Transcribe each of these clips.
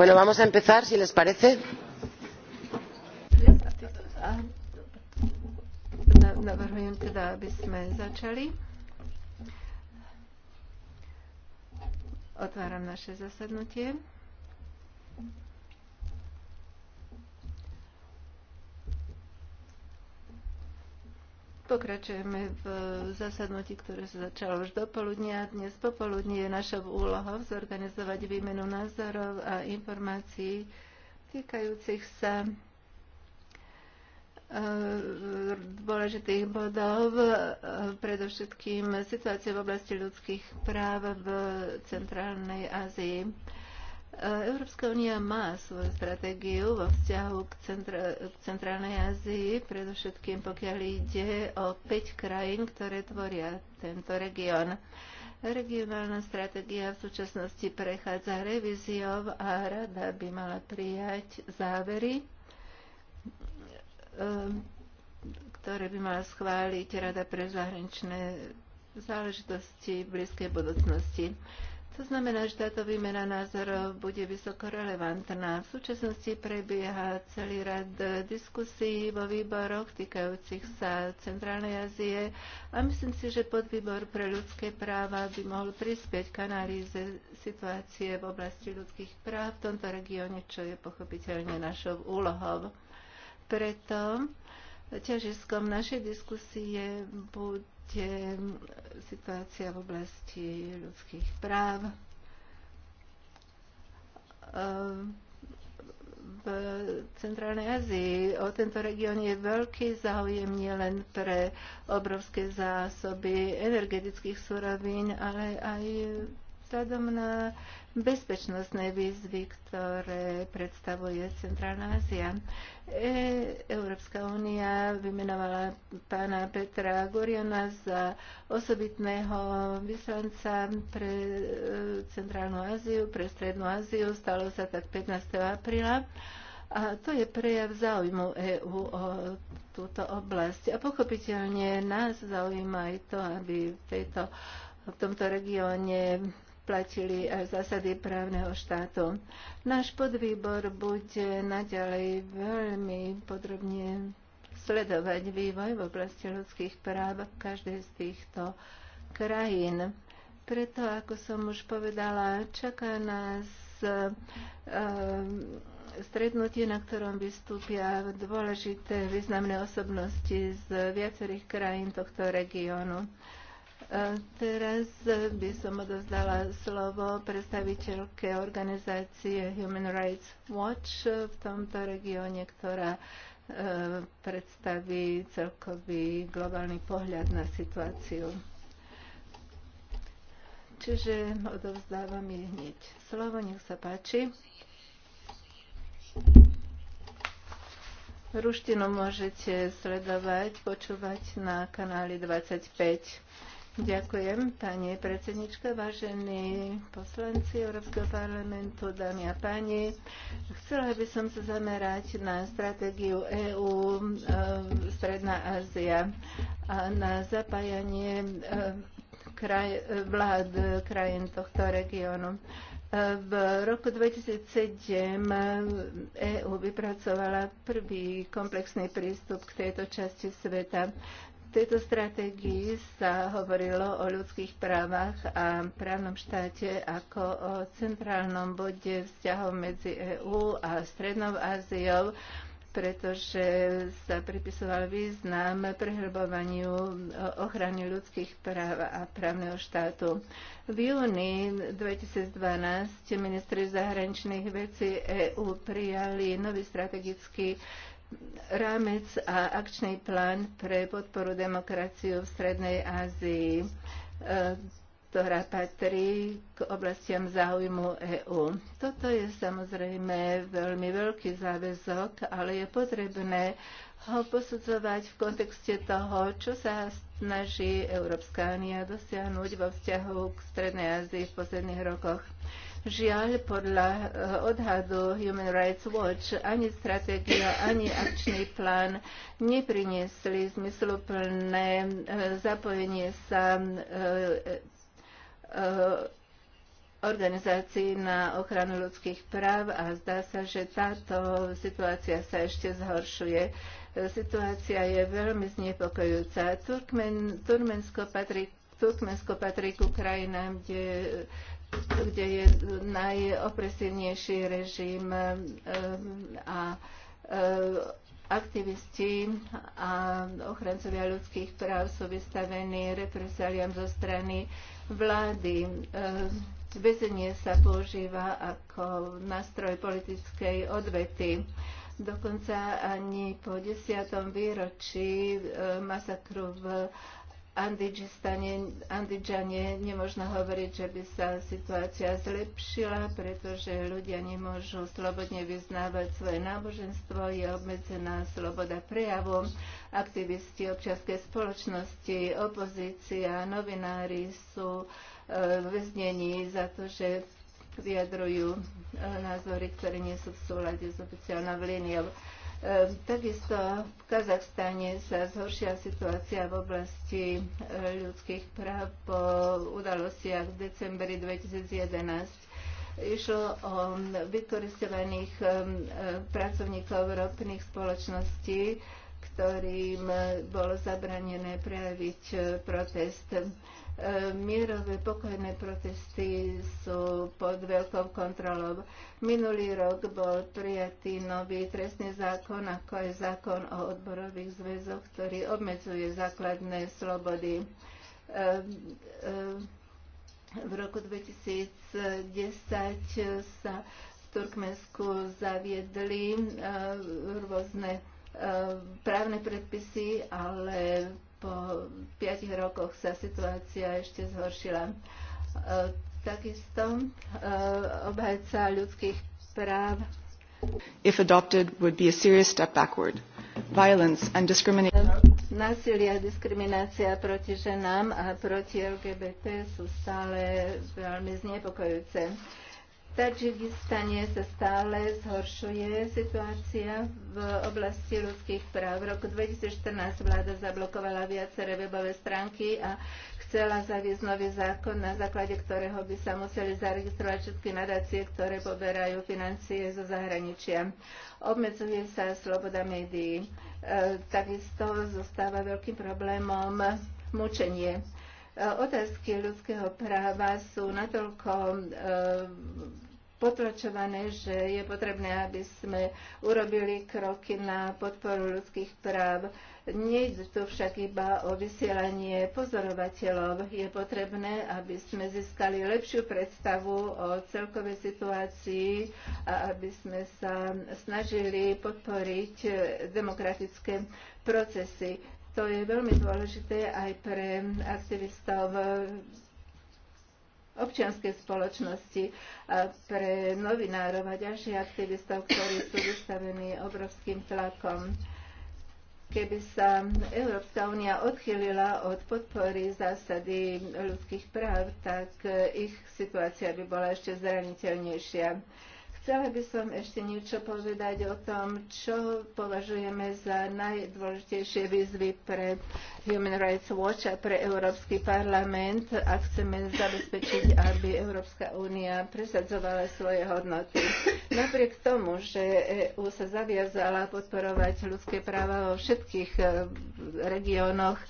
Bueno, vamos a empezar, si les parece. Navrhujem teda, aby sme začali. Otváram naše zasadnutie. Pokračujeme v zasadnutí, ktoré sa začalo už dopoludnia. Dnes popoludní je našou úlohou zorganizovať výmenu názorov a informácií týkajúcich sa eh, dôležitých bodov, eh, predovšetkým situácie v oblasti ľudských práv v Centrálnej Ázii. Eh, Európska únia má svoju stratégiu vo vzťahu k, centra, k Centrálnej Ázii, predovšetkým pokiaľ ide o 5 krajín, ktoré tvoria tento región. Regionálna stratégia v súčasnosti prechádza revíziou a rada by mala prijať závery, eh, ktoré by mala schváliť Rada pre zahraničné záležitosti v blízkej budúcnosti. To znamená, že táto výmena názorov bude vysoko relevantná. V súčasnosti prebieha celý rad diskusí vo výboroch týkajúcich sa Centrálnej Azie a myslím si, že podvýbor pre ľudské práva by mohol prispieť k analýze situácie v oblasti ľudských práv v tomto regióne, čo je pochopiteľne našou úlohou. Preto ťažiskom našej diskusie budú ešte situácia v oblasti ľudských práv ehm, v Centrálnej Azii O tento región je veľký záujem nielen pre obrovské zásoby energetických surovín, ale aj vzhľadom na bezpečnostné výzvy, ktoré predstavuje Centrálna Ázia. E, Európska únia vymenovala pána Petra Goriana za osobitného vyslanca pre e, Centrálnu Áziu, pre Strednú Áziu. Stalo sa tak 15. apríla. A to je prejav záujmu EÚ o túto oblasť. A pochopiteľne nás zaujíma aj to, aby v, tejto, v tomto regióne platili aj e, zásady právneho štátu. Náš podvýbor bude naďalej veľmi podrobne sledovať vývoj v oblasti ľudských práv v každej z týchto krajín. Preto, ako som už povedala, čaká nás e, e stretnutie, na ktorom vystúpia dôležité významné osobnosti z viacerých krajín tohto regiónu. Teraz by som odozdala slovo predstaviteľke organizácie Human Rights Watch v tomto regióne, ktorá e, predstaví celkový globálny pohľad na situáciu. Čiže odovzdávam jej hneď slovo, nech sa páči. Ruštinu môžete sledovať, počúvať na kanáli 25. Ďakujem, pani predsednička, vážení poslanci Európskeho parlamentu, dámy a páni. Chcela by som sa zamerať na stratégiu EÚ eh, Stredná Ázia a na zapájanie eh, kraj, vlád eh, krajín tohto regiónu. V roku 2007 EU e vypracovala prvý komplexný prístup k tejto časti sveta tejto stratégii sa hovorilo o ľudských právach a právnom štáte ako o centrálnom bode vzťahov medzi EÚ a Strednou Áziou, pretože sa pripisoval význam prehlbovaniu ochrany ľudských práv a právneho štátu. V júni 2012 ministri zahraničných vecí EÚ prijali nový strategický rámec a akčný plán pre podporu demokraciu v Strednej Ázii, e, ktorá patrí k oblastiam záujmu EÚ. Toto je samozrejme veľmi veľký záväzok, ale je potrebné ho posudzovať v kontexte toho, čo sa snaží Európska únia dosiahnuť vo vzťahu k Strednej Ázii v posledných rokoch. Žiaľ, podľa eh, odhadu Human Rights Watch ani stratégia, ani akčný plán nepriniesli zmysluplné eh, zapojenie sa eh, organizácií na ochranu ľudských práv a zdá sa, že táto situácia sa ešte zhoršuje. Situácia je veľmi znepokojúca. Turkmen, Turmensko patrí Turkmensko patrí ku krajinám, kde kde je najopresívnejší režim e, a e, aktivisti a ochrancovia ľudských práv sú vystavení represáliám zo strany vlády. E, Vezenie sa používa ako nástroj politickej odvety. Dokonca ani po desiatom výročí masakru v Andidžane nemožno hovoriť, že by sa situácia zlepšila, pretože ľudia nemôžu slobodne vyznávať svoje náboženstvo, je obmedzená sloboda prejavu, aktivisti občianskej spoločnosti, opozícia, novinári sú e, väznení za to, že vyjadrujú e, názory, ktoré nie sú v súlade s oficiálnou líniou. Ehm, takisto v Kazachstane sa zhoršila situácia v oblasti eh, ľudských práv po udalostiach v decembri 2011. Išlo o mm, vykoristovaných ehm, eh, pracovníkov ropných spoločností, ktorým eh, bolo zabranené prejaviť protest E, mierové pokojné protesty sú pod veľkou kontrolou. Minulý rok bol prijatý nový trestný zákon, ako je zákon o odborových zväzoch, ktorý obmedzuje základné slobody. E, e, v roku 2010 sa v Turkmensku zaviedli rôzne právne predpisy, ale po 5 rokoch sa situácia ešte zhoršila. E, takisto e, obhajca ľudských práv if adopted would be a serious step backward. Violence and discrimination Násilie a diskriminácia proti ženám a proti LGBT sú stále veľmi Tadžikistane sa stále zhoršuje situácia v oblasti ľudských práv. V roku 2014 vláda zablokovala viaceré webové stránky a chcela zaviesť nový zákon, na základe ktorého by sa museli zaregistrovať všetky nadácie, ktoré poberajú financie zo zahraničia. Obmedzuje sa sloboda médií. E, takisto zostáva veľkým problémom mučenie e, otázky ľudského práva sú natoľko e, potlačované, že je potrebné, aby sme urobili kroky na podporu ľudských práv. Nejde tu však iba o vysielanie pozorovateľov. Je potrebné, aby sme získali lepšiu predstavu o celkovej situácii a aby sme sa snažili podporiť demokratické procesy. To je veľmi dôležité aj pre aktivistov občianskej spoločnosti a pre novinárov a ďalších aktivistov, ktorí sú vystavení obrovským tlakom keby sa Európska únia odchylila od podpory zásady ľudských práv, tak ich situácia by bola ešte zraniteľnejšia. Chcela by som ešte niečo povedať o tom, čo považujeme za najdôležitejšie výzvy pre Human Rights Watch a pre Európsky parlament a chceme zabezpečiť, aby Európska únia presadzovala svoje hodnoty. Napriek tomu, že EU sa zaviazala podporovať ľudské práva vo všetkých e, regiónoch,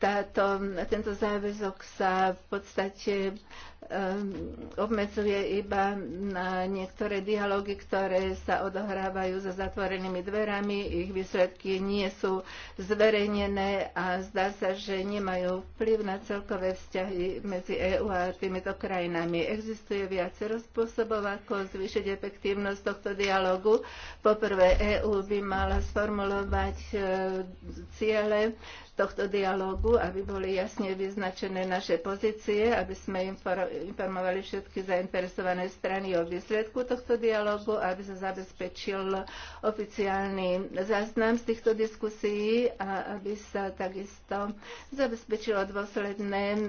táto, tento záväzok sa v podstate ehm, obmedzuje iba na niektoré dialógy, ktoré sa odohrávajú za zatvorenými dverami. Ich výsledky nie sú zverejnené a zdá sa, že nemajú vplyv na celkové vzťahy medzi EÚ a týmito krajinami. Existuje viacero spôsobov, ako zvýšiť efektívnosť tohto dialógu. Poprvé, EÚ by mala sformulovať ehm, ciele tohto dialógu, aby boli jasne vyznačené naše pozície, aby sme informovali všetky zainteresované strany o výsledku tohto dialógu, aby sa zabezpečil oficiálny záznam z týchto diskusí a aby sa takisto zabezpečilo dôsledné e,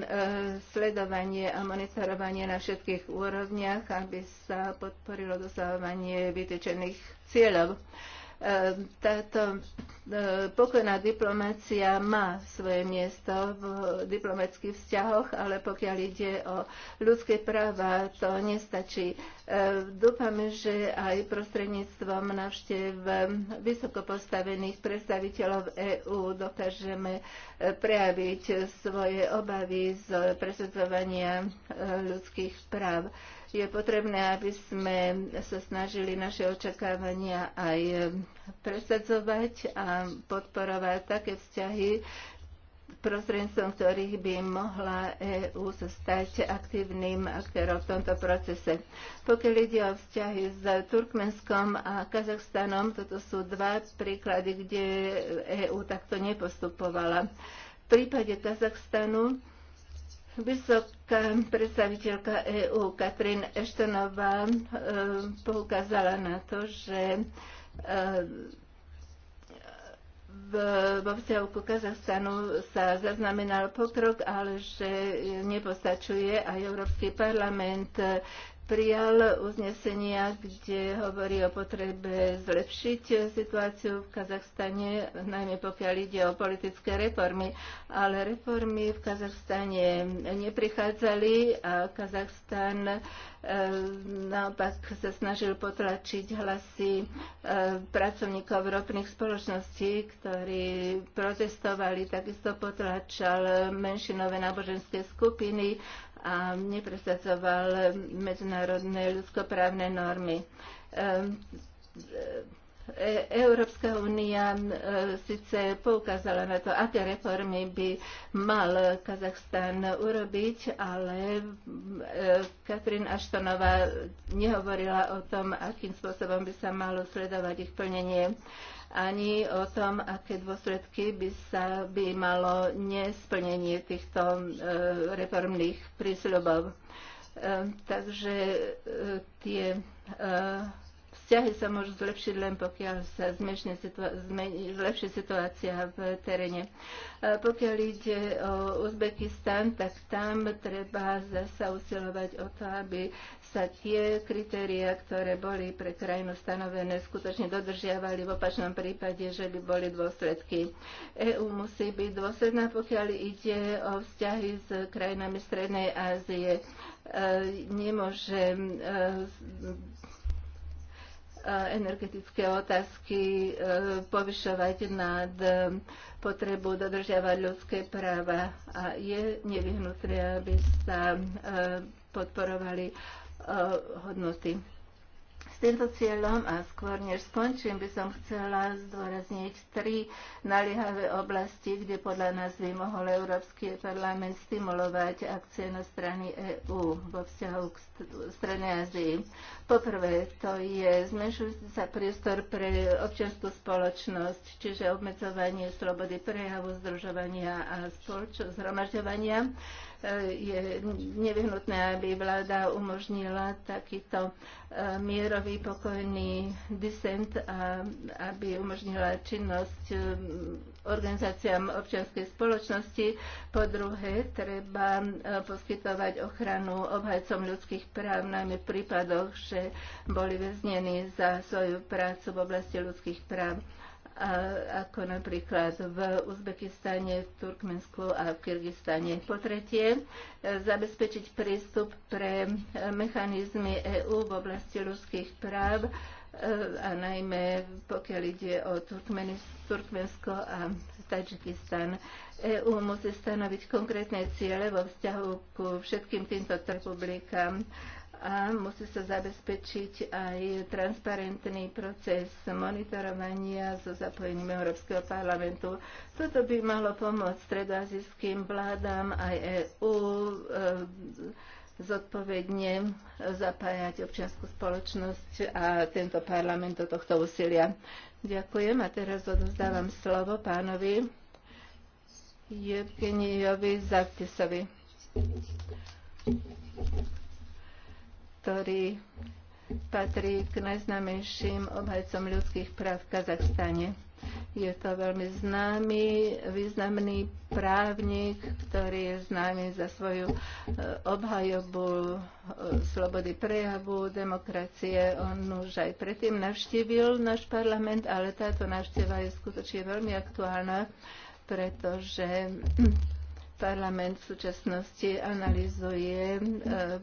sledovanie a monitorovanie na všetkých úrovniach, aby sa podporilo dosahovanie vytýčených cieľov. Táto e, pokojná diplomácia má svoje miesto v diplomatických vzťahoch, ale pokiaľ ide o ľudské práva, to nestačí. E, dúfame, že aj prostredníctvom navštev vysoko postavených predstaviteľov EÚ dokážeme e, prejaviť svoje obavy z presadzovania ľudských práv je potrebné, aby sme sa snažili naše očakávania aj eh, presadzovať a podporovať také vzťahy, prostredníctvom ktorých by mohla EÚ sa stať aktívnym aktérom v tomto procese. Pokiaľ ide o vzťahy s Turkmenskom a Kazachstanom, toto sú dva príklady, kde EÚ takto nepostupovala. V prípade Kazachstanu Vysoká predstaviteľka EÚ Katrin Eštenová e, poukázala na to, že e, v, vo vzťahu ku Kazachstanu sa zaznamenal pokrok, ale že nepostačuje a Európsky parlament prijal uznesenia, kde hovorí o potrebe zlepšiť situáciu v Kazachstane, najmä pokiaľ ide o politické reformy. Ale reformy v Kazachstane neprichádzali a Kazachstan e, naopak sa snažil potlačiť hlasy e, pracovníkov ropných spoločností, ktorí protestovali, takisto potlačal menšinové náboženské skupiny, a nepresadzoval medzinárodné ľudskoprávne normy ehm, E, Európska únia e, síce poukázala na to, aké reformy by mal Kazachstan urobiť, ale e, Katrin Aštonová nehovorila o tom, akým spôsobom by sa malo sledovať ich plnenie ani o tom, aké dôsledky by sa by malo nesplnenie týchto reformných prísľubov. Takže tie Vzťahy sa môžu zlepšiť len pokiaľ sa situa- zmeni- zlepší situácia v teréne. Pokiaľ ide o Uzbekistan, tak tam treba zase usilovať o to, aby sa tie kritéria, ktoré boli pre krajinu stanovené, skutočne dodržiavali. V opačnom prípade, že by boli dôsledky. EÚ musí byť dôsledná, pokiaľ ide o vzťahy s krajinami Strednej Ázie. E, Nemôže e, energetické otázky e, povyšovať nad e, potrebu dodržiavať ľudské práva a je nevyhnutné, aby sa e, podporovali hodnoty s týmto cieľom a skôr než skončím, by som chcela zdôrazniť tri naliehavé oblasti, kde podľa nás by mohol Európsky parlament stimulovať akcie na strany EÚ vo vzťahu k Strednej Ázii. Poprvé, to je zmenšujúci sa priestor pre občianskú spoločnosť, čiže obmedzovanie slobody prejavu, združovania a spoloč- zhromažďovania je nevyhnutné, aby vláda umožnila takýto e, mierový pokojný disent a aby umožnila činnosť e, organizáciám občianskej spoločnosti. Po druhé, treba e, poskytovať ochranu obhajcom ľudských práv, najmä v prípadoch, že boli väznení za svoju prácu v oblasti ľudských práv ako napríklad v Uzbekistane, v Turkmensku a v Kyrgyzstane. Po tretie, e, zabezpečiť prístup pre e, mechanizmy EÚ v oblasti ľudských práv e, a najmä pokiaľ ide o Turkmensko a Tadžikistan. EÚ musí stanoviť konkrétne ciele vo vzťahu ku všetkým týmto republikám a musí sa zabezpečiť aj transparentný proces monitorovania so zapojením Európskeho parlamentu. Toto by malo pomôcť stredoazijským vládám aj EÚ e, zodpovedne zapájať občianskú spoločnosť a tento parlament do tohto úsilia. Ďakujem a teraz odovzdávam slovo pánovi Jevgenijovi Zavtisovi ktorý patrí k najznámejším obhajcom ľudských práv v Kazachstane. Je to veľmi známy, významný právnik, ktorý je známy za svoju e, obhajobu e, slobody prejavu, demokracie. On už aj predtým navštívil náš parlament, ale táto návšteva je skutočne veľmi aktuálna, pretože Parlament v súčasnosti analizuje e,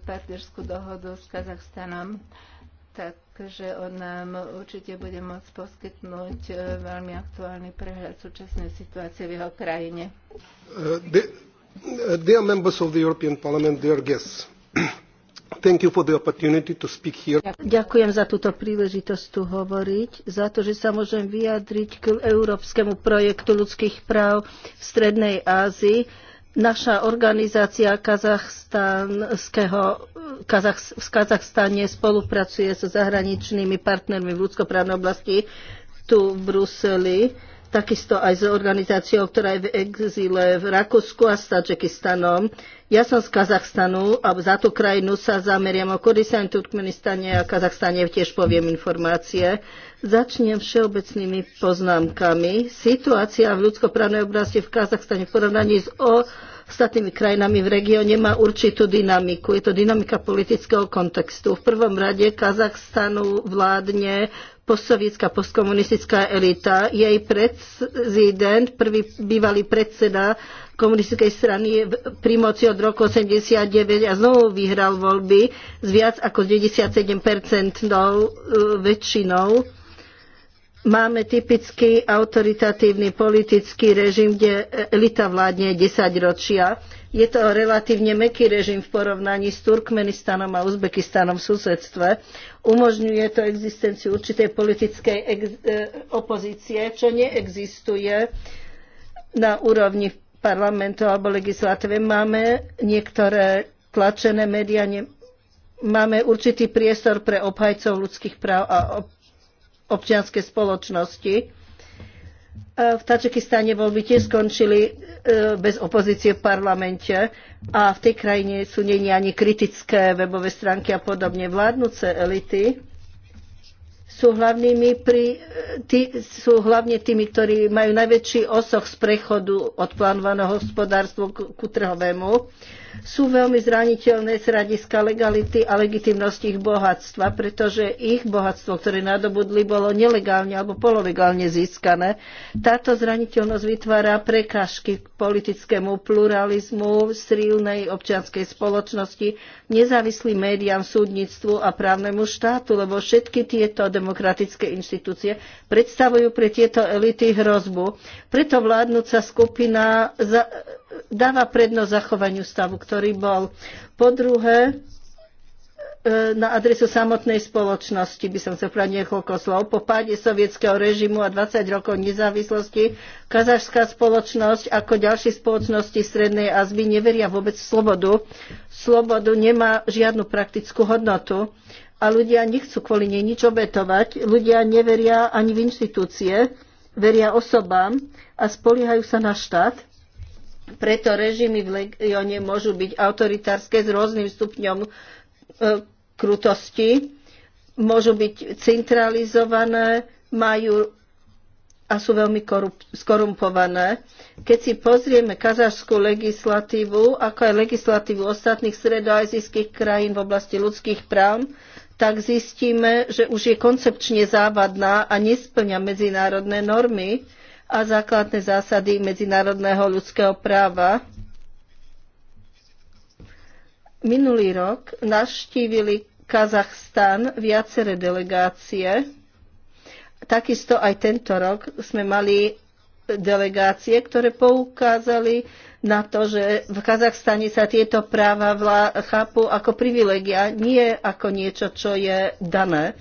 partnerskú dohodu s Kazachstanom, takže on nám určite bude môcť poskytnúť e, veľmi aktuálny prehľad súčasnej situácie v jeho krajine. Uh, uh dear members of the European Parliament, dear guests, thank you for the opportunity to speak here. Ďakujem za túto príležitosť tu hovoriť, za to, že sa môžem vyjadriť k európskemu projektu ľudských práv v Strednej Ázii Naša organizácia Kazach v Kazachstane spolupracuje so zahraničnými partnermi v ľudskoprávnej oblasti tu v Bruseli, takisto aj s organizáciou, ktorá je v exíle v Rakúsku a s Tadžikistanom. Ja som z Kazachstanu a za tú krajinu sa zameriam o Kurdistane, Turkmenistane a Kazachstane tiež poviem informácie. Začnem všeobecnými poznámkami. Situácia v ľudskoprávnej oblasti v Kazachstane v porovnaní s ostatnými krajinami v regióne má určitú dynamiku. Je to dynamika politického kontextu. V prvom rade Kazachstanu vládne postsovietská postkomunistická elita. Jej prezident, prvý bývalý predseda komunistickej strany je pri moci od roku 89 a znovu vyhral voľby s viac ako 97% e, väčšinou Máme typický autoritatívny politický režim, kde elita vládne 10 ročia. Je to relatívne meký režim v porovnaní s Turkmenistanom a Uzbekistanom v susedstve. Umožňuje to existenciu určitej politickej e, opozície, čo neexistuje na úrovni parlamentu alebo legislatívy. Máme niektoré tlačené médiá, máme určitý priestor pre obhajcov ľudských práv a občianske spoločnosti. E, v Tačikistáne voľby tiež skončili e, bez opozície v parlamente a v tej krajine sú není ani kritické webové stránky a podobne. Vládnuce elity sú, hlavnými pri, e, tí, sú hlavne tými, ktorí majú najväčší osoch z prechodu od plánovaného hospodárstva ku, ku trhovému sú veľmi zraniteľné z hľadiska legality a legitimnosti ich bohatstva, pretože ich bohatstvo, ktoré nadobudli, bolo nelegálne alebo pololegálne získané. Táto zraniteľnosť vytvára prekážky k politickému pluralizmu, silnej občianskej spoločnosti, nezávislým médiám, súdnictvu a právnemu štátu, lebo všetky tieto demokratické inštitúcie predstavujú pre tieto elity hrozbu. Preto vládnúca skupina dáva prednosť zachovaniu stavu, ktorý bol. Po druhé, E, na adresu samotnej spoločnosti by som sa povedať niekoľko slov. Po páde sovietskeho režimu a 20 rokov nezávislosti kazašská spoločnosť ako ďalšie spoločnosti Strednej Azby neveria vôbec v slobodu. Slobodu nemá žiadnu praktickú hodnotu a ľudia nechcú kvôli nej nič obetovať. Ľudia neveria ani v inštitúcie, veria osobám a spoliehajú sa na štát. Preto režimy v legióne môžu byť autoritárske s rôznym stupňom e, krutosti, môžu byť centralizované, majú a sú veľmi skorumpované. Keď si pozrieme kazašskú legislatívu, ako aj legislatívu ostatných stredoazijských krajín v oblasti ľudských práv, tak zistíme, že už je koncepčne závadná a nesplňa medzinárodné normy a základné zásady medzinárodného ľudského práva. Minulý rok navštívili Kazachstan viaceré delegácie. Takisto aj tento rok sme mali delegácie, ktoré poukázali na to, že v Kazachstane sa tieto práva vlá, chápu ako privilegia, nie ako niečo, čo je dané.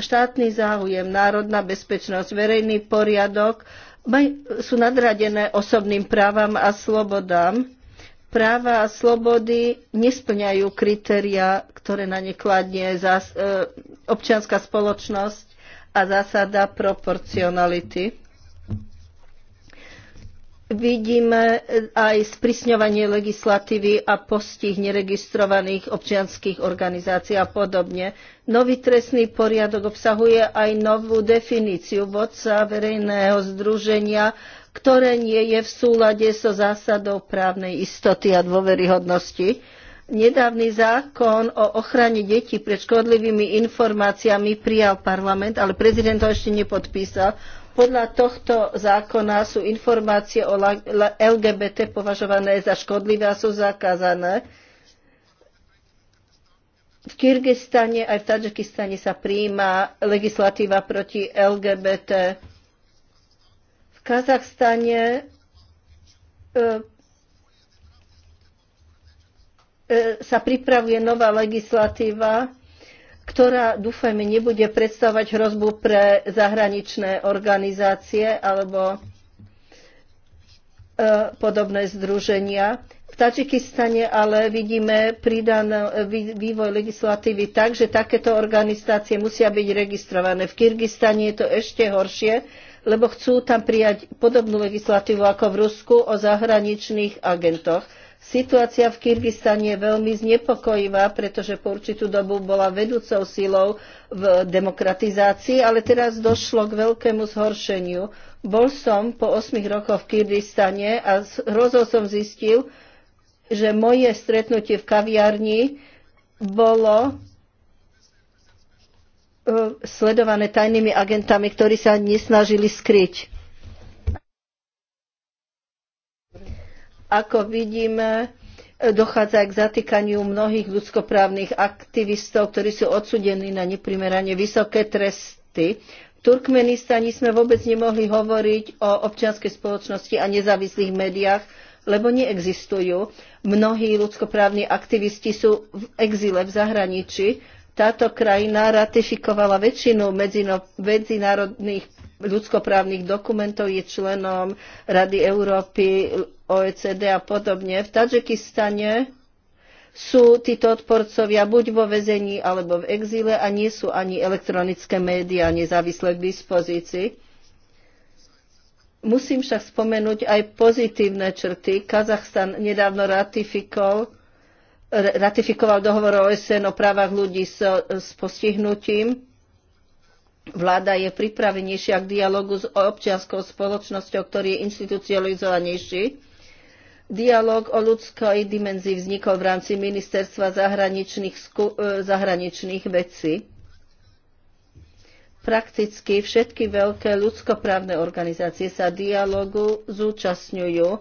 štátny záujem, národná bezpečnosť, verejný poriadok sú nadradené osobným právam a slobodám práva a slobody nesplňajú kritéria, ktoré na ne kladne zás, e, občianská spoločnosť a zásada proporcionality. Vidíme e, aj sprísňovanie legislatívy a postih neregistrovaných občianských organizácií a podobne. Nový trestný poriadok obsahuje aj novú definíciu vodca verejného združenia ktoré nie je v súlade so zásadou právnej istoty a dôveryhodnosti. Nedávny zákon o ochrane detí pred škodlivými informáciami prijal parlament, ale prezident ho ešte nepodpísal. Podľa tohto zákona sú informácie o LGBT považované za škodlivé a sú zakázané. V Kyrgyzstane aj v Tadžikistane sa prijíma legislatíva proti LGBT Kazachstane e, e, sa pripravuje nová legislatíva, ktorá, dúfajme, nebude predstavovať hrozbu pre zahraničné organizácie alebo e, podobné združenia. V Tadžikistane ale vidíme pridaný vývoj legislatívy tak, že takéto organizácie musia byť registrované. V Kyrgyzstane je to ešte horšie, lebo chcú tam prijať podobnú legislatívu ako v Rusku o zahraničných agentoch. Situácia v Kyrgyzstane je veľmi znepokojivá, pretože po určitú dobu bola vedúcou silou v demokratizácii, ale teraz došlo k veľkému zhoršeniu. Bol som po 8 rokoch v Kyrgyzstane a s hrozou som zistil, že moje stretnutie v kaviarni bolo E, sledované tajnými agentami, ktorí sa nesnažili skryť. Ako vidíme, e, dochádza k zatýkaniu mnohých ľudskoprávnych aktivistov, ktorí sú odsudení na neprimerane vysoké tresty. V Turkmenistani sme vôbec nemohli hovoriť o občianskej spoločnosti a nezávislých médiách, lebo neexistujú. Mnohí ľudskoprávni aktivisti sú v exile v zahraničí, táto krajina ratifikovala väčšinu medzinárodných ľudskoprávnych dokumentov, je členom Rady Európy, OECD a podobne. V Tadžikistane sú títo odporcovia buď vo väzení alebo v exíle a nie sú ani elektronické médiá nezávislé k dispozícii. Musím však spomenúť aj pozitívne črty. Kazachstan nedávno ratifikoval ratifikoval dohovor OSN o právach ľudí s, s postihnutím. Vláda je pripravenejšia k dialogu s občianskou spoločnosťou, ktorý je institucionalizovanejší. Dialóg o ľudskej dimenzii vznikol v rámci Ministerstva zahraničných, e, zahraničných vecí. Prakticky všetky veľké ľudskoprávne organizácie sa dialogu zúčastňujú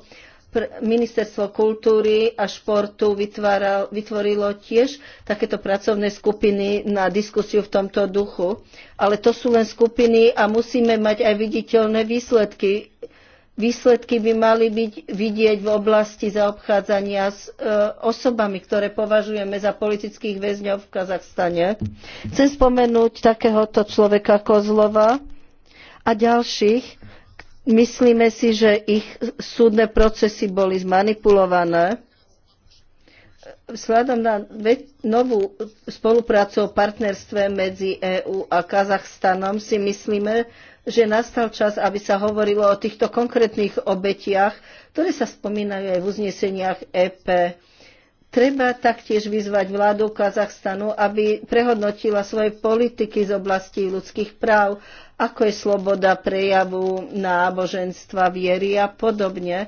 Ministerstvo kultúry a športu vytváral, vytvorilo tiež takéto pracovné skupiny na diskusiu v tomto duchu. Ale to sú len skupiny a musíme mať aj viditeľné výsledky. Výsledky by mali byť vidieť v oblasti zaobchádzania s e, osobami, ktoré považujeme za politických väzňov v Kazachstane. Chcem spomenúť takéhoto človeka Kozlova a ďalších, Myslíme si, že ich súdne procesy boli zmanipulované. Vzhľadom na novú spoluprácu o partnerstve medzi EÚ a Kazachstanom si myslíme, že nastal čas, aby sa hovorilo o týchto konkrétnych obetiach, ktoré sa spomínajú aj v uzneseniach EP. Treba taktiež vyzvať vládu Kazachstanu, aby prehodnotila svoje politiky z oblasti ľudských práv ako je sloboda prejavu náboženstva, viery a podobne,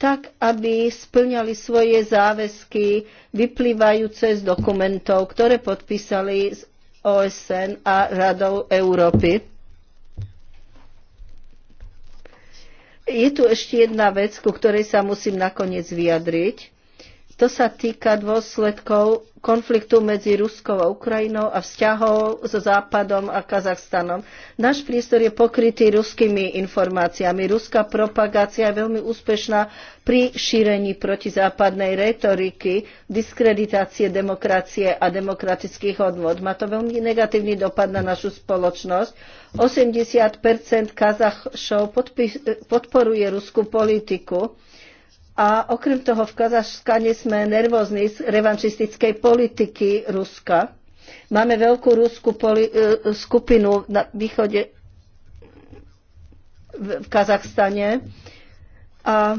tak, aby splňali svoje záväzky vyplývajúce z dokumentov, ktoré podpísali z OSN a Radou Európy. Je tu ešte jedna vec, ku ktorej sa musím nakoniec vyjadriť. To sa týka dôsledkov konfliktu medzi Ruskou a Ukrajinou a vzťahov so Západom a Kazachstanom. Náš priestor je pokrytý ruskými informáciami. Ruská propagácia je veľmi úspešná pri šírení protizápadnej retoriky, diskreditácie demokracie a demokratických odvod. Má to veľmi negatívny dopad na našu spoločnosť. 80 Kazachšov podporuje ruskú politiku a okrem toho v Kazachstane sme nervózni z revanšistickej politiky Ruska. Máme veľkú ruskú e, skupinu na východe v Kazachstane a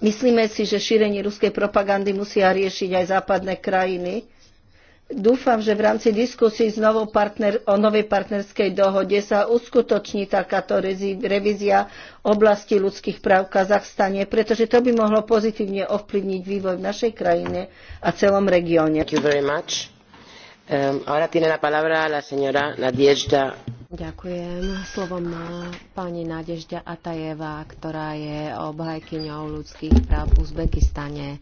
myslíme si, že šírenie ruskej propagandy musia riešiť aj západné krajiny. Dúfam, že v rámci diskusí partner, o novej partnerskej dohode sa uskutoční takáto revízia oblasti ľudských práv v Kazachstane, pretože to by mohlo pozitívne ovplyvniť vývoj v našej krajine a celom regióne. Um, Ďakujem. Slovo má pani Nadežda Atajeva, ktorá je obhajkyňou ľudských práv v Uzbekistane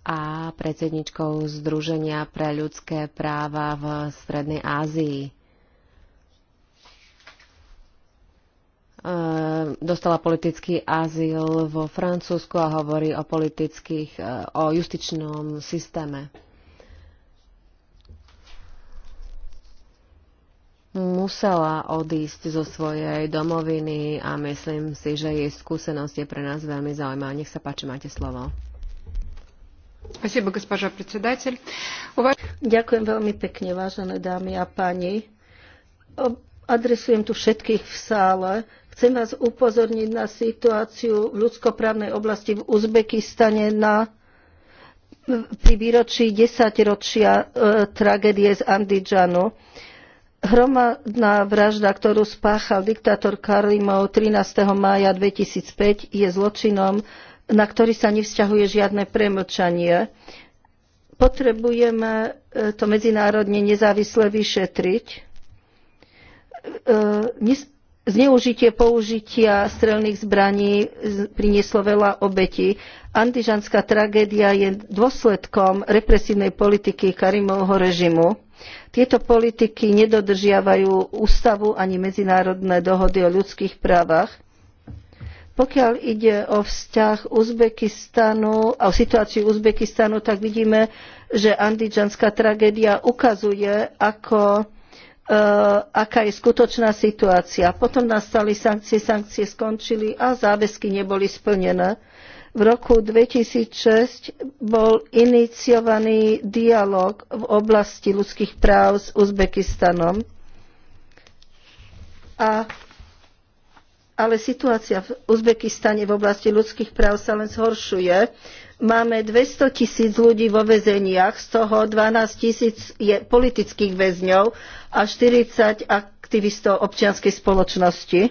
a predsedničkou Združenia pre ľudské práva v Strednej Ázii. E, dostala politický azyl vo Francúzsku a hovorí o politických, e, o justičnom systéme. Musela odísť zo svojej domoviny a myslím si, že jej skúsenosť je pre nás veľmi zaujímavá. Nech sa páči, máte slovo. Ďakujem veľmi pekne, vážené dámy a Adresujem tu všetkých v sále. Chcem vás upozorniť na situáciu v ľudskoprávnej oblasti v Uzbekistane na, pri výročí desaťročia e, tragédie z Andidžanu. Hromadná vražda, ktorú spáchal diktátor Karimov 13. mája 2005, je zločinom, na ktorý sa nevzťahuje žiadne premlčanie. Potrebujeme e, to medzinárodne nezávisle vyšetriť. E, zneužitie použitia strelných zbraní prinieslo veľa obetí. Antižanská tragédia je dôsledkom represívnej politiky Karimovho režimu. Tieto politiky nedodržiavajú ústavu ani medzinárodné dohody o ľudských právach. Pokiaľ ide o vzťah Uzbekistanu a o situáciu Uzbekistanu, tak vidíme, že andidžanská tragédia ukazuje, ako, e, aká je skutočná situácia. Potom nastali sankcie, sankcie skončili a záväzky neboli splnené. V roku 2006 bol iniciovaný dialog v oblasti ľudských práv s Uzbekistanom a ale situácia v Uzbekistane v oblasti ľudských práv sa len zhoršuje. Máme 200 tisíc ľudí vo väzeniach, z toho 12 tisíc je politických väzňov a 40 aktivistov občianskej spoločnosti.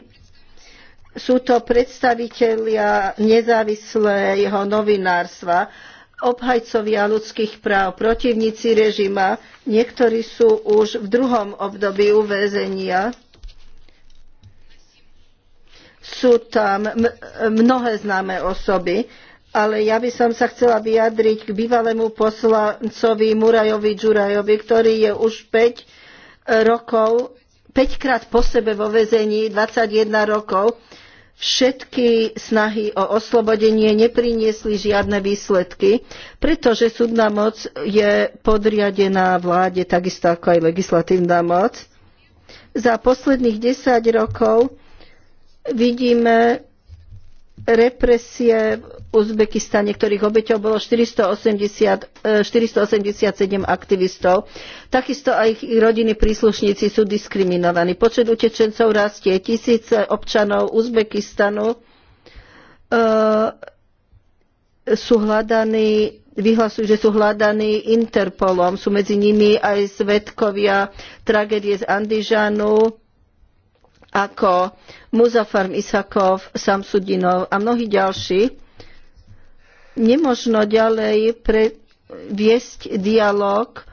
Sú to predstavitelia nezávislého novinárstva, obhajcovia ľudských práv, protivníci režima, niektorí sú už v druhom období uväzenia sú tam mnohé známe osoby, ale ja by som sa chcela vyjadriť k bývalému poslancovi Murajovi Džurajovi, ktorý je už 5 e, rokov, 5 krát po sebe vo vezení, 21 rokov. Všetky snahy o oslobodenie nepriniesli žiadne výsledky, pretože súdna moc je podriadená vláde, takisto ako aj legislatívna moc. Za posledných 10 rokov Vidíme represie v Uzbekistane, ktorých obeťou bolo 480, 487 e, aktivistov. Takisto aj ich rodiny príslušníci sú diskriminovaní. Počet utečencov rastie. Tisíce občanov Uzbekistanu e, sú hľadaní vyhlasujú, že sú hľadaní Interpolom. Sú medzi nimi aj svetkovia tragédie z Andižanu, ako Muzafar Isakov, Samsudinov a mnohí ďalší, nemožno ďalej pre, viesť dialog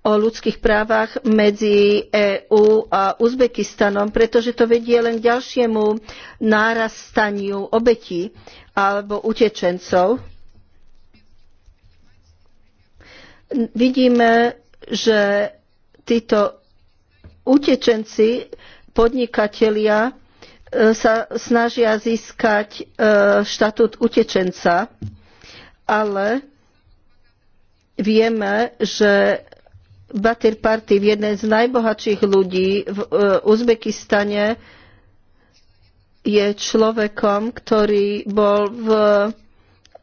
o ľudských právach medzi EÚ a Uzbekistanom, pretože to vedie len k ďalšiemu nárastaniu obetí alebo utečencov. Vidíme, že títo utečenci podnikatelia e, sa snažia získať e, štatút utečenca, ale vieme, že Batir Party, jeden z najbohatších ľudí v e, Uzbekistane, je človekom, ktorý bol v,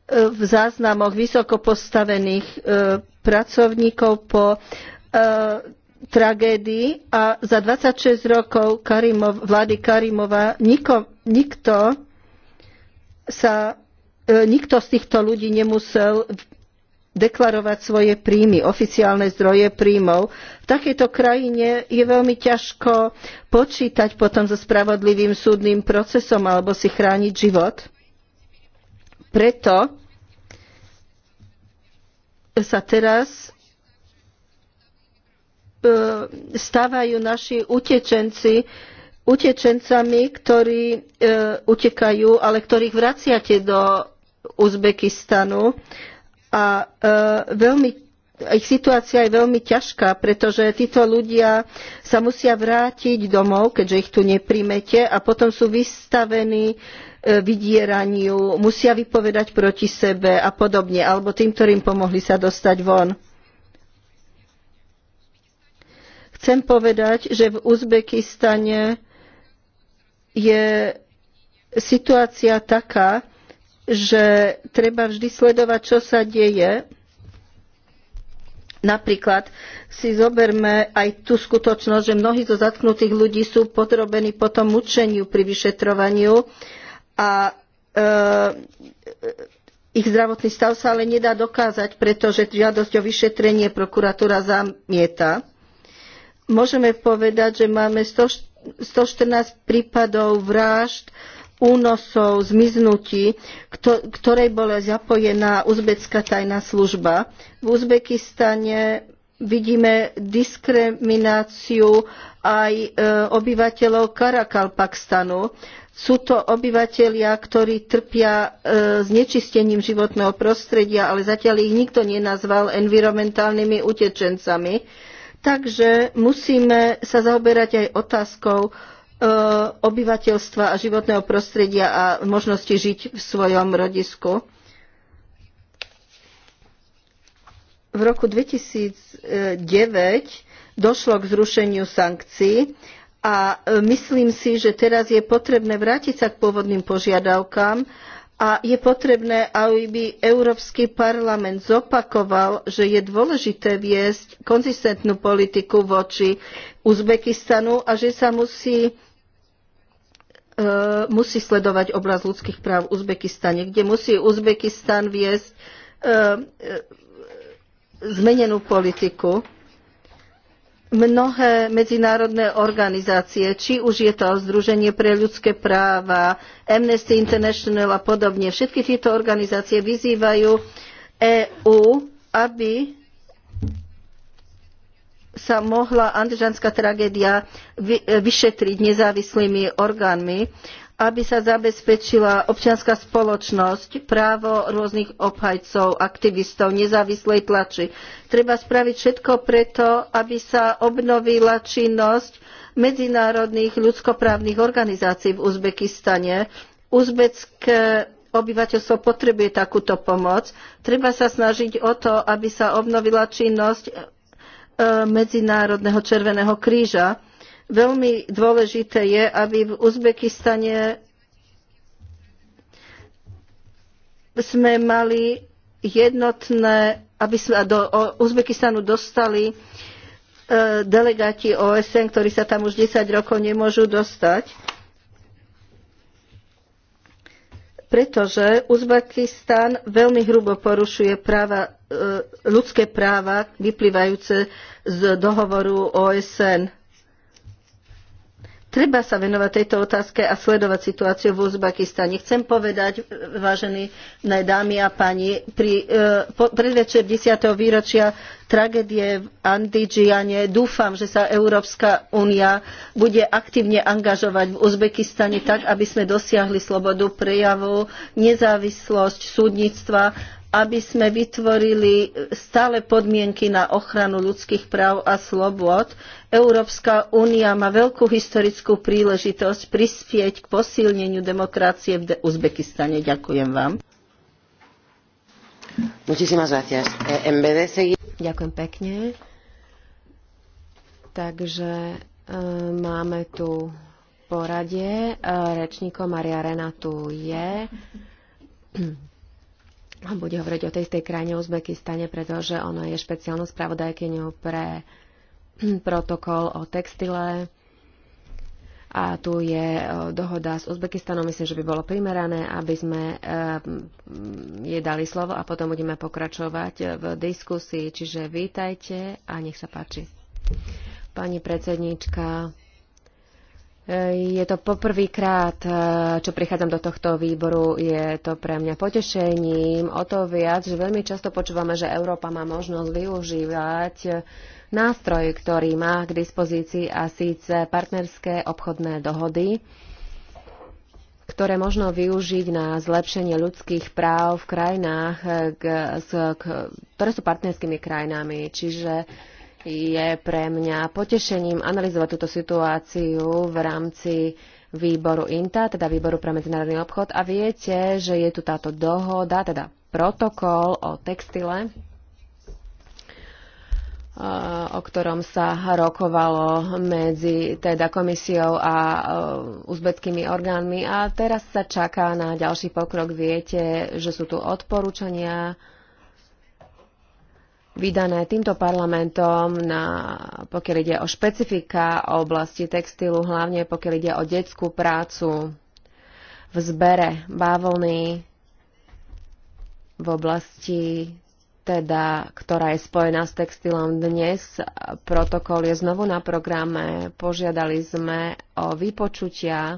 v záznamoch vysoko postavených pracovníkov po tragédii a za 26 rokov Karimov, vlády Karimova niko, nikto sa e, nikto z týchto ľudí nemusel deklarovať svoje príjmy, oficiálne zdroje príjmov. V takejto krajine je veľmi ťažko počítať potom so spravodlivým súdnym procesom alebo si chrániť život. Preto sa teraz E, stávajú naši utečenci utečencami, ktorí e, utekajú, ale ktorých vraciate do Uzbekistanu. A e, veľmi ich situácia je veľmi ťažká, pretože títo ľudia sa musia vrátiť domov, keďže ich tu neprimete a potom sú vystavení vydieraniu, musia vypovedať proti sebe a podobne, alebo tým, ktorým pomohli sa dostať von. Chcem povedať, že v Uzbekistane je situácia taká, že treba vždy sledovať, čo sa deje. Napríklad si zoberme aj tú skutočnosť, že mnohí zo zatknutých ľudí sú podrobení potom mučeniu pri vyšetrovaniu a e, ich zdravotný stav sa ale nedá dokázať, pretože žiadosť o vyšetrenie prokuratúra zamieta môžeme povedať, že máme 114 prípadov vražd, únosov, zmiznutí, ktorej bola zapojená uzbecká tajná služba. V Uzbekistane vidíme diskrimináciu aj e, obyvateľov Karakalpakstanu. Sú to obyvatelia, ktorí trpia e, znečistením životného prostredia, ale zatiaľ ich nikto nenazval environmentálnymi utečencami Takže musíme sa zaoberať aj otázkou e, obyvateľstva a životného prostredia a možnosti žiť v svojom rodisku. V roku 2009 došlo k zrušeniu sankcií a e, myslím si, že teraz je potrebné vrátiť sa k pôvodným požiadavkám a je potrebné, aby Európsky parlament zopakoval, že je dôležité viesť konzistentnú politiku voči Uzbekistanu a že sa musí, e, musí sledovať obraz ľudských práv v Uzbekistane, kde musí Uzbekistan viesť e, e, zmenenú politiku mnohé medzinárodné organizácie, či už je to Združenie pre ľudské práva, Amnesty International a podobne, všetky tieto organizácie vyzývajú EÚ, aby sa mohla andržanská tragédia vyšetriť nezávislými orgánmi aby sa zabezpečila občianska spoločnosť, právo rôznych obhajcov, aktivistov, nezávislej tlači. Treba spraviť všetko preto, aby sa obnovila činnosť medzinárodných ľudskoprávnych organizácií v Uzbekistane. Uzbecké obyvateľstvo potrebuje takúto pomoc. Treba sa snažiť o to, aby sa obnovila činnosť e, Medzinárodného červeného kríža Veľmi dôležité je, aby v Uzbekistane sme mali jednotné, aby sme do Uzbekistanu dostali e, delegáti OSN, ktorí sa tam už 10 rokov nemôžu dostať, pretože Uzbekistan veľmi hrubo porušuje práva, e, ľudské práva vyplývajúce z dohovoru OSN. Treba sa venovať tejto otázke a sledovať situáciu v Uzbekistane. Chcem povedať, vážení dámy a pani, pri eh, predvečer 10. výročia tragédie v Andijiane dúfam, že sa Európska únia bude aktívne angažovať v Uzbekistane tak, aby sme dosiahli slobodu prejavu, nezávislosť súdnictva aby sme vytvorili stále podmienky na ochranu ľudských práv a slobod. Európska únia má veľkú historickú príležitosť prispieť k posilneniu demokracie v Uzbekistane. Ďakujem vám. Eh, Ďakujem pekne. Takže e, máme tu poradie. E, eh, rečníko Maria Renatu je bude hovoriť o tej istej krajine Uzbekistane, pretože ona je špeciálnou spravodajkyňou pre protokol o textile. A tu je e, dohoda s Uzbekistanom. Myslím, že by bolo primerané, aby sme e, jej dali slovo a potom budeme pokračovať v diskusii. Čiže vítajte a nech sa páči. Pani predsedníčka, je to poprvýkrát, eh, čo prichádzam do tohto výboru, je to pre mňa potešením. O to viac, že veľmi často počúvame, že Európa má možnosť využívať nástroj, ktorý má k dispozícii a síce partnerské obchodné dohody, ktoré možno využiť na zlepšenie ľudských práv v krajinách, eh, ktoré sú partnerskými krajinami. Čiže je pre mňa potešením analyzovať túto situáciu v rámci výboru INTA, teda výboru pre medzinárodný obchod. A viete, že je tu táto dohoda, teda protokol o textile, o ktorom sa rokovalo medzi teda komisiou a uzbeckými orgánmi. A teraz sa čaká na ďalší pokrok. Viete, že sú tu odporúčania vydané týmto parlamentom, na, pokiaľ ide o špecifika o oblasti textilu, hlavne pokiaľ ide o detskú prácu v zbere bavlny v oblasti teda, ktorá je spojená s textilom dnes. Protokol je znovu na programe. Požiadali sme o vypočutia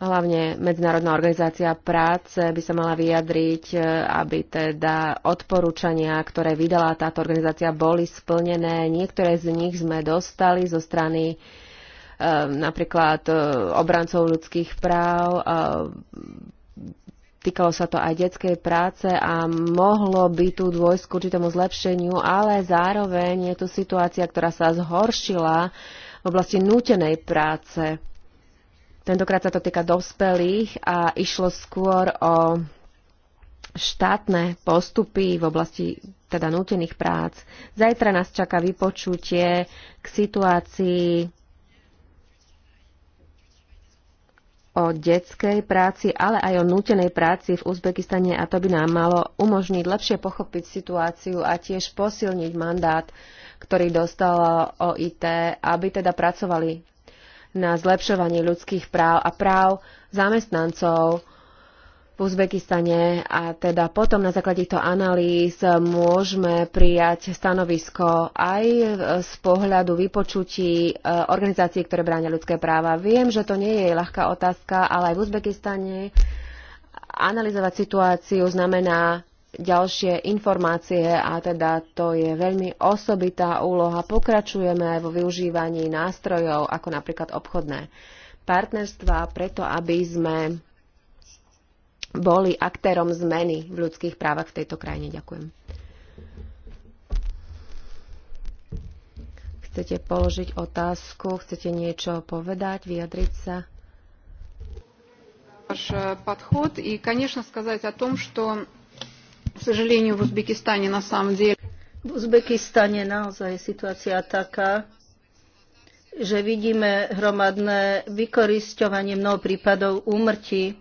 Hlavne Medzinárodná organizácia práce by sa mala vyjadriť, e, aby teda odporúčania, ktoré vydala táto organizácia, boli splnené. Niektoré z nich sme dostali zo strany e, napríklad e, obrancov ľudských práv. Týkalo sa to aj detskej práce a mohlo by tu dôjsť k určitému zlepšeniu, ale zároveň je tu situácia, ktorá sa zhoršila v oblasti nútenej práce. Tentokrát sa to týka dospelých a išlo skôr o štátne postupy v oblasti teda nútených prác. Zajtra nás čaká vypočutie k situácii o detskej práci, ale aj o nútenej práci v Uzbekistane a to by nám malo umožniť lepšie pochopiť situáciu a tiež posilniť mandát, ktorý dostalo OIT, aby teda pracovali na zlepšovanie ľudských práv a práv zamestnancov v Uzbekistane a teda potom na základe týchto analýz môžeme prijať stanovisko aj z pohľadu vypočutí eh, organizácií, ktoré bránia ľudské práva. Viem, že to nie je ľahká otázka, ale aj v Uzbekistane analyzovať situáciu znamená ďalšie informácie a teda to je veľmi osobitá úloha. Pokračujeme aj vo využívaní nástrojov ako napríklad obchodné partnerstva preto, aby sme boli aktérom zmeny v ľudských právach v tejto krajine. Ďakujem. Chcete položiť otázku? Chcete niečo povedať, vyjadriť sa? Ваш подход и, конечно, сказать о том, что сожалению, в Узбекистане на самом деле... V Uzbekistane naozaj je situácia taká, že vidíme hromadné vykorisťovanie mnoho prípadov úmrtí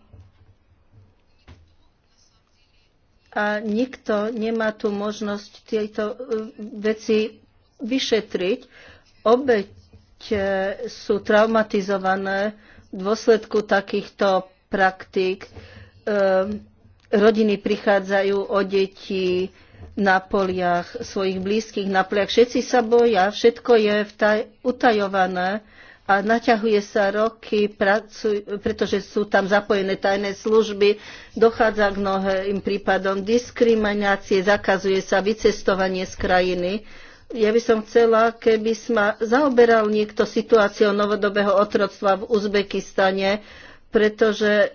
a nikto nemá tu možnosť tieto e, veci vyšetriť. Obeť e, sú traumatizované v dôsledku takýchto praktík. Ehm, rodiny prichádzajú o deti na poliach svojich blízkych, na poliach. Všetci sa boja, všetko je vtaj- utajované a naťahuje sa roky, pracuj, pretože sú tam zapojené tajné služby, dochádza k mnohým prípadom diskriminácie, zakazuje sa vycestovanie z krajiny. Ja by som chcela, keby sa zaoberal niekto situáciou novodobého otroctva v Uzbekistane, pretože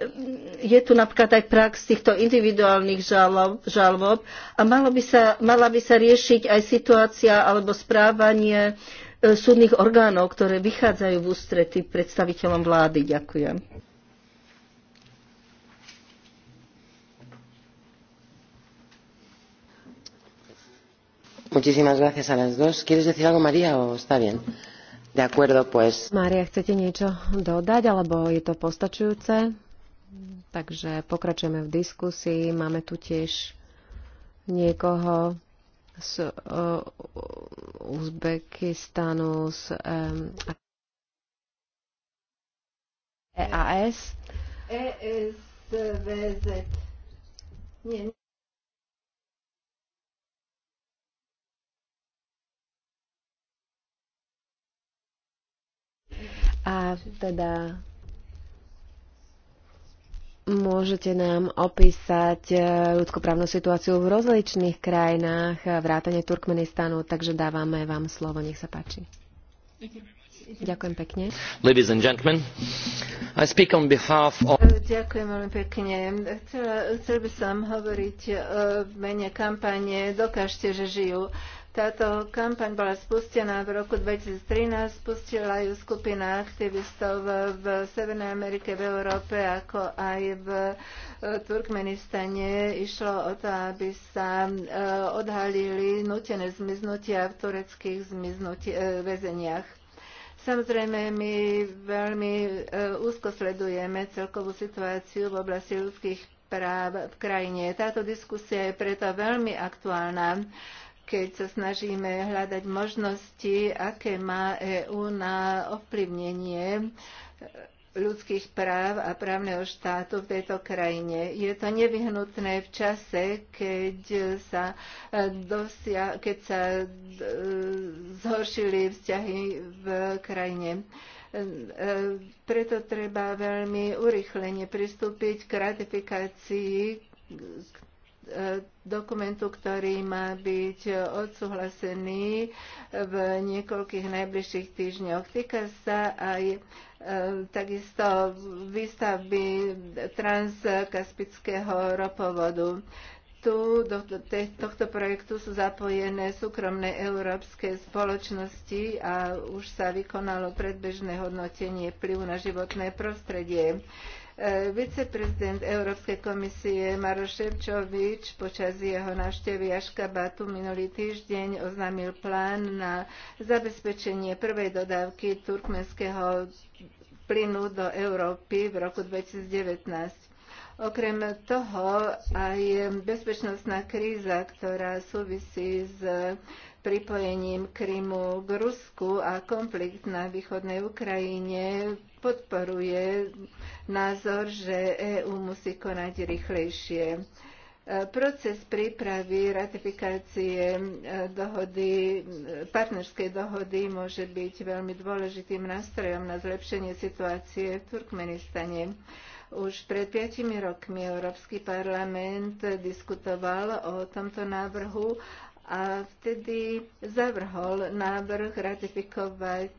je tu napríklad aj prax týchto individuálnych žalob, žalob a malo by sa, mala by sa riešiť aj situácia alebo správanie e, súdnych orgánov, ktoré vychádzajú v ústrety predstaviteľom vlády. Ďakujem. Muchísimas gracias a las dos. ¿Quieres decir algo, María, o está bien? De acuerdo, pues. Mária, chcete niečo dodať, alebo je to postačujúce? Takže pokračujeme v diskusii. Máme tu tiež niekoho z uh, Uzbekistanu, z um, EAS. E nie, nie. A teda Môžete nám opísať e, ľudskoprávnu situáciu v rozličných krajinách, e, vrátane Turkmenistanu, takže dávame vám slovo, nech sa páči. Ďakujem pekne. Ladies and gentlemen, I speak on behalf of... Ďakujem veľmi pekne. Chcel, chcel by som hovoriť e, v mene kampane Dokážte, že žijú. Táto kampaň bola spustená v roku 2013, spustila ju skupina aktivistov v Severnej Amerike, v Európe, ako aj v e, Turkmenistane. Išlo o to, aby sa e, odhalili nutené zmiznutia v tureckých e, väzeniach. Samozrejme, my veľmi úzko sledujeme celkovú situáciu v oblasti ľudských práv v krajine. Táto diskusia je preto veľmi aktuálna keď sa snažíme hľadať možnosti, aké má EÚ na ovplyvnenie eh, ľudských práv a právneho štátu v tejto krajine. Je to nevyhnutné v čase, keď sa, eh, dosia, keď sa eh, zhoršili vzťahy v krajine. Preto treba veľmi urychlene pristúpiť k ratifikácii dokumentu, ktorý má byť odsúhlasený v niekoľkých najbližších týždňoch. Týka sa aj e, takisto výstavby transkaspického ropovodu Tu do, tohto projektu sú zapojené súkromné európske spoločnosti a už sa vykonalo predbežné hodnotenie vplyvu na životné prostredie. E, viceprezident Európskej komisie Maro Ševčovič počas jeho návštevy Aškabatu minulý týždeň oznámil plán na zabezpečenie prvej dodávky turkmenského plynu do Európy v roku 2019. Okrem toho aj bezpečnostná kríza, ktorá súvisí s pripojením Krymu k Rusku a konflikt na východnej Ukrajine podporuje názor, že EÚ musí konať rýchlejšie. E, proces prípravy ratifikácie e, dohody, e, partnerskej dohody môže byť veľmi dôležitým nástrojom na zlepšenie situácie v Turkmenistane. Už pred piatimi rokmi Európsky parlament diskutoval o tomto návrhu a vtedy zavrhol návrh ratifikovať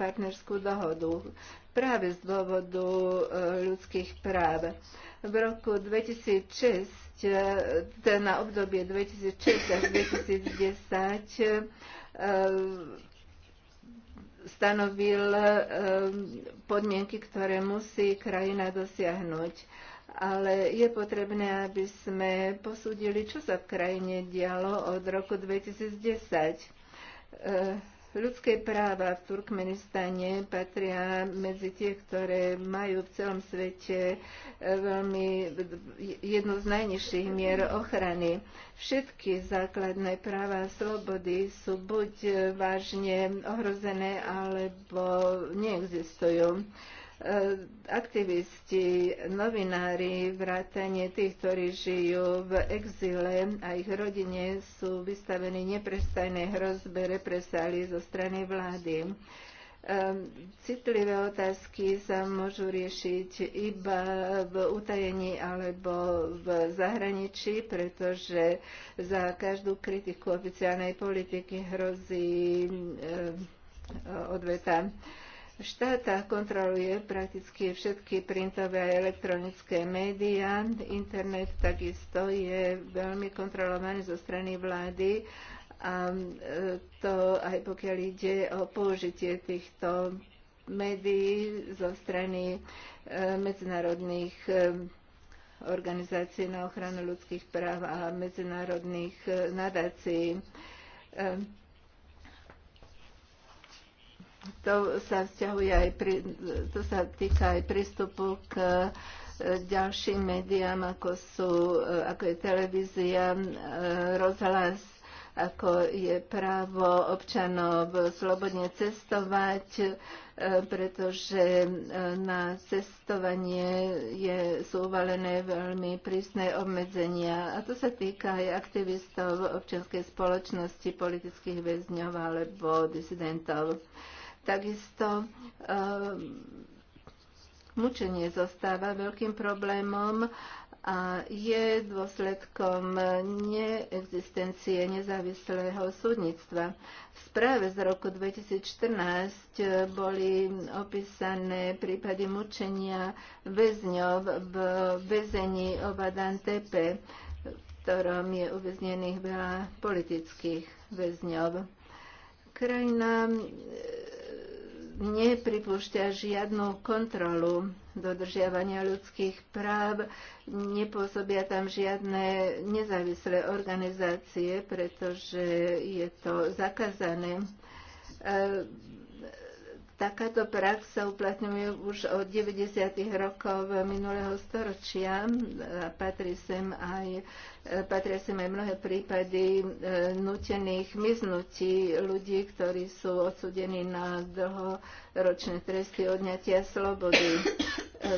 partnerskú dohodu práve z dôvodu e, ľudských práv. V roku 2006, e, teda na obdobie 2006 až 2010, e, stanovil podmienky, ktoré musí krajina dosiahnuť. Ale je potrebné, aby sme posúdili, čo sa v krajine dialo od roku 2010 Ľudské práva v Turkmenistane patria medzi tie, ktoré majú v celom svete e, veľmi jednu z najnižších mier ochrany. Všetky základné práva a slobody sú buď e, vážne ohrozené, alebo neexistujú. Eh, aktivisti, novinári, vrátanie tých, ktorí žijú v exile a ich rodine sú vystavení neprestajnej hrozbe represálií zo strany vlády. Ehm, citlivé otázky sa môžu riešiť iba v utajení alebo v zahraničí, pretože za každú kritiku oficiálnej politiky hrozí ehm, odveta štát kontroluje prakticky všetky printové a elektronické médiá. Internet takisto je veľmi kontrolovaný zo strany vlády a e, to aj pokiaľ ide o použitie týchto médií zo strany e, medzinárodných e, organizácií na ochranu ľudských práv a medzinárodných nadácií to sa vzťahuje aj pri, to sa týka aj prístupu k e, ďalším médiám, ako, sú, e, ako je televízia, e, rozhlas, ako je právo občanov slobodne cestovať, pretože na cestovanie je, sú uvalené veľmi prísne obmedzenia. A to sa týka aj aktivistov občianskej spoločnosti, politických väzňov alebo disidentov. Takisto ehm, mučenie zostáva veľkým problémom a je dôsledkom neexistencie nezávislého súdnictva. V správe z roku 2014 boli opísané prípady mučenia väzňov v väzení Obadan Tepe, v ktorom je uväznených veľa politických väzňov. Krajina nepripúšťa žiadnu kontrolu dodržiavania ľudských práv, nepôsobia tam žiadne nezávislé organizácie, pretože je to zakázané Takáto prax sa uplatňuje už od 90. rokov minulého storočia. Patrí sem aj, patria sem aj mnohé prípady e, nutených miznutí ľudí, ktorí sú odsudení na dlhoročné tresty odňatia slobody. E, e,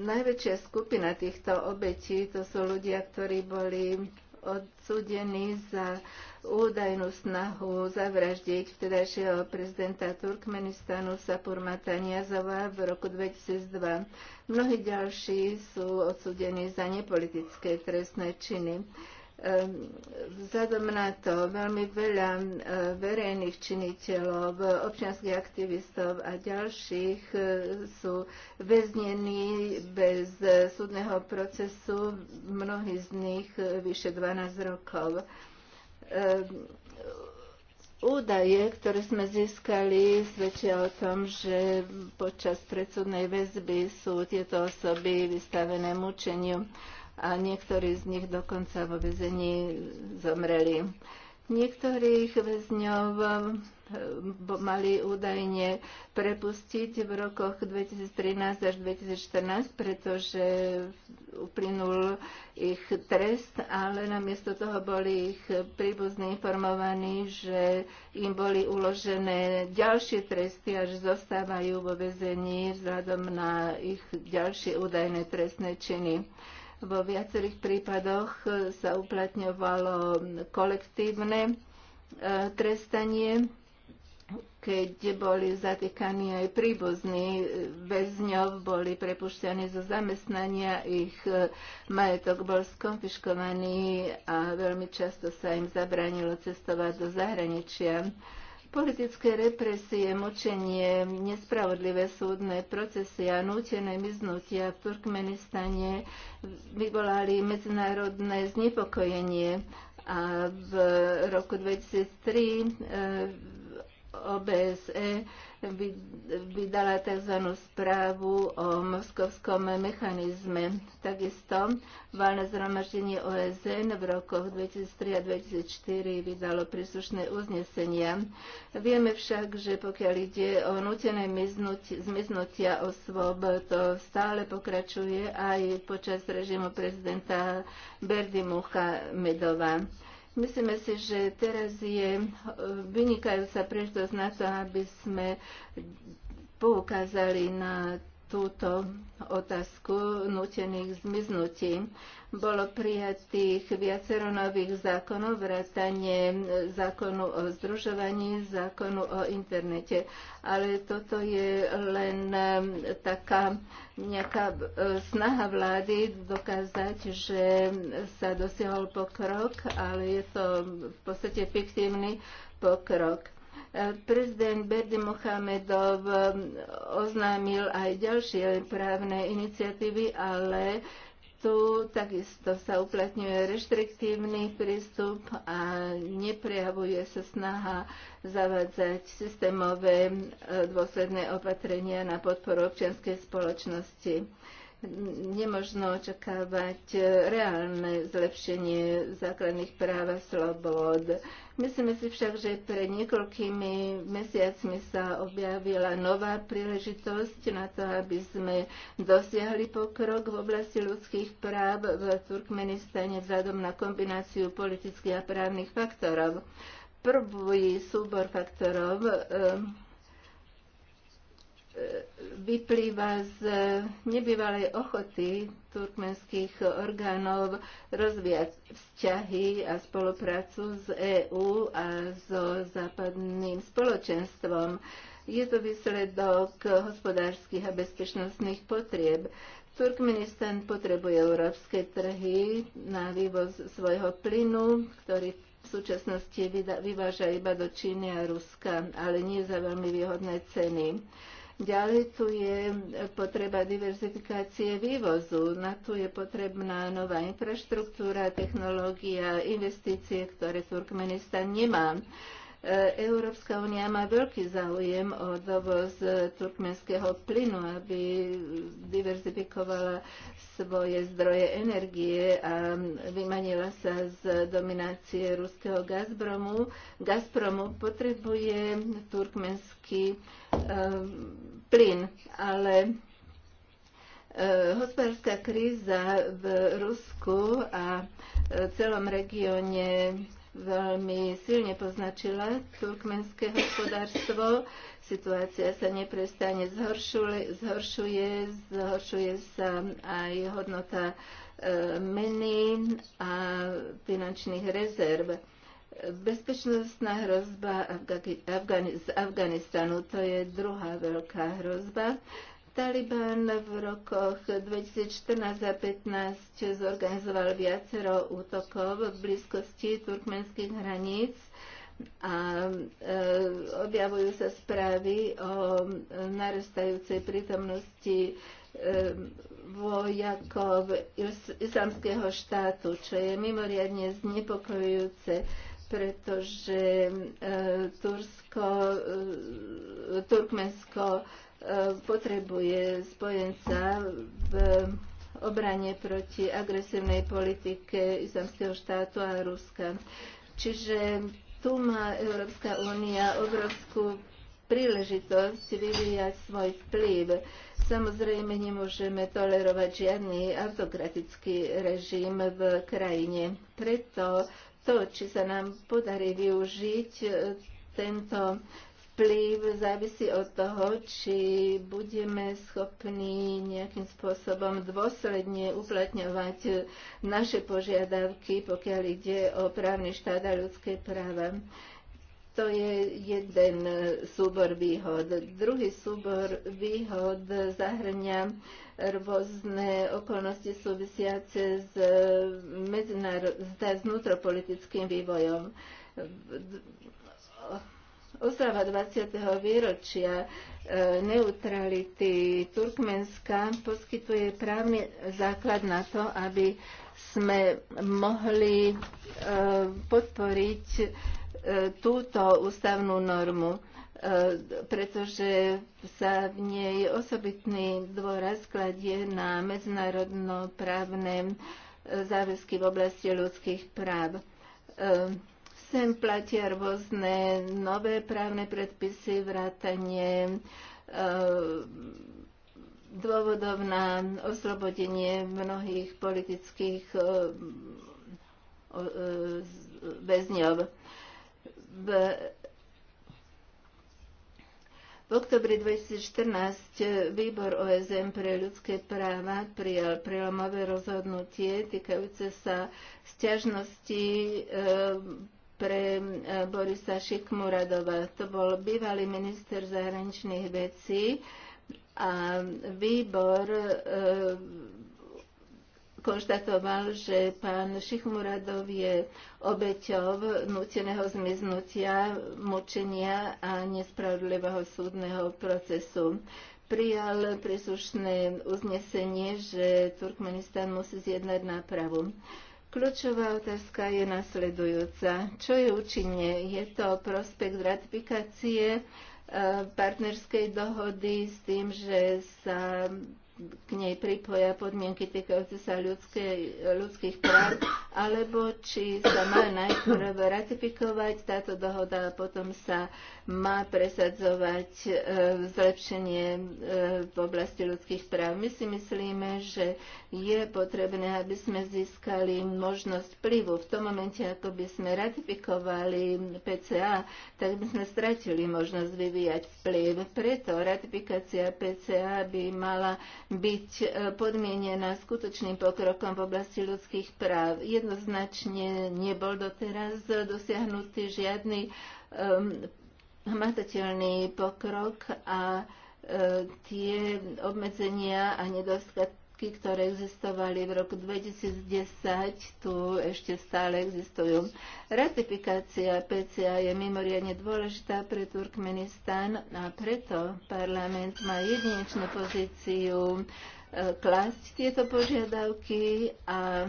najväčšia skupina týchto obetí to sú ľudia, ktorí boli odsudení za údajnú snahu zavraždiť vtedajšieho prezidenta Turkmenistanu Sapurmata Niazova v roku 2002. Mnohí ďalší sú odsudení za nepolitické trestné činy. Ehm, vzhľadom na to veľmi veľa ehm, verejných činiteľov, občianských aktivistov a ďalších ehm, sú väznení bez súdneho procesu, mnohí z nich vyše 12 rokov. Ehm, údaje, ktoré sme získali, svedčia o tom, že počas predsudnej väzby sú tieto osoby vystavené mučeniu a niektorí z nich dokonca vo väzení zomreli. Niektorých väzňov mali údajne prepustiť v rokoch 2013 až 2014, pretože uplynul ich trest, ale namiesto toho boli ich príbuzní informovaní, že im boli uložené ďalšie tresty, až zostávajú vo vezení vzhľadom na ich ďalšie údajné trestné činy. Vo viacerých prípadoch sa uplatňovalo kolektívne e, trestanie keď boli zatýkaní aj príbuzní e, väzňov, boli prepušťaní zo zamestnania, ich e, majetok bol skonfiškovaný a veľmi často sa im zabránilo cestovať do zahraničia. Politické represie, mučenie, nespravodlivé súdne procesy a nútené miznutia v Turkmenistane vyvolali medzinárodné znepokojenie a v roku 2003 e, OBSE vydala tzv. správu o moskovskom mechanizme. Takisto Válne zhromaždenie OSN v rokoch 2003 a 2004 vydalo príslušné uznesenia. Vieme však, že pokiaľ ide o nutené zmiznutia osôb, to stále pokračuje aj počas režimu prezidenta Mucha Medova. Myslíme si, že teraz je e, vynikajúca príležitosť na to, aby sme poukázali na túto otázku nutených zmiznutí. Bolo prijatých viacero nových zákonov, vrátanie zákonu o združovaní, zákonu o internete. Ale toto je len um, taká nejaká uh, snaha vlády dokázať, že sa dosiahol pokrok, ale je to v podstate fiktívny pokrok uh, prezident Berdy Mohamedov um, oznámil aj ďalšie právne iniciatívy, ale tu takisto sa uplatňuje reštriktívny prístup a neprejavuje sa snaha zavádzať systémové e, dôsledné opatrenia na podporu občianskej spoločnosti. Nemožno očakávať e, reálne zlepšenie základných práv a slobod. Myslíme si však, že pred niekoľkými mesiacmi sa objavila nová príležitosť na to, aby sme dosiahli pokrok v oblasti ľudských práv v Turkmenistane vzhľadom na kombináciu politických a právnych faktorov. Prvý súbor faktorov e, vyplýva z nebývalej ochoty turkmenských orgánov rozviať vzťahy a spoluprácu s EÚ a so západným spoločenstvom. Je to výsledok hospodárskych a bezpečnostných potrieb. Turkmenistan potrebuje európske trhy na vývoz svojho plynu, ktorý v súčasnosti vyváža iba do Číny a Ruska, ale nie za veľmi výhodné ceny. Ďalej tu je potreba diverzifikácie vývozu. Na to je potrebná nová infraštruktúra, technológia, investície, ktoré Turkmenistan nemá. E, Európska únia má veľký záujem o dovoz turkmenského plynu, aby diverzifikovala svoje zdroje energie a vymanila sa z dominácie ruského Gazpromu. Gazpromu potrebuje turkmenský um, plyn, ale e, hospodárska kríza v Rusku a e, celom regióne veľmi silne poznačila turkmenské hospodárstvo. Situácia sa neprestane zhoršuje, zhoršuje, sa aj hodnota e, meny a finančných rezerv Bezpečnostná hrozba z Afganistanu to je druhá veľká hrozba. Taliban v rokoch 2014 a 2015 zorganizoval viacero útokov v blízkosti turkmenských hraníc a e, objavujú sa správy o narastajúcej prítomnosti e, vojakov islamského štátu, čo je mimoriadne znepokojujúce pretože e, Tursko, e, Turkmensko e, potrebuje spojenca v obrane proti agresívnej politike islamského štátu a Ruska. Čiže tu má Európska únia obrovskú príležitosť vyvíjať svoj vplyv. Samozrejme nemôžeme tolerovať žiadny autokratický režim v krajine. Preto to, či sa nám podarí využiť e, tento vplyv závisí od toho, či budeme schopní nejakým spôsobom dôsledne uplatňovať naše požiadavky, pokiaľ ide o právny štát a ľudské práva to je jeden súbor výhod. Druhý súbor výhod zahrňa rôzne okolnosti súvisiace s, s vnútropolitickým vývojom. Oslava 20. výročia e, neutrality Turkmenska poskytuje právny základ na to, aby sme mohli e, podporiť E, túto ústavnú normu, e, pretože sa v nej osobitný dôraz kladie na medzinárodnoprávne e, záväzky v oblasti ľudských práv. Sem platia rôzne nové právne predpisy, vrátanie dôvodov na oslobodenie mnohých politických väzňov v v oktobri 2014 výbor OSM pre ľudské práva prijal prelomové rozhodnutie týkajúce sa sťažnosti e, pre e, Borisa Šikmuradova. To bol bývalý minister zahraničných vecí a výbor e, konštatoval, že pán Šichmuradov je obeťov nuteného zmiznutia, mučenia a nespravodlivého súdneho procesu. Prijal príslušné uznesenie, že Turkmenistan musí zjednať nápravu. Kľúčová otázka je nasledujúca. Čo je účinne? Je to prospekt ratifikácie eh, partnerskej dohody s tým, že sa k nej pripoja podmienky týkajúce sa ľudské, ľudských práv, alebo či sa má najprv ratifikovať táto dohoda a potom sa má presadzovať e, zlepšenie e, v oblasti ľudských práv. My si myslíme, že je potrebné, aby sme získali možnosť vplyvu. V tom momente, ako by sme ratifikovali PCA, tak by sme stratili možnosť vyvíjať vplyv. Preto ratifikácia PCA by mala byť e, podmienená skutočným pokrokom v oblasti ľudských práv. Jednoznačne nebol doteraz dosiahnutý žiadny hmatateľný pokrok a e, tie obmedzenia a nedostatky, ktoré existovali v roku 2010, tu ešte stále existujú. Ratifikácia PCA je mimoriadne dôležitá pre Turkmenistan a preto parlament má jedinečnú pozíciu e, klásť tieto požiadavky a e,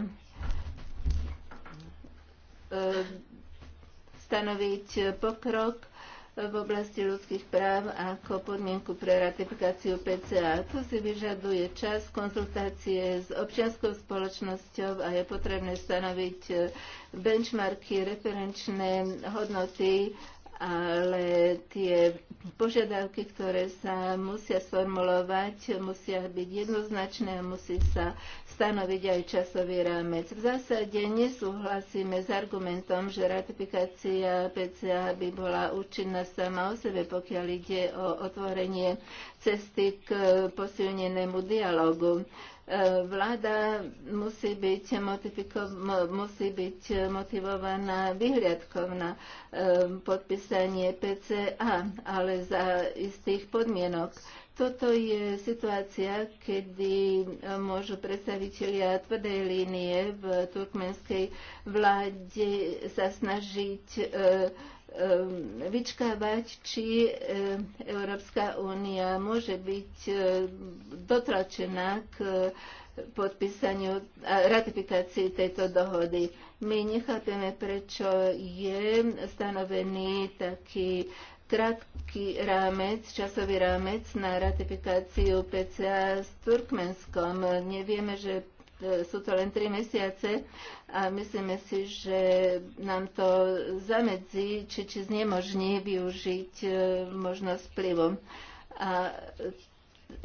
stanoviť pokrok v oblasti ľudských práv ako podmienku pre ratifikáciu PCA. To si vyžaduje čas konzultácie s občianskou spoločnosťou a je potrebné stanoviť eh, benchmarky, referenčné hodnoty ale tie požiadavky, ktoré sa musia sformulovať, musia byť jednoznačné a musí sa stanoviť aj časový rámec. V zásade nesúhlasíme s argumentom, že ratifikácia PCA by bola účinná sama o sebe, pokiaľ ide o otvorenie cesty k posilnenému dialogu E, vláda musí byť, musí byť motivovaná vyhliadkom na e, podpísanie PCA, ale za istých podmienok. Toto je situácia, kedy e, môžu predstaviteľia tvrdej línie v turkmenskej vláde sa snažiť Um, vyčkávať, či um, Európska únia môže byť um, dotlačená k uh, podpísaniu a ratifikácii tejto dohody. My nechápeme, prečo je stanovený taký krátky rámec, časový rámec na ratifikáciu PCA s Turkmenskom. Nevieme, že E, sú to len tri mesiace a myslíme si, že nám to zamedzí, či, či znemožní využiť e, možnosť vplyvu. A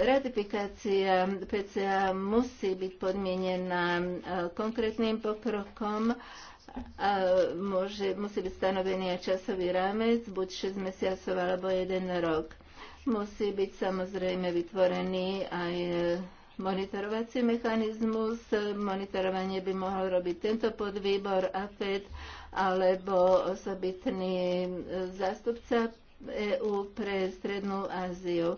ratifikácia PCA musí byť podmienená e, konkrétnym pokrokom a môže, musí byť stanovený aj časový rámec, buď 6 mesiacov alebo 1 rok. Musí byť samozrejme vytvorený aj monitorovací mechanizmus. Monitorovanie by mohol robiť tento podvýbor AFED alebo osobitný e, zástupca EÚ pre Strednú Áziu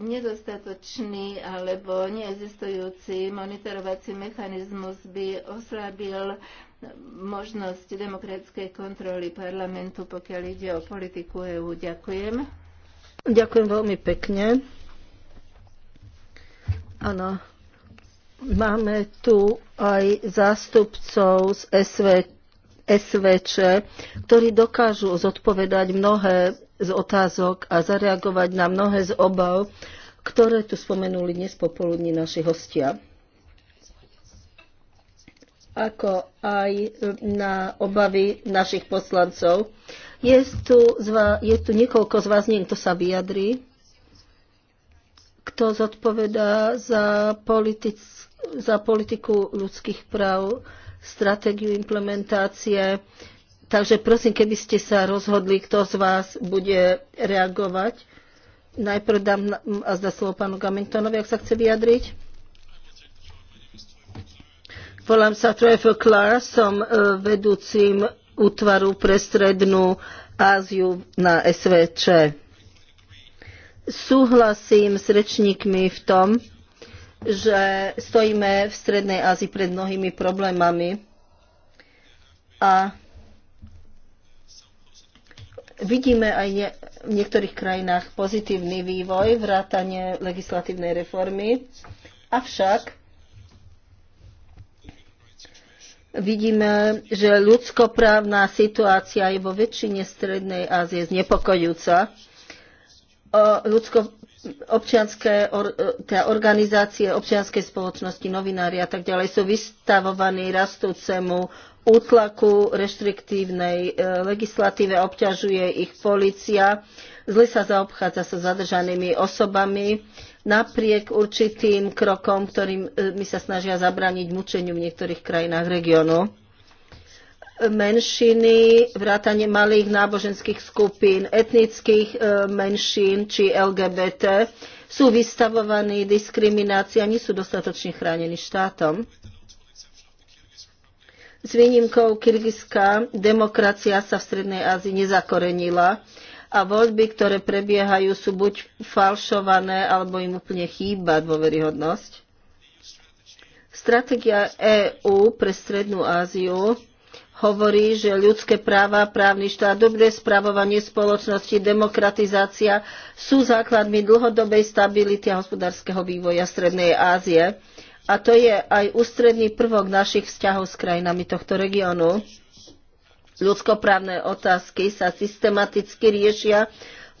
nedostatočný alebo neexistujúci monitorovací mechanizmus by oslabil možnosť demokratickej kontroly parlamentu, pokiaľ ide o politiku EÚ. Ďakujem. Ďakujem veľmi pekne. Áno. Máme tu aj zástupcov z SV, SVČ, ktorí dokážu zodpovedať mnohé z otázok a zareagovať na mnohé z obav, ktoré tu spomenuli dnes popoludní naši hostia. Ako aj na obavy našich poslancov. Je tu, je tu niekoľko z vás, niekto sa vyjadrí kto zodpovedá za, politic, za politiku ľudských práv, stratégiu implementácie. Takže prosím, keby ste sa rozhodli, kto z vás bude reagovať. Najprv dám a zda slovo pánu Gamingtonovi, ak sa chce vyjadriť. Volám sa Trevor Clark, som e, vedúcim útvaru pre strednú Áziu na SVČ. Súhlasím s rečníkmi v tom, že stojíme v Strednej Ázii pred mnohými problémami a vidíme aj ne, v niektorých krajinách pozitívny vývoj, vrátanie legislatívnej reformy. Avšak vidíme, že ľudskoprávna situácia je vo väčšine Strednej Ázie znepokojúca ľudsko občianské or, teda organizácie občianské spoločnosti, novinári a tak ďalej sú vystavovaní rastúcemu útlaku reštriktívnej e, legislatíve, obťažuje ich policia, zle sa zaobchádza sa zadržanými osobami, napriek určitým krokom, ktorým e, my sa snažia zabrániť mučeniu v niektorých krajinách regiónu menšiny, vrátane malých náboženských skupín, etnických e, menšín či LGBT sú vystavovaní diskriminácii a nie sú dostatočne chránení štátom. S výnimkou Kyrgyzska demokracia sa v Strednej Ázii nezakorenila a voľby, ktoré prebiehajú, sú buď falšované, alebo im úplne chýba dôveryhodnosť. Stratégia EÚ pre Strednú Áziu hovorí, že ľudské práva, právny štát, dobré spravovanie spoločnosti, demokratizácia sú základmi dlhodobej stability a hospodárskeho vývoja Strednej Ázie. A to je aj ústredný prvok našich vzťahov s krajinami tohto regiónu. Ľudskoprávne otázky sa systematicky riešia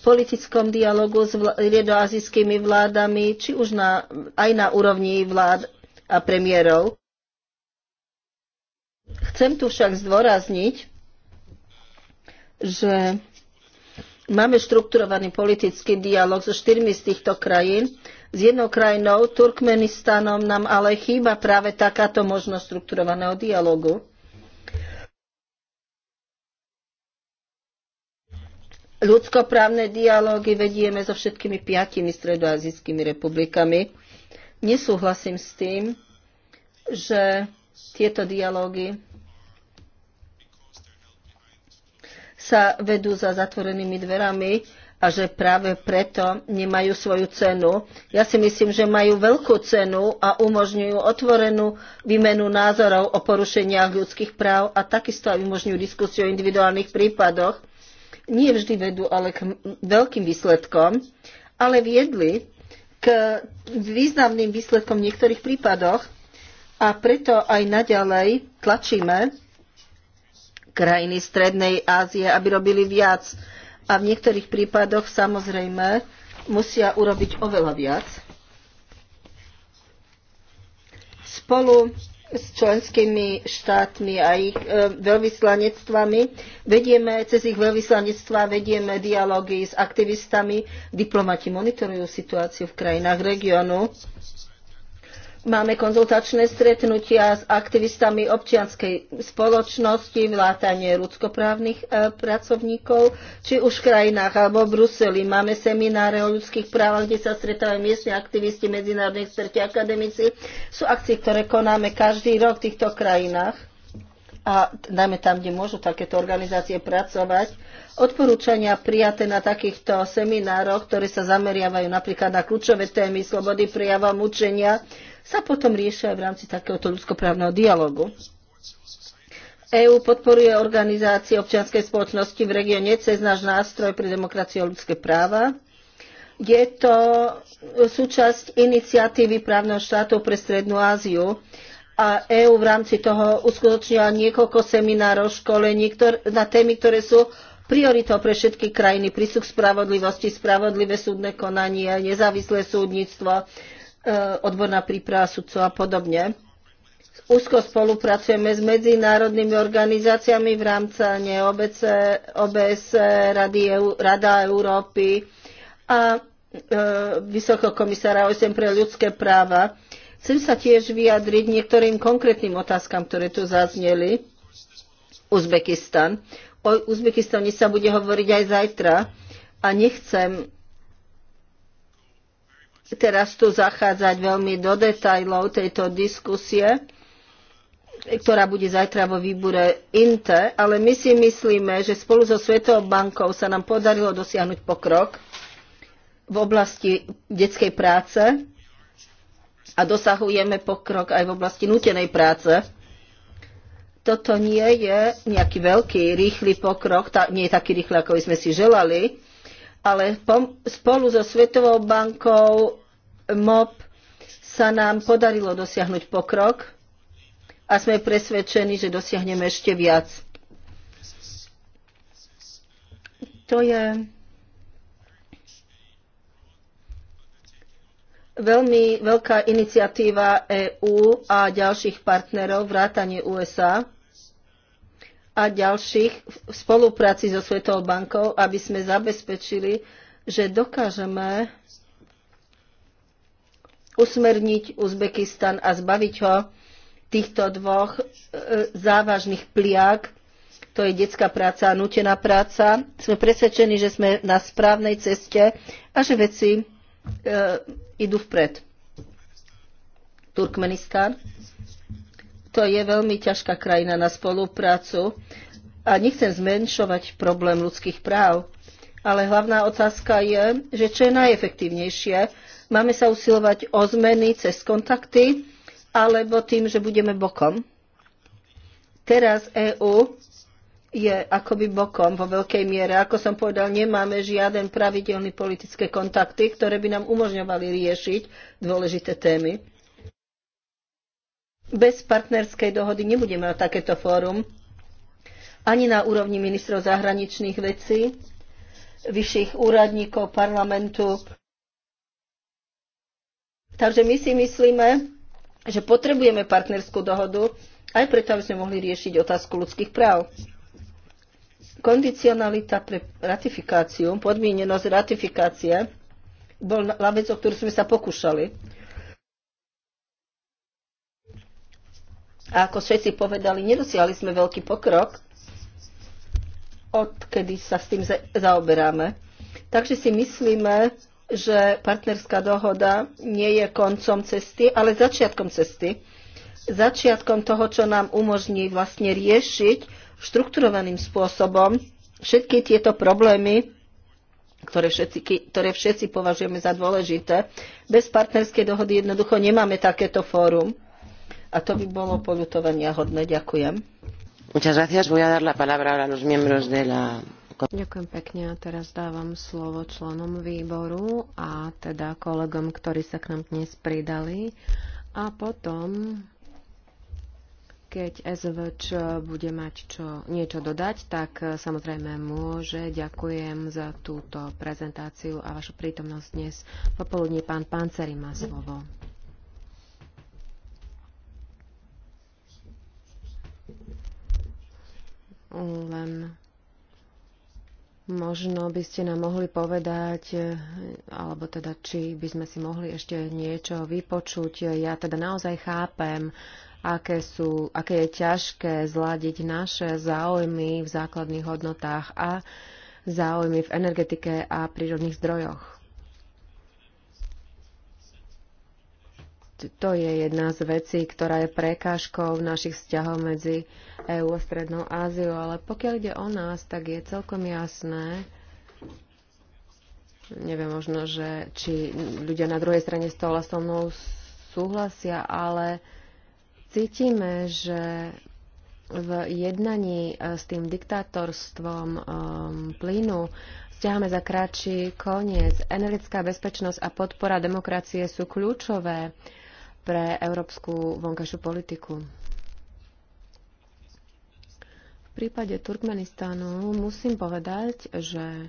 v politickom dialogu s riedoazijskými vládami, či už na, aj na úrovni vlád a premiérov. Chcem tu však zdôrazniť, že máme štrukturovaný politický dialog so štyrmi z týchto krajín. S jednou krajinou, Turkmenistanom, nám ale chýba práve takáto možnosť štrukturovaného dialogu. Ľudskoprávne dialógy vedieme so všetkými piatimi stredoazijskými republikami. Nesúhlasím s tým, že tieto dialógy sa vedú za zatvorenými dverami a že práve preto nemajú svoju cenu. Ja si myslím, že majú veľkú cenu a umožňujú otvorenú výmenu názorov o porušeniach ľudských práv a takisto aj umožňujú diskusiu o individuálnych prípadoch. Nie vždy vedú ale k veľkým výsledkom, ale viedli k významným výsledkom v niektorých prípadoch a preto aj naďalej tlačíme krajiny Strednej Ázie, aby robili viac. A v niektorých prípadoch samozrejme musia urobiť oveľa viac. Spolu s členskými štátmi a ich e, veľvyslanectvami. Vedieme, cez ich veľvyslanectvá vedieme dialógy s aktivistami. Diplomati monitorujú situáciu v krajinách regiónu Máme konzultačné stretnutia s aktivistami občianskej spoločnosti, vlátanie ľudskoprávnych e, pracovníkov, či už v krajinách alebo v Bruseli. Máme semináre o ľudských právach, kde sa stretávajú miestni aktivisti, medzinárodní experti, akademici. Sú akcie, ktoré konáme každý rok v týchto krajinách a najmä tam, kde môžu takéto organizácie pracovať. Odporúčania prijaté na takýchto seminároch, ktoré sa zameriavajú napríklad na kľúčové témy slobody prijava, mučenia, sa potom riešia aj v rámci takéhoto ľudskoprávneho dialogu. EÚ podporuje organizácie občianskej spoločnosti v regióne cez náš nástroj pre demokraciu a ľudské práva. Je to súčasť iniciatívy právneho štátu pre Strednú Áziu a EÚ v rámci toho uskutočnila niekoľko seminárov, školení na témy, ktoré sú prioritou pre všetky krajiny, prísuch spravodlivosti, spravodlivé súdne konanie, nezávislé súdnictvo, E, odborná príprava sudcov a podobne. Úzko spolupracujeme s medzinárodnými organizáciami v rámci OBC, OBS, Rady EU, Rada Európy a e, Vysokého komisára OSN pre ľudské práva. Chcem sa tiež vyjadriť niektorým konkrétnym otázkam, ktoré tu zazneli. Uzbekistan. O Uzbekistane sa bude hovoriť aj zajtra a nechcem teraz tu zachádzať veľmi do detajlov tejto diskusie, ktorá bude zajtra vo výbore INTE, ale my si myslíme, že spolu so Svetovou bankou sa nám podarilo dosiahnuť pokrok v oblasti detskej práce a dosahujeme pokrok aj v oblasti nutenej práce. Toto nie je nejaký veľký, rýchly pokrok, nie je taký rýchly, ako by sme si želali, ale spolu so Svetovou bankou MOP sa nám podarilo dosiahnuť pokrok a sme presvedčení, že dosiahneme ešte viac. To je veľmi veľká iniciatíva EÚ a ďalších partnerov, vrátanie USA a ďalších v spolupráci so Svetovou bankou, aby sme zabezpečili, že dokážeme usmerniť Uzbekistan a zbaviť ho týchto dvoch e, závažných pliak, to je detská práca a nutená práca. Sme presvedčení, že sme na správnej ceste a že veci e, idú vpred. Turkmenistán to je veľmi ťažká krajina na spoluprácu a nechcem zmenšovať problém ľudských práv. Ale hlavná otázka je, že čo je najefektívnejšie. Máme sa usilovať o zmeny cez kontakty alebo tým, že budeme bokom. Teraz EÚ je akoby bokom vo veľkej miere. Ako som povedal, nemáme žiaden pravidelný politické kontakty, ktoré by nám umožňovali riešiť dôležité témy bez partnerskej dohody nebudeme mať takéto fórum ani na úrovni ministrov zahraničných vecí, vyšších úradníkov parlamentu. Takže my si myslíme, že potrebujeme partnerskú dohodu aj preto, aby sme mohli riešiť otázku ľudských práv. Kondicionalita pre ratifikáciu, podmienenosť ratifikácie, bol na vec, o ktorú sme sa pokúšali A ako všetci povedali, nedosiahli sme veľký pokrok, odkedy sa s tým zaoberáme. Takže si myslíme, že partnerská dohoda nie je koncom cesty, ale začiatkom cesty. Začiatkom toho, čo nám umožní vlastne riešiť štrukturovaným spôsobom všetky tieto problémy, ktoré všetci, ktoré všetci považujeme za dôležité. Bez partnerskej dohody jednoducho nemáme takéto fórum. A to by bolo polutovania hodné. Ďakujem. Muchas gracias. Voy a dar la palabra ahora a los miembros de la Ďakujem pekne a teraz dávam slovo členom výboru a teda kolegom, ktorí sa k nám dnes pridali. A potom, keď SVČ bude mať čo, niečo dodať, tak eh, samozrejme môže. Ďakujem za túto prezentáciu a vašu prítomnosť dnes. Popoludne pán Panceri má slovo. len možno by ste nám mohli povedať, alebo teda či by sme si mohli ešte niečo vypočuť. Ja teda naozaj chápem, aké, sú, aké je ťažké zladiť naše záujmy v základných hodnotách a záujmy v energetike a prírodných zdrojoch. to je jedna z vecí, ktorá je prekážkou našich vzťahov medzi EÚ a Strednou Áziou, ale pokiaľ ide o nás, tak je celkom jasné, neviem možno, že či ľudia na druhej strane stola so mnou súhlasia, ale cítime, že v jednaní e, s tým diktátorstvom um, plynu stiahame za kratší koniec. Energetická bezpečnosť a podpora demokracie sú kľúčové. Uh, pre európsku vonkajšiu politiku. V prípade Turkmenistánu musím povedať, že,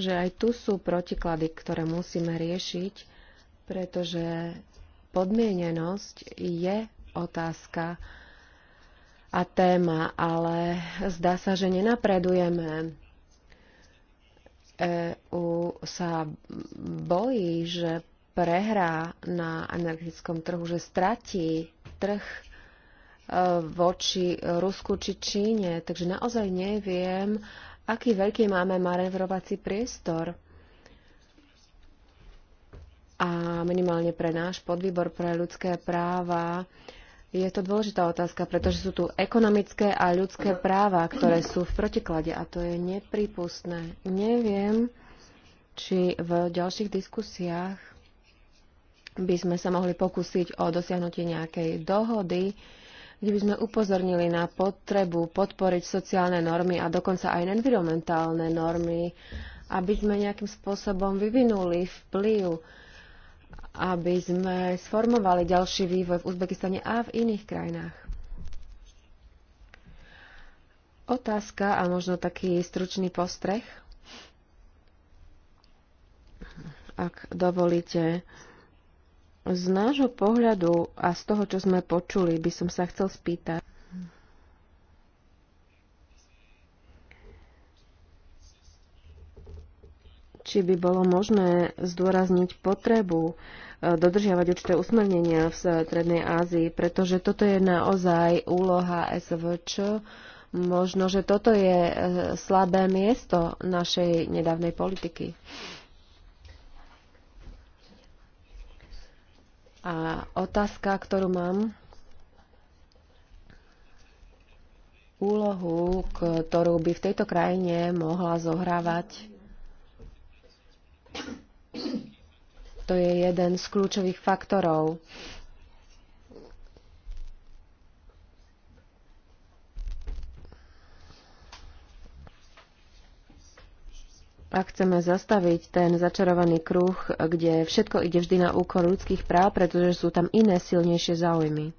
že aj tu sú protiklady, ktoré musíme riešiť, pretože podmienenosť je otázka a téma, ale zdá sa, že nenapredujeme. EU sa bojí, že prehrá na energetickom trhu, že stratí trh e, voči Rusku či Číne. Takže naozaj neviem, aký veľký máme manevrovací priestor. A minimálne pre náš podvýbor pre ľudské práva je to dôležitá otázka, pretože sú tu ekonomické a ľudské práva, ktoré sú v protiklade a to je neprípustné. Neviem, či v ďalších diskusiách by sme sa mohli pokúsiť o dosiahnutie nejakej dohody, kde by sme upozornili na potrebu podporiť sociálne normy a dokonca aj environmentálne normy, aby sme nejakým spôsobom vyvinuli vplyv, aby sme sformovali ďalší vývoj v Uzbekistane a v iných krajinách. Otázka a možno taký stručný postreh, ak dovolíte. Z nášho pohľadu a z toho, čo sme počuli, by som sa chcel spýtať. či by bolo možné zdôrazniť potrebu e, dodržiavať určité usmernenia v Strednej Ázii, pretože toto je naozaj úloha SVČ. Možno, že toto je e, slabé miesto našej nedávnej politiky. A otázka, ktorú mám, úlohu, ktorú by v tejto krajine mohla zohrávať. To je jeden z kľúčových faktorov ak chceme zastaviť ten začarovaný kruh, kde všetko ide vždy na úkor ľudských práv, pretože sú tam iné silnejšie záujmy.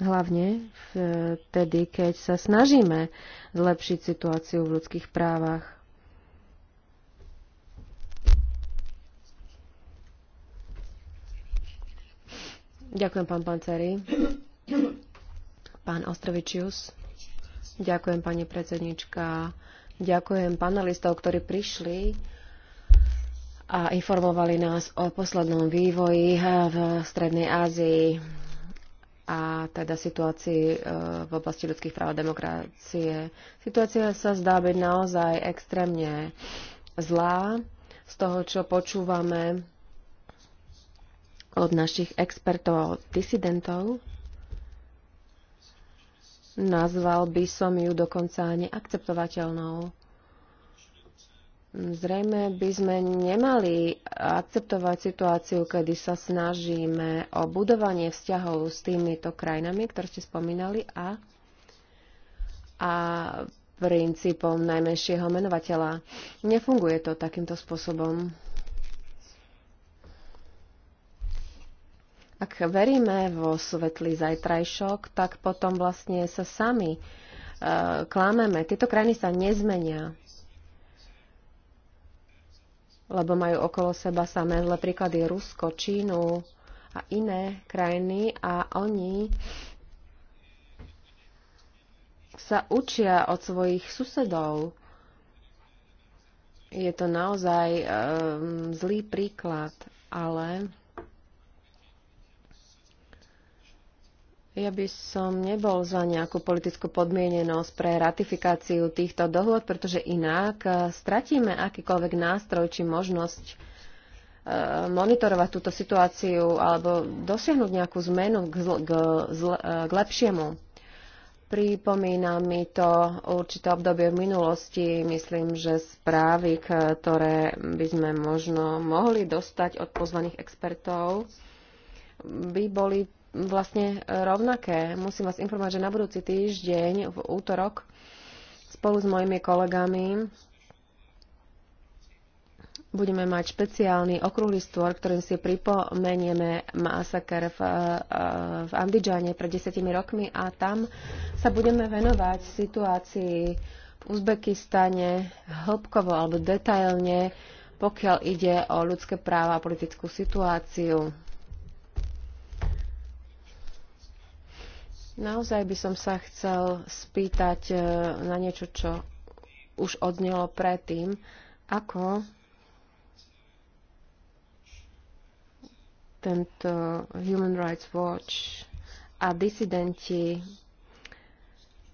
Hlavne vtedy, keď sa snažíme zlepšiť situáciu v ľudských právach. Ďakujem, pán Panceri. Pán Ostrovičius. Ďakujem, pani predsednička. Ďakujem panelistov, ktorí prišli a informovali nás o poslednom vývoji v Strednej Ázii a teda situácii e, v oblasti ľudských práv a demokracie. Situácia sa zdá byť naozaj extrémne zlá z toho, čo počúvame od našich expertov a disidentov. Nazval by som ju dokonca neakceptovateľnou. Zrejme by sme nemali akceptovať situáciu, kedy sa snažíme o budovanie vzťahov s týmito krajinami, ktoré ste spomínali, a, a princípom najmenšieho menovateľa. Nefunguje to takýmto spôsobom. Ak veríme vo svetlý zajtrajšok, tak potom vlastne sa sami e, klameme. Tieto krajiny sa nezmenia, lebo majú okolo seba samé zlé príklady Rusko, Čínu a iné krajiny a oni sa učia od svojich susedov. Je to naozaj e, zlý príklad, ale Ja by som nebol za nejakú politickú podmienenosť pre ratifikáciu týchto dohôd, pretože inak e, stratíme akýkoľvek nástroj či možnosť e, monitorovať túto situáciu alebo dosiahnuť nejakú zmenu k, zl- k, zl- e, k lepšiemu. Pripomína mi to určité obdobie v minulosti. Myslím, že správy, ktoré by sme možno mohli dostať od pozvaných expertov, by boli vlastne rovnaké. Musím vás informovať, že na budúci týždeň v útorok spolu s mojimi kolegami budeme mať špeciálny okrúhly stôr, ktorým si pripomenieme masaker v, eh, v Andidžane pred desiatimi rokmi a tam sa budeme venovať situácii v Uzbekistane hĺbkovo alebo detailne, pokiaľ ide o ľudské práva a politickú situáciu. Naozaj by som sa chcel spýtať e, na niečo, čo už odnelo predtým. Ako tento Human Rights Watch a disidenti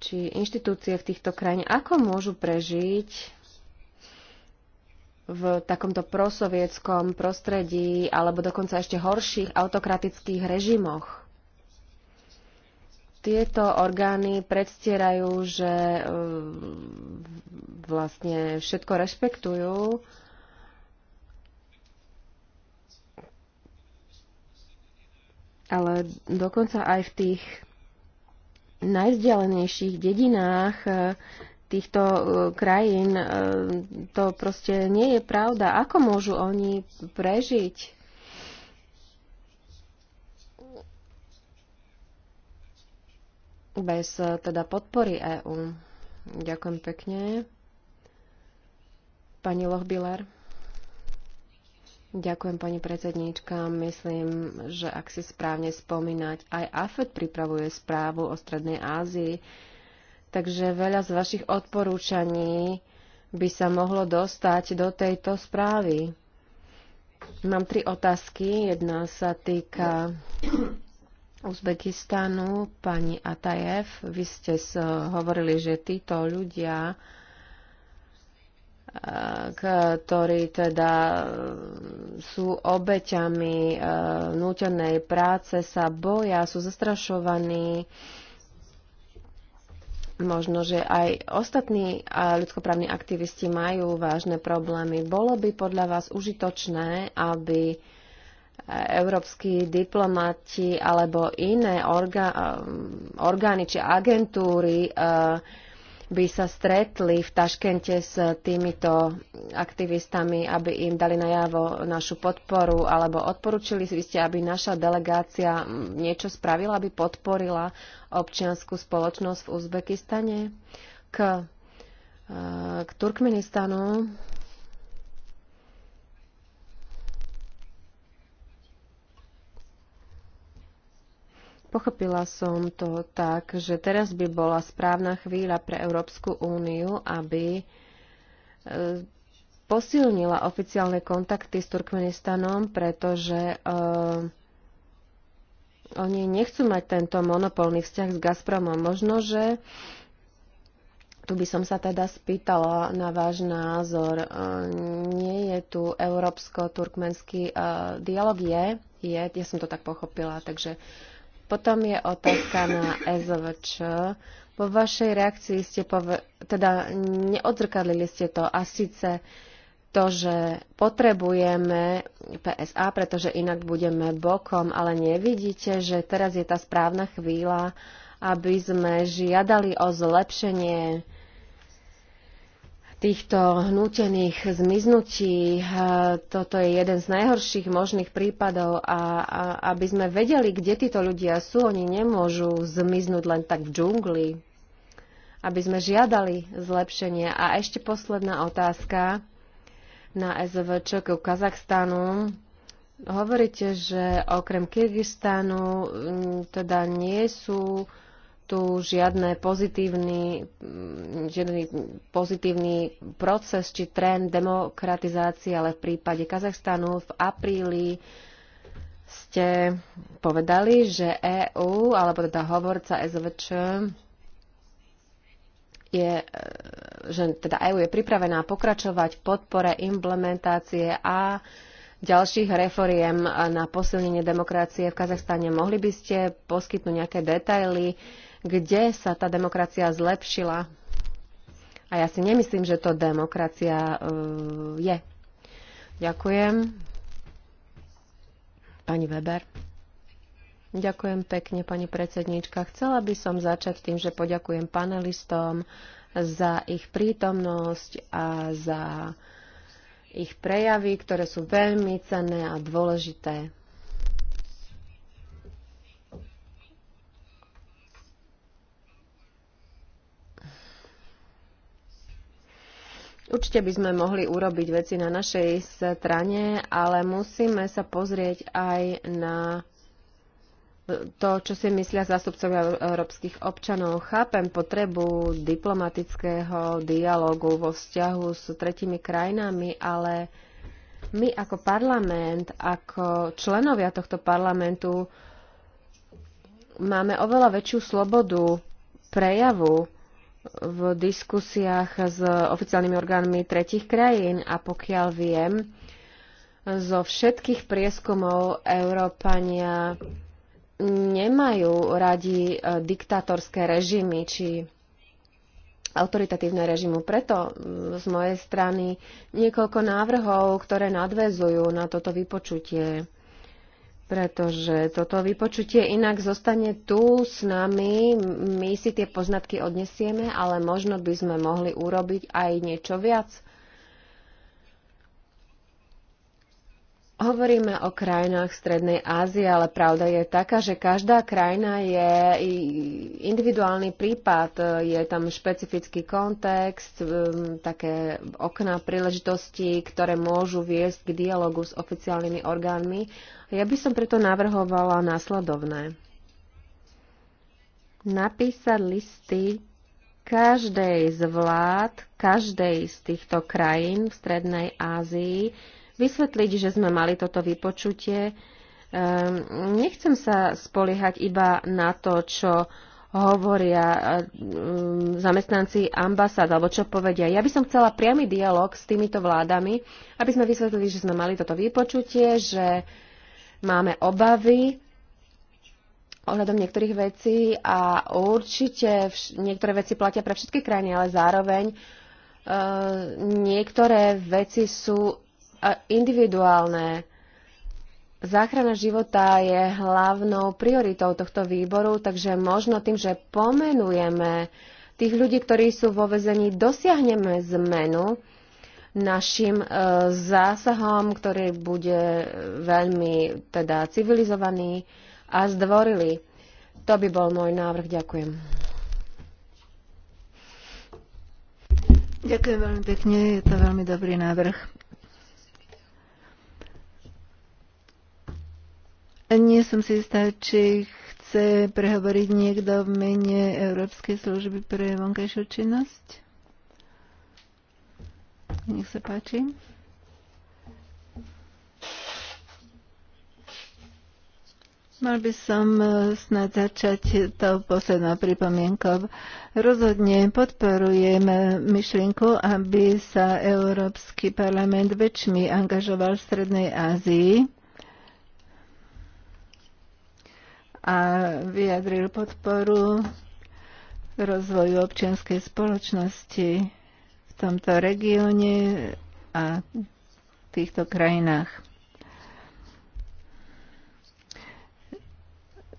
či inštitúcie v týchto krajín, ako môžu prežiť v takomto prosovietskom prostredí alebo dokonca ešte horších autokratických režimoch? tieto orgány predstierajú, že e, vlastne všetko rešpektujú. Ale dokonca aj v tých najvzdialenejších dedinách e, týchto e, krajín to proste nie je pravda. Ako môžu oni prežiť? bez e, teda podpory EÚ. Ďakujem pekne. Pani Lochbiller. Ďakujem, pani predsedníčka. Myslím, že ak si správne spomínať, aj AFED pripravuje správu o Strednej Ázii, takže veľa z vašich odporúčaní by sa mohlo dostať do tejto správy. Mám tri otázky. Jedna sa týka Uzbekistanu, pani Atajev. Vy ste hovorili, že títo ľudia, ktorí teda e, sú obeťami e, nútenej práce, sa boja, sú zastrašovaní. Možno, že aj ostatní ľudskoprávni aktivisti majú vážne problémy. Bolo by podľa vás užitočné, aby európsky diplomati alebo iné orga, um, orgány či agentúry uh, by sa stretli v Taškente s týmito aktivistami, aby im dali najavo našu podporu alebo odporúčili si ste, aby naša delegácia um, niečo spravila, aby podporila občianskú spoločnosť v Uzbekistane k, uh, k Turkmenistanu. Pochopila som to tak, že teraz by bola správna chvíľa pre Európsku úniu, aby e, posilnila oficiálne kontakty s Turkmenistanom, pretože e, oni nechcú mať tento monopolný vzťah s Gazpromom. Možno, že tu by som sa teda spýtala na váš názor. E, nie je tu európsko-turkmenský dialog? Je, je, ja som to tak pochopila, takže potom je otázka na SVČ. Vo vašej reakcii ste pove- teda neodzrkadlili ste to a síce to, že potrebujeme PSA, pretože inak budeme bokom, ale nevidíte, že teraz je tá správna chvíľa, aby sme žiadali o zlepšenie týchto hnútených zmiznutí. Eh, toto je jeden z najhorších možných prípadov a, a aby sme vedeli, kde títo ľudia sú, oni nemôžu zmiznúť len tak v džungli. Aby sme žiadali zlepšenie. A ešte posledná otázka na SVČ k Kazachstanu. Hovoríte, že okrem Kyrgyzstanu mm, teda nie sú tu žiadne pozitívny, mm, žiadny pozitívny proces či trend demokratizácie, ale v prípade Kazachstanu v apríli ste povedali, že EÚ, alebo teda hovorca SVČ, je, e, že teda EÚ je pripravená pokračovať v podpore implementácie a ďalších reforiem na posilnenie demokracie v Kazachstane. Mohli by ste poskytnúť nejaké detaily kde sa tá demokracia zlepšila. A ja si nemyslím, že to demokracia uh, je. Ďakujem. Pani Weber. Ďakujem pekne, pani predsedníčka. Chcela by som začať tým, že poďakujem panelistom za ich prítomnosť a za ich prejavy, ktoré sú veľmi cenné a dôležité. Určite by sme mohli urobiť veci na našej strane, ale musíme sa pozrieť aj na to, čo si myslia zástupcovia európskych občanov. Chápem potrebu diplomatického dialogu vo vzťahu s tretimi krajinami, ale my ako parlament, ako členovia tohto parlamentu máme oveľa väčšiu slobodu prejavu v diskusiách s oficiálnymi orgánmi tretich krajín a pokiaľ viem, zo všetkých prieskumov Európania nemajú radi e, diktatorské režimy či autoritatívne režimu. Preto mm, z mojej strany niekoľko návrhov, ktoré nadvezujú na toto vypočutie pretože toto vypočutie inak zostane tu s nami. My si tie poznatky odnesieme, ale možno by sme mohli urobiť aj niečo viac. Hovoríme o krajinách Strednej Ázie, ale pravda je taká, že každá krajina je individuálny prípad, je tam špecifický kontext, také okná príležitosti, ktoré môžu viesť k dialogu s oficiálnymi orgánmi ja by som preto navrhovala následovné. Napísať listy každej z vlád, každej z týchto krajín v Strednej Ázii, vysvetliť, že sme mali toto vypočutie. Ehm, nechcem sa spoliehať iba na to, čo hovoria ehm, zamestnanci ambasád, alebo čo povedia. Ja by som chcela priamy dialog s týmito vládami, aby sme vysvetlili, že sme mali toto vypočutie, že uh, máme obavy ohľadom niektorých vecí a určite niektoré veci platia pre všetky krajiny, ale zároveň e, niektoré veci sú e, individuálne. Záchrana života je hlavnou prioritou tohto výboru, takže možno tým, že pomenujeme tých ľudí, ktorí sú vo vezení, dosiahneme zmenu našim e, zásahom, ktorý bude veľmi teda civilizovaný a zdvorili. To by bol môj návrh. Ďakujem. Ďakujem veľmi pekne, je to veľmi dobrý návrh. Nie som si istá, či chce prehovoriť niekto v mene Európskej služby pre vonkajšiu činnosť. Nech sa páči. Mal by som e, snad začať to poslednou pripomienkou. Rozhodne podporujem e, myšlienku, aby sa Európsky parlament väčšmi angažoval v Strednej Ázii a vyjadril podporu rozvoju občianskej spoločnosti tomto regióne a v týchto krajinách.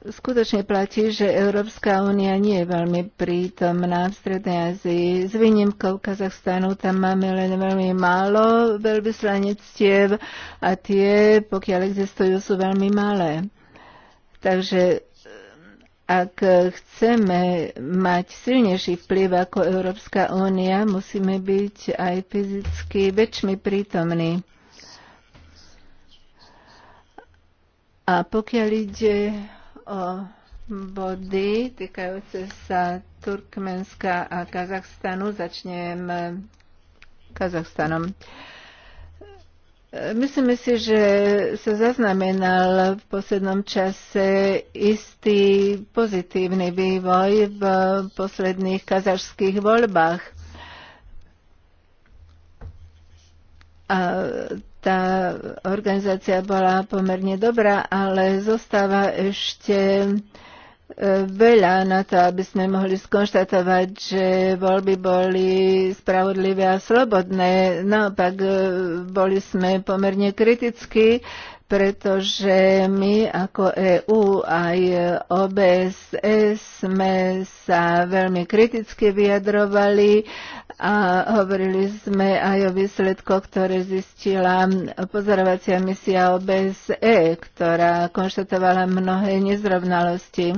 Skutočne platí, že Európska únia nie je veľmi prítomná v Strednej Ázii. S výnimkou Kazachstanu tam máme len veľmi málo veľvyslanectiev a tie, pokiaľ existujú, sú veľmi malé. Takže ak chceme mať silnejší vplyv ako Európska únia, musíme byť aj fyzicky väčšmi prítomní. A pokiaľ ide o body týkajúce sa Turkmenska a Kazachstanu, začnem Kazachstanom. Uh, E, myslíme si, že sa zaznamenal v poslednom čase istý pozitívny vývoj v posledných kazašských voľbách. A tá organizácia bola pomerne dobrá, ale zostáva ešte uh, veľa na to, aby sme mohli skonštatovať, že voľby boli spravodlivé a slobodné. Naopak e, boli sme pomerne kriticky pretože my ako EÚ aj OBSE sme sa veľmi kriticky vyjadrovali a hovorili sme aj o výsledkoch, ktoré zistila pozorovacia misia OBSE, ktorá konštatovala mnohé nezrovnalosti.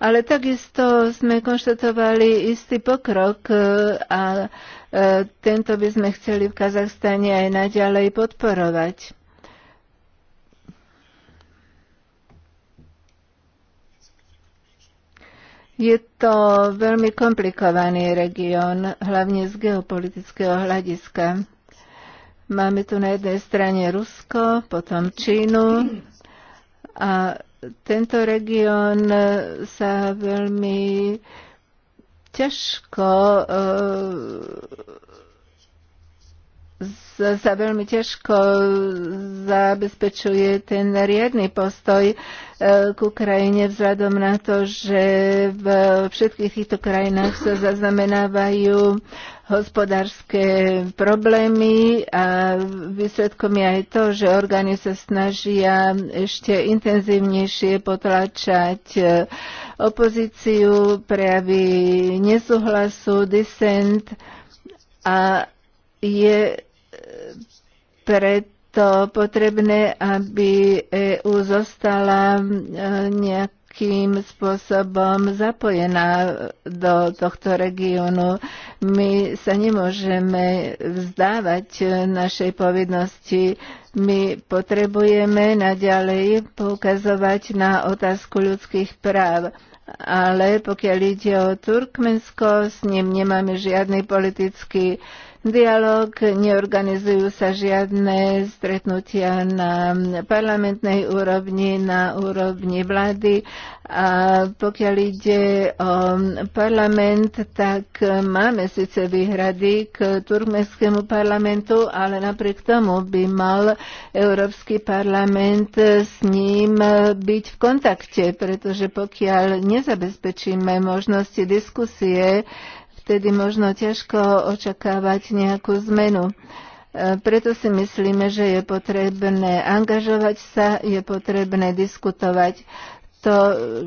Ale takisto sme konštatovali istý pokrok e, a e, tento by sme chceli v Kazachstane aj naďalej podporovať. Je to veľmi komplikovaný región, hlavne z geopolitického hľadiska. Máme tu na jednej strane Rusko, potom Čínu a tento región e, sa veľmi ťažko e, sa veľmi ťažko zabezpečuje ten riadny postoj e, k Ukrajine vzhľadom na to, že v všetkých týchto krajinách sa zaznamenávajú hospodárske problémy a výsledkom je aj to, že orgány sa snažia ešte intenzívnejšie potlačať e, opozíciu, prejavy nesúhlasu, disent a je preto potrebné, aby EU zostala e, nejakým spôsobom zapojená do tohto regiónu. My sa nemôžeme vzdávať našej povinnosti my potrebujeme naďalej poukazovať na otázku ľudských práv. Ale pokiaľ ide o Turkmensko, s ním nemáme žiadny politický dialog, neorganizujú sa žiadne stretnutia na parlamentnej úrovni, na úrovni vlády. A pokiaľ ide o parlament, tak máme síce výhrady k turkmenskému parlamentu, ale napriek tomu by mal Európsky parlament s ním byť v kontakte, pretože pokiaľ nezabezpečíme možnosti diskusie, vtedy možno ťažko očakávať nejakú zmenu. E, preto si myslíme, že je potrebné angažovať sa, je potrebné diskutovať. To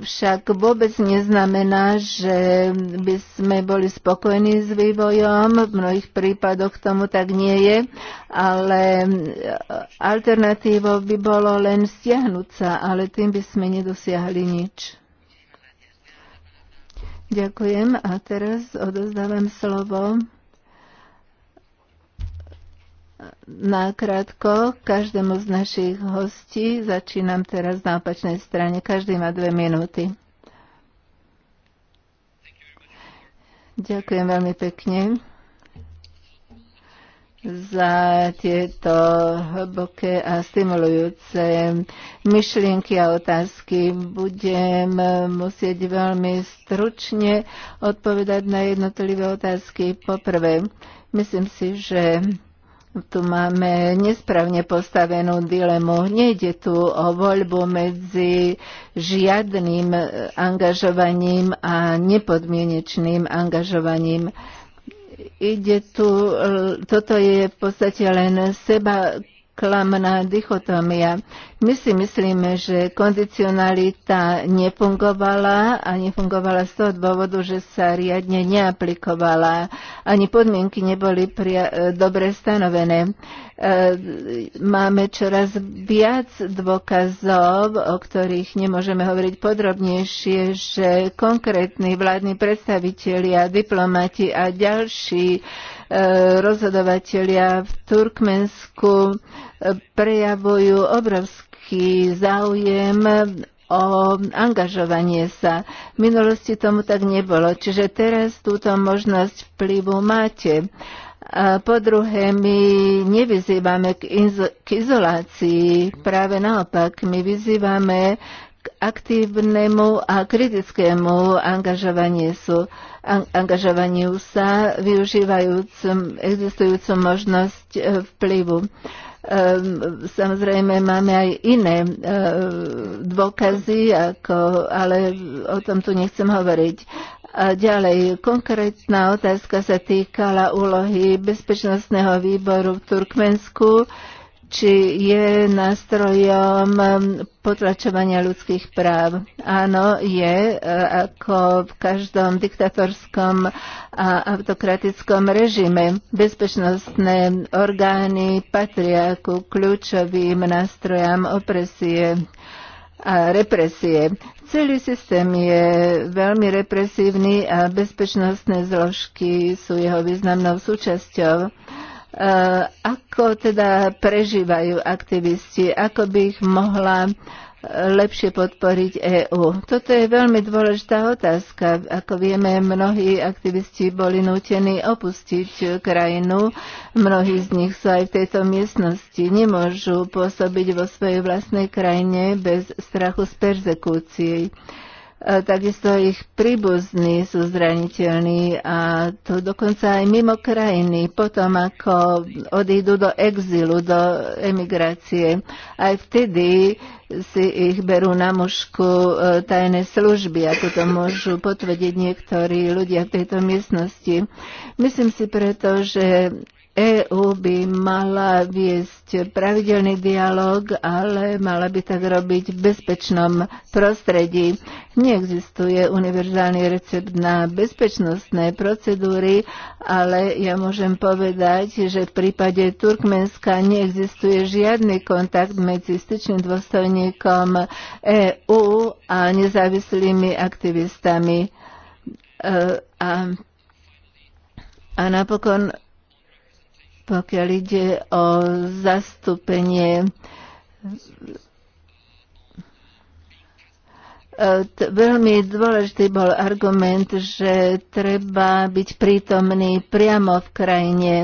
však vôbec neznamená, že by sme boli spokojní s vývojom. V mnohých prípadoch tomu tak nie je, ale alternatívou by bolo len stiahnuť sa, ale tým by sme nedosiahli nič. Ďakujem a teraz odozdávam slovo Nakrátko, každému z našich hostí začínam teraz na opačnej strane. Každý má dve minúty. Ďakujem veľmi pekne za tieto hlboké a stimulujúce myšlienky a otázky. Budem musieť veľmi stručne odpovedať na jednotlivé otázky. Poprvé, myslím si, že tu máme nesprávne postavenú dilemu. Nejde tu o voľbu medzi žiadnym angažovaním a nepodmienečným angažovaním. Ide tu, e, toto je v podstate len seba klamná dichotómia. My si myslíme, že kondicionalita nefungovala a nefungovala z toho dôvodu, že sa riadne neaplikovala. Ani podmienky neboli pria- e, dobre stanovené. E, máme čoraz viac dôkazov, o ktorých nemôžeme hovoriť podrobnejšie, že konkrétni vládni predstavitelia, diplomati a ďalší e, rozhodovatelia v Turkmensku prejavujú obrovský záujem o angažovanie sa. V minulosti tomu tak nebolo, čiže teraz túto možnosť vplyvu máte. A po druhé, my nevyzývame k, inzo- k izolácii, práve naopak, my vyzývame k aktívnemu a kritickému angažovaniu, sú, an- angažovaniu sa, využívajúc existujúcu možnosť e, vplyvu. E, Ehm, samozrejme máme aj iné ehm, dôkazy, ako, ale o tom tu nechcem hovoriť. A ďalej, konkrétna otázka sa týkala úlohy Bezpečnostného výboru v Turkmensku. E, či je nástrojom um, potlačovania ľudských práv. Áno, je, e, ako v každom diktatorskom a autokratickom režime. Bezpečnostné orgány patria ku kľúčovým nástrojám opresie a represie. Celý systém je veľmi represívny a bezpečnostné zložky sú jeho významnou súčasťou. E, ako teda prežívajú aktivisti? Ako by ich mohla e, lepšie podporiť EÚ? Toto je veľmi dôležitá otázka. Ako vieme, mnohí aktivisti boli nútení opustiť krajinu. Mnohí z nich sú aj v tejto miestnosti. Nemôžu pôsobiť vo svojej vlastnej krajine bez strachu z persekúcií. E, takisto ich príbuzní sú zraniteľní a to dokonca aj mimo krajiny, potom ako odídu do exilu, do emigrácie. Aj vtedy si ich berú na mužku e, tajné služby, ako to môžu potvrdiť niektorí ľudia v tejto miestnosti. Myslím si preto, že EÚ by mala viesť pravidelný dialog, ale mala by tak robiť v bezpečnom prostredí. Neexistuje univerzálny recept na bezpečnostné procedúry, ale ja môžem povedať, že v prípade Turkmenska neexistuje žiadny kontakt medzi styčným dôstojníkom EÚ a nezávislými aktivistami. E, a, a napokon pokiaľ ide o zastúpenie e, Veľmi dôležitý bol argument, že treba byť prítomný priamo v krajine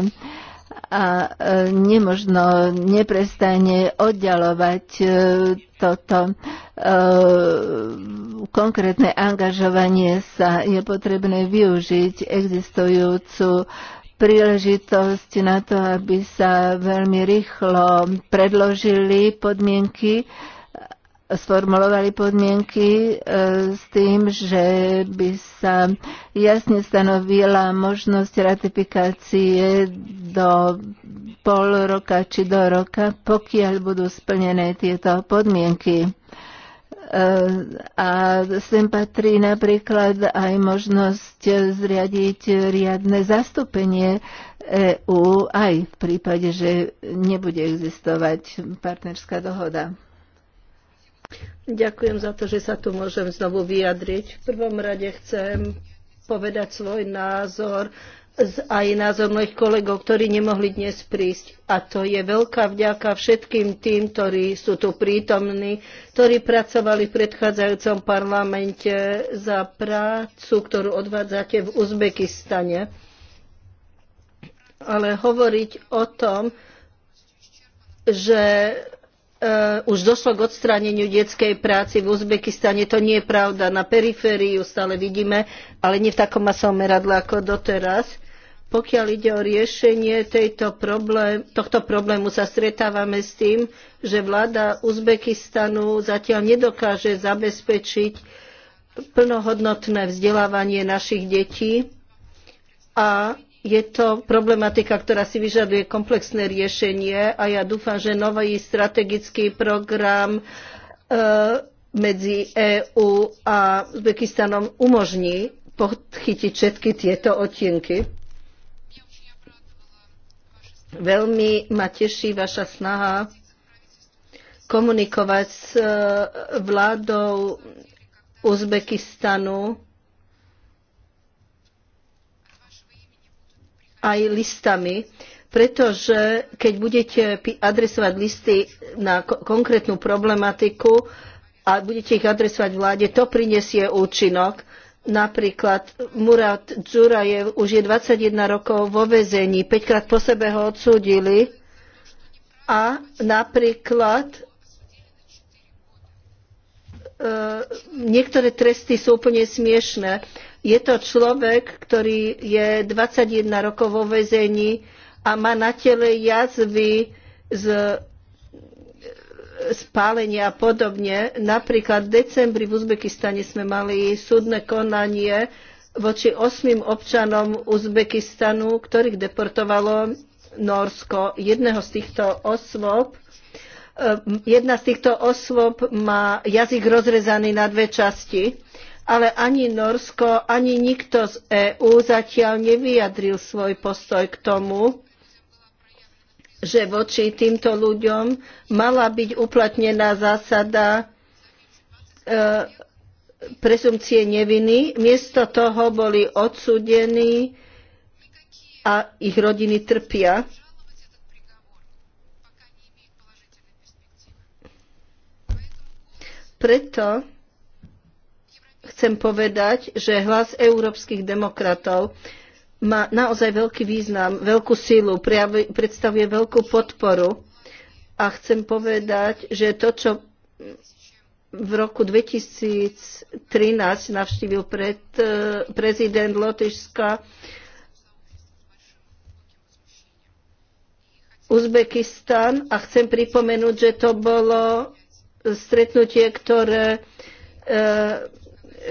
a e, nemožno neprestane oddalovať e, toto konkrétne angažovanie sa. Je potrebné využiť existujúcu príležitosť na to, aby sa veľmi rýchlo predložili podmienky, sformulovali podmienky e, s tým, že by sa jasne stanovila možnosť ratifikácie do pol roka či do roka, pokiaľ budú splnené tieto podmienky a sem patrí napríklad aj možnosť zriadiť riadne zastúpenie EÚ aj v prípade, že nebude existovať partnerská dohoda. Ďakujem za to, že sa tu môžem znovu vyjadriť. V prvom rade chcem povedať svoj názor aj názor mojich kolegov, ktorí nemohli dnes prísť. A to je veľká vďaka všetkým tým, ktorí sú tu prítomní, ktorí pracovali v predchádzajúcom parlamente za prácu, ktorú odvádzate v Uzbekistane. Ale hovoriť o tom, že e, už došlo k odstráneniu detskej práci v Uzbekistane. To nie je pravda. Na perifériu stále vidíme, ale nie v takom masovom meradle ako doteraz. Pokiaľ ide o riešenie tejto problém, tohto problému, sa stretávame s tým, že vláda Uzbekistanu zatiaľ nedokáže zabezpečiť plnohodnotné vzdelávanie našich detí a je to problematika, ktorá si vyžaduje komplexné riešenie a ja dúfam, že nový strategický program e, medzi EÚ a Uzbekistanom umožní podchytiť všetky tieto odtienky. Veľmi ma teší vaša snaha komunikovať s e, vládou Uzbekistanu aj listami, pretože keď budete adresovať listy na konkrétnu problematiku a budete ich adresovať vláde, to prinesie účinok. Napríklad Murat Dzurajev už je 21 rokov vo vezení, 5 krát po sebe ho odsúdili a napríklad e, niektoré tresty sú úplne smiešné. Je to človek, ktorý je 21 rokov vo vezení a má na tele jazvy z spálenia a podobne. Napríklad v decembri v Uzbekistane sme mali súdne konanie voči osmým občanom Uzbekistanu, ktorých deportovalo Norsko. Jedného z týchto osôb ehm, Jedna z týchto osôb má jazyk rozrezaný na dve časti, ale ani Norsko, ani nikto z EÚ zatiaľ nevyjadril svoj postoj k tomu, že voči týmto ľuďom mala byť uplatnená zásada e, presumcie neviny. Miesto toho boli odsudení a ich rodiny trpia. Preto chcem povedať, že hlas európskych demokratov má naozaj veľký význam, veľkú sílu, predstavuje veľkú podporu. A chcem povedať, že to, čo v roku 2013 navštívil pred, eh, prezident Lotyšska, Uzbekistan a chcem pripomenúť, že to bolo stretnutie, ktoré e,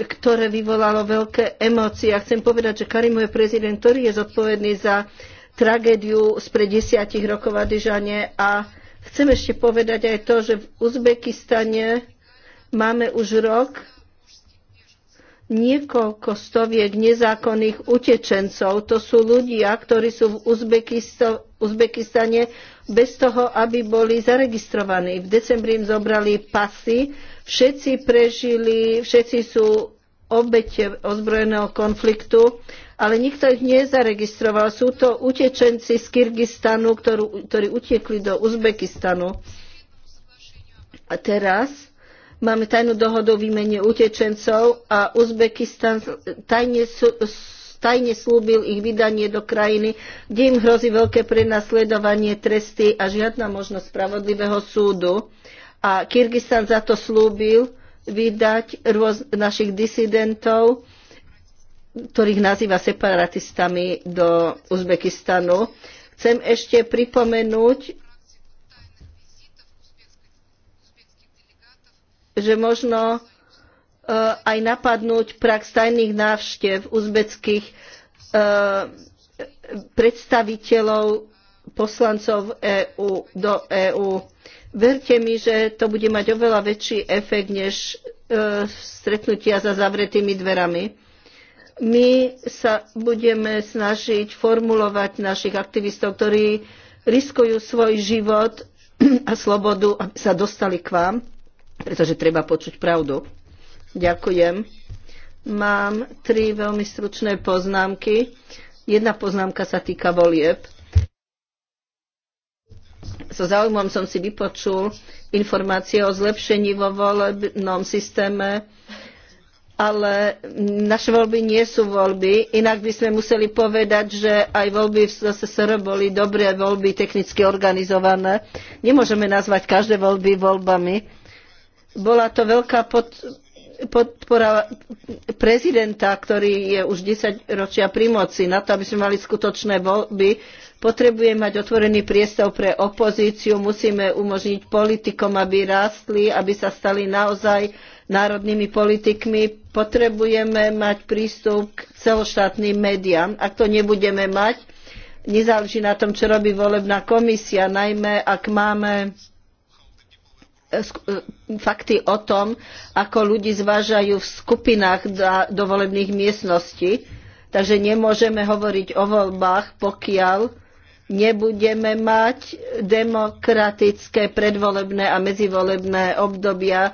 ktoré vyvolalo veľké emócie. A chcem povedať, že Karimu je prezident, ktorý je zodpovedný za tragédiu spred desiatich rokov v Adižane a chcem ešte povedať aj to, že v Uzbekistane máme už rok niekoľko stoviek nezákonných utečencov. To sú ľudia, ktorí sú v Uzbekisto- Uzbekistane bez toho, aby boli zaregistrovaní. V decembri im zobrali pasy, všetci prežili, všetci sú obete ozbrojeného konfliktu, ale nikto ich nezaregistroval. Sú to utečenci z Kyrgyzstanu, ktorú, ktorí utekli do Uzbekistanu. A teraz Máme tajnú dohodu o výmene utečencov a Uzbekistan tajne, tajne slúbil ich vydanie do krajiny, kde im hrozí veľké prenasledovanie, tresty a žiadna možnosť spravodlivého súdu. A Kyrgyzstan za to slúbil vydať rôz, našich disidentov, ktorých nazýva separatistami do Uzbekistanu. Chcem ešte pripomenúť, že možno eh, aj napadnúť prax tajných návštev uzbeckých eh, predstaviteľov poslancov EU, do EÚ. Verte mi, že to bude mať oveľa väčší efekt než eh, stretnutia za zavretými dverami. My sa budeme snažiť formulovať našich aktivistov, ktorí riskujú svoj život a slobodu, aby sa dostali k vám pretože treba počuť pravdu. Ďakujem. Mám tri veľmi stručné poznámky. Jedna poznámka sa týka volieb. So zaujímavom som si vypočul informácie o zlepšení vo volebnom systéme, ale naše voľby nie sú voľby. Inak by sme museli povedať, že aj voľby v SSR boli dobré voľby, technicky organizované. Nemôžeme nazvať každé voľby voľbami bola to veľká pod, podpora prezidenta, ktorý je už 10 ročia pri moci. Na to, aby sme mali skutočné voľby, potrebuje mať otvorený priestor pre opozíciu, musíme umožniť politikom, aby rástli, aby sa stali naozaj národnými politikmi. Potrebujeme mať prístup k celoštátnym médiám. Ak to nebudeme mať, nezáleží na tom, čo robí volebná komisia, najmä ak máme E, fakty o tom, ako ľudí zvážajú v skupinách do volebných miestností. Takže nemôžeme hovoriť o voľbách, pokiaľ nebudeme mať demokratické predvolebné a medzivolebné obdobia e,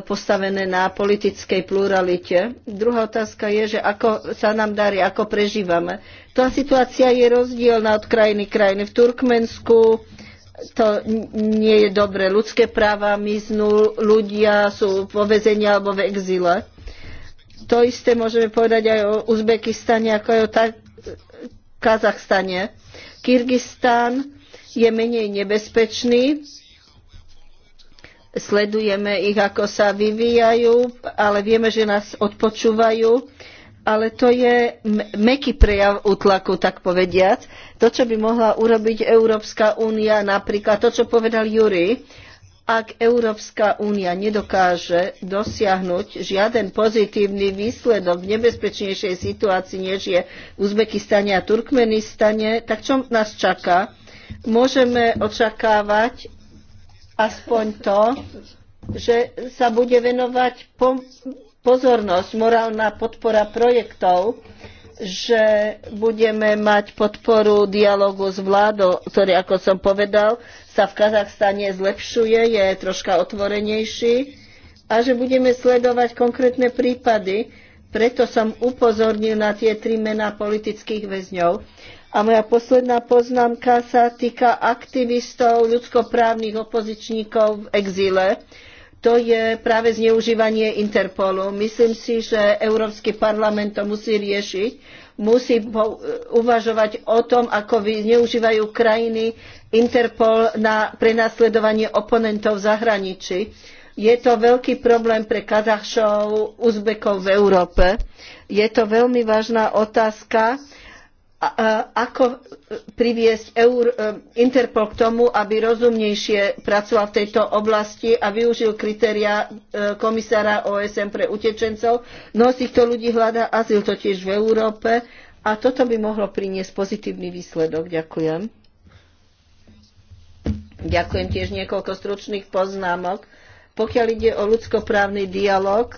postavené na politickej pluralite. Druhá otázka je, že ako sa nám darí, ako prežívame. Tá situácia je rozdielna od krajiny krajiny. V Turkmensku to nie je dobre. Ľudské práva miznú, ľudia sú vo vezení alebo v exile. To isté môžeme povedať aj o Uzbekistane, ako aj o ta- Kazachstane. Kyrgyzstan je menej nebezpečný. Sledujeme ich, ako sa vyvíjajú, ale vieme, že nás odpočúvajú ale to je meký prejav útlaku, tak povediac. To, čo by mohla urobiť Európska únia, napríklad to, čo povedal Juri, ak Európska únia nedokáže dosiahnuť žiaden pozitívny výsledok v nebezpečnejšej situácii, než je v Uzbekistane a Turkmenistane, tak čo nás čaká? Môžeme očakávať aspoň to, že sa bude venovať pom- pozornosť, morálna podpora projektov, že budeme mať podporu dialogu s vládou, ktorý, ako som povedal, sa v Kazachstane zlepšuje, je troška otvorenejší a že budeme sledovať konkrétne prípady. Preto som upozornil na tie tri mená politických väzňov. A moja posledná poznámka sa týka aktivistov, ľudskoprávnych opozičníkov v exíle to je práve zneužívanie Interpolu. Myslím si, že Európsky parlament to musí riešiť, musí e, uvažovať o tom, ako zneužívajú krajiny Interpol na prenasledovanie oponentov v zahraničí. Je to veľký problém pre Kazachšov, Uzbekov v Európe. Je to veľmi vážna otázka ako e, priviesť e, Interpol k tomu, aby rozumnejšie pracoval v tejto oblasti a využil kritériá e, komisára OSN pre utečencov. Mnoho z týchto ľudí hľadá azyl totiž v Európe a toto by mohlo priniesť pozitívny výsledok. Ďakujem. Ďakujem tiež niekoľko stručných poznámok. Pokiaľ ide o ľudskoprávny dialog,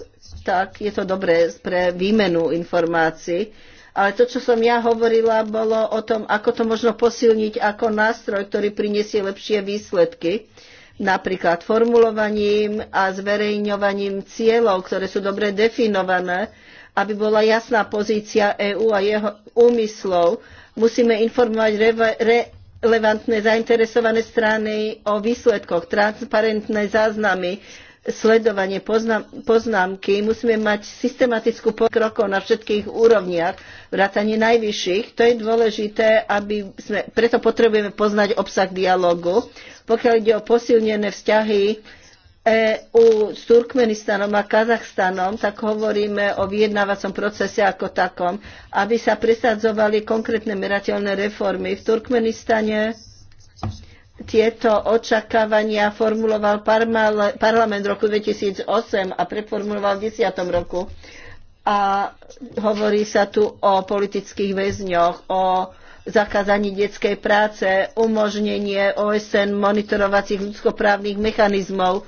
tak je to dobré pre výmenu informácií ale to, čo som ja hovorila, bolo o tom, ako to možno posilniť ako nástroj, ktorý prinesie lepšie výsledky napríklad formulovaním a zverejňovaním cieľov, ktoré sú dobre definované, aby bola jasná pozícia EÚ a jeho úmyslov. Musíme informovať relevantné zainteresované strany o výsledkoch, transparentné záznamy, sledovanie poznámky, musíme mať systematickú pokrokov na všetkých úrovniach, vrátanie najvyšších. To je dôležité, aby sme, preto potrebujeme poznať obsah dialogu. Pokiaľ ide o posilnené vzťahy EU s Turkmenistanom a Kazachstanom, tak hovoríme o vyjednávacom procese ako takom, aby sa presadzovali konkrétne merateľné reformy v Turkmenistane, tieto očakávania formuloval parlament v roku 2008 a preformuloval v 10. roku. A hovorí sa tu o politických väzňoch, o zakázaní detskej práce, umožnenie OSN monitorovacích ľudskoprávnych mechanizmov.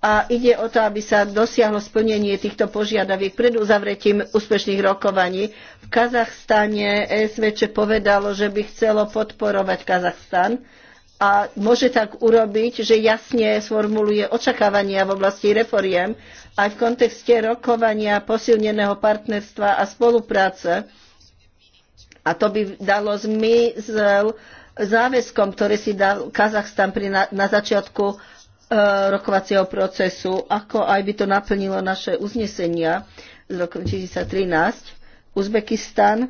A ide o to, aby sa dosiahlo splnenie týchto požiadaviek pred uzavretím úspešných rokovaní. V Kazachstane SVČ povedalo, že by chcelo podporovať Kazachstan a môže tak urobiť, že jasne sformuluje očakávania v oblasti reforiem aj v kontexte rokovania posilneného partnerstva a spolupráce. A to by dalo zmysel záväzkom, ktoré si dal Kazachstan pri na, na začiatku e, rokovacieho procesu, ako aj by to naplnilo naše uznesenia z roku 2013. Uzbekistan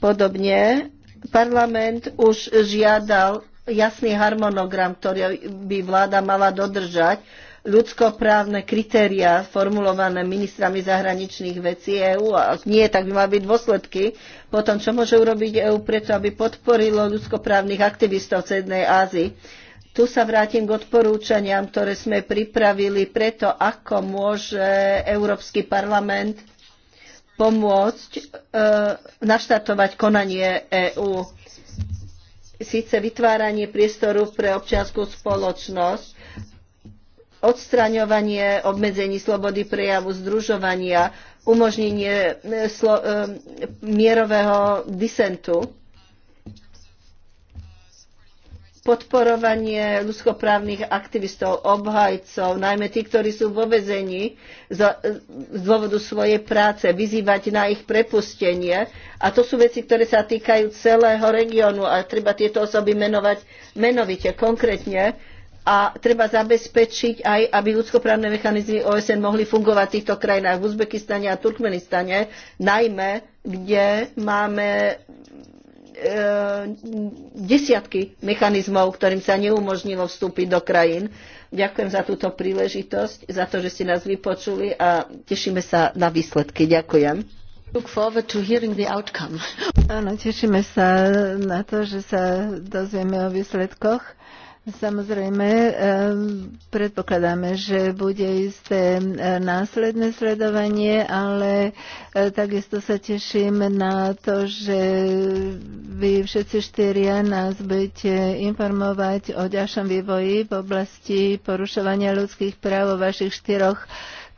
podobne parlament už žiadal jasný harmonogram, ktorý by vláda mala dodržať, ľudskoprávne kritéria formulované ministrami zahraničných vecí EÚ a nie, tak by mali byť dôsledky potom, čo môže urobiť EÚ preto, aby podporilo ľudskoprávnych aktivistov v Cednej Ázii. Tu sa vrátim k odporúčaniam, ktoré sme pripravili preto, ako môže Európsky parlament pomôcť e, naštartovať konanie EÚ síce vytváranie priestoru pre občianskú spoločnosť, odstraňovanie obmedzení slobody prejavu, združovania, umožnenie eh, eh, mierového disentu podporovanie ľudskoprávnych aktivistov, obhajcov, najmä tí, ktorí sú vo vezení z dôvodu svojej práce, vyzývať na ich prepustenie. A to sú veci, ktoré sa týkajú celého regiónu a treba tieto osoby menovať menovite, konkrétne. A treba zabezpečiť aj, aby ľudskoprávne mechanizmy OSN mohli fungovať v týchto krajinách, v Uzbekistane a Turkmenistane, najmä, kde máme E, desiatky mechanizmov, ktorým sa neumožnilo vstúpiť do krajín. Ďakujem za túto príležitosť, za to, že ste nás vypočuli a tešíme sa na výsledky. Ďakujem. Look forward to hearing the outcome. Áno, tešíme sa na to, že sa dozvieme o výsledkoch. Samozrejme, e, predpokladáme, že bude isté e, následné sledovanie, ale e, takisto sa teším na to, že vy všetci štyria nás budete informovať o ďalšom vývoji v oblasti porušovania ľudských práv vo vašich štyroch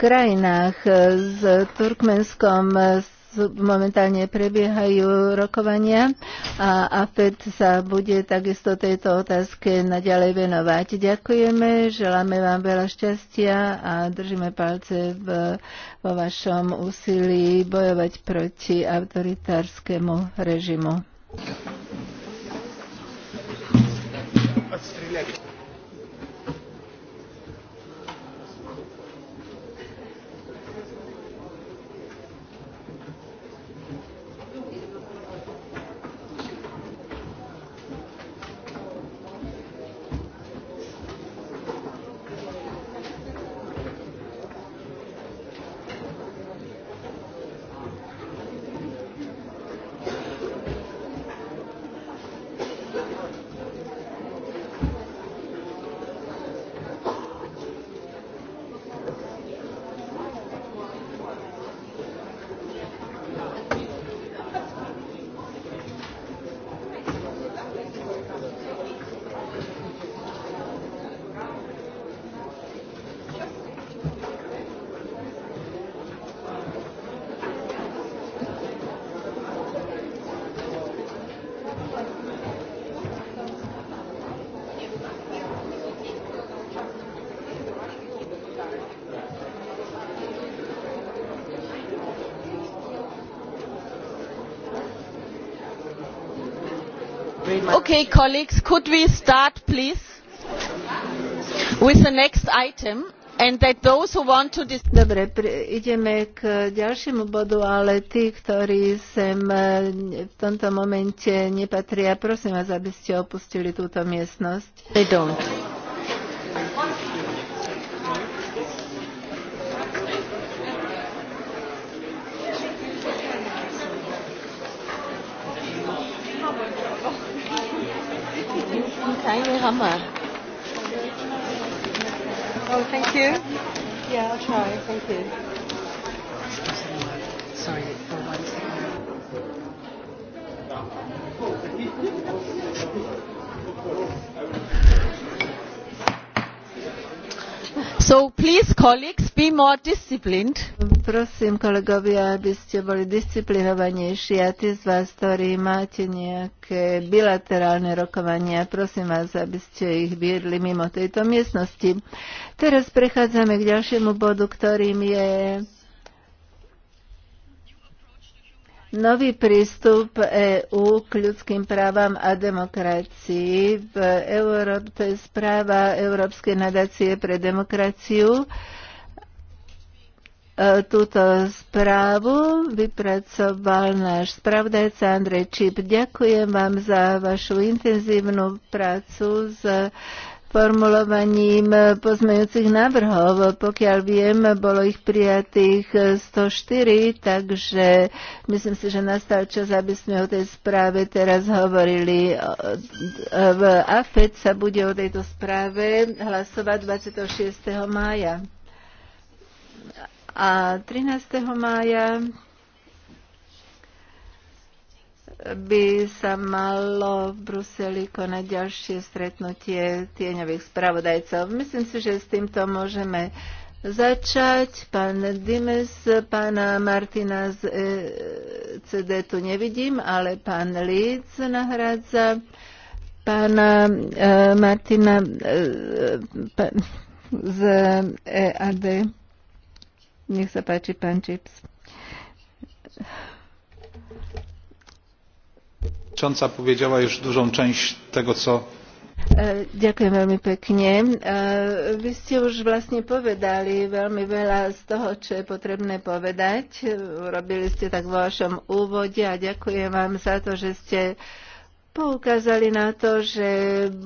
krajinách. S Turkmenskom momentálne prebiehajú rokovania a AFED sa bude takisto tejto otázke naďalej venovať. Ďakujeme, želáme vám veľa šťastia a držíme palce v, vo vašom úsilí bojovať proti autoritárskému režimu. Отстрелять. Okay, colleagues, could we start, please, with the next item? And that those who want to Dobre, ideme k ďalšiemu bodu, ale tí, ktorí sem e, v tomto momente nepatria, prosím vás, aby ste opustili túto miestnosť. They don't. Heine oh, thank you. Yeah, I'll try. Thank you. So please, colleagues, be more disciplined. Prosím, kolegovia, aby ste boli disciplinovanejší a tí z vás, ktorí máte nejaké bilaterálne rokovania, prosím vás, aby ste ich viedli mimo tejto miestnosti. Teraz prechádzame k ďalšiemu bodu, ktorým je Nový prístup EÚ k ľudským právam a demokracii v Európe správa Európskej nadácie pre demokraciu. E, túto správu vypracoval náš spravodajca Andrej Čip. Ďakujem vám za vašu intenzívnu prácu s formulovaním eh, pozmejúcich návrhov. Pokiaľ viem, bolo ich prijatých 104, eh, takže myslím si, že nastal čas, aby sme o tej správe teraz hovorili. Eh, v AFED sa bude o tejto správe hlasovať 26. mája. A 13. mája by sa malo v Bruseli konať ďalšie stretnutie tieňových spravodajcov. Myslím si, že s týmto môžeme začať. Pán Dimes, pána Martina z e, CD tu nevidím, ale pán Líc nahrádza pána e, Martina e, z EAD. Nech sa páči, pán Čips. Čonca povedala už dużą część tego, co e, Ďakujem veľmi pekne. E, vy ste už vlastne povedali veľmi veľa z toho, čo je potrebné povedať. E, robili ste tak vo vašom úvode a ďakujem vám za to, že ste poukázali na to, že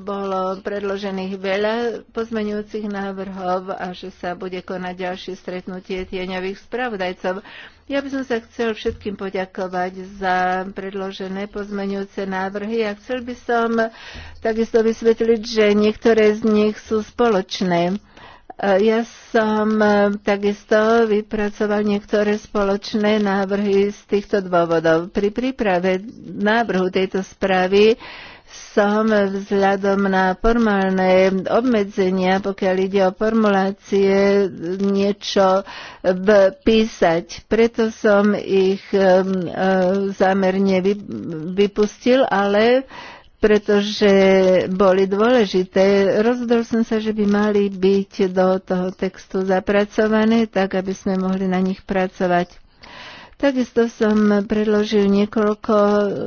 bolo predložených veľa pozmeňujúcich návrhov a že sa bude konať ďalšie stretnutie tieňových spravodajcov. Ja by som sa chcel všetkým poďakovať za predložené pozmeňujúce návrhy a chcel by som takisto vysvetliť, že niektoré z nich sú spoločné. Ja som e, takisto vypracoval niektoré spoločné návrhy z týchto dôvodov. Pri príprave návrhu tejto správy som vzhľadom na formálne obmedzenia, pokiaľ ide o formulácie, niečo písať. Preto som ich e, e, zámerne vypustil, ale pretože boli dôležité. Rozhodol som sa, že by mali byť do toho textu zapracované, tak aby sme mohli na nich pracovať. Takisto som predložil niekoľko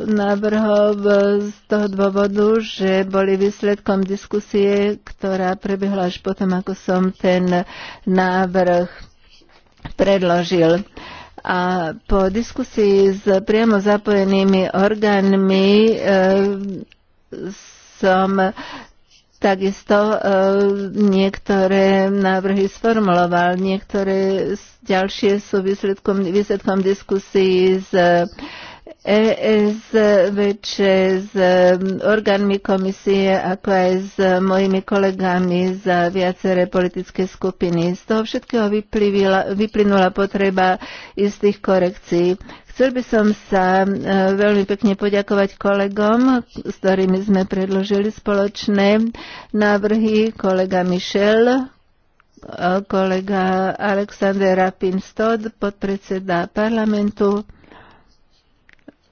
návrhov z toho dôvodu, že boli výsledkom diskusie, ktorá prebehla až potom, ako som ten návrh predložil. A po diskusii s priamo zapojenými orgánmi e, som takisto e, niektoré návrhy sformuloval. Niektoré ďalšie sú výsledkom, výsledkom diskusí s ESVČ s orgánmi komisie, ako aj s mojimi kolegami za viaceré politické skupiny. Z toho všetkého vyplynula potreba istých korekcií. Chcel by som sa e, veľmi pekne poďakovať kolegom, s ktorými sme predložili spoločné návrhy, kolega Michel, e, kolega Alexander Rapin-Stod, podpredseda parlamentu,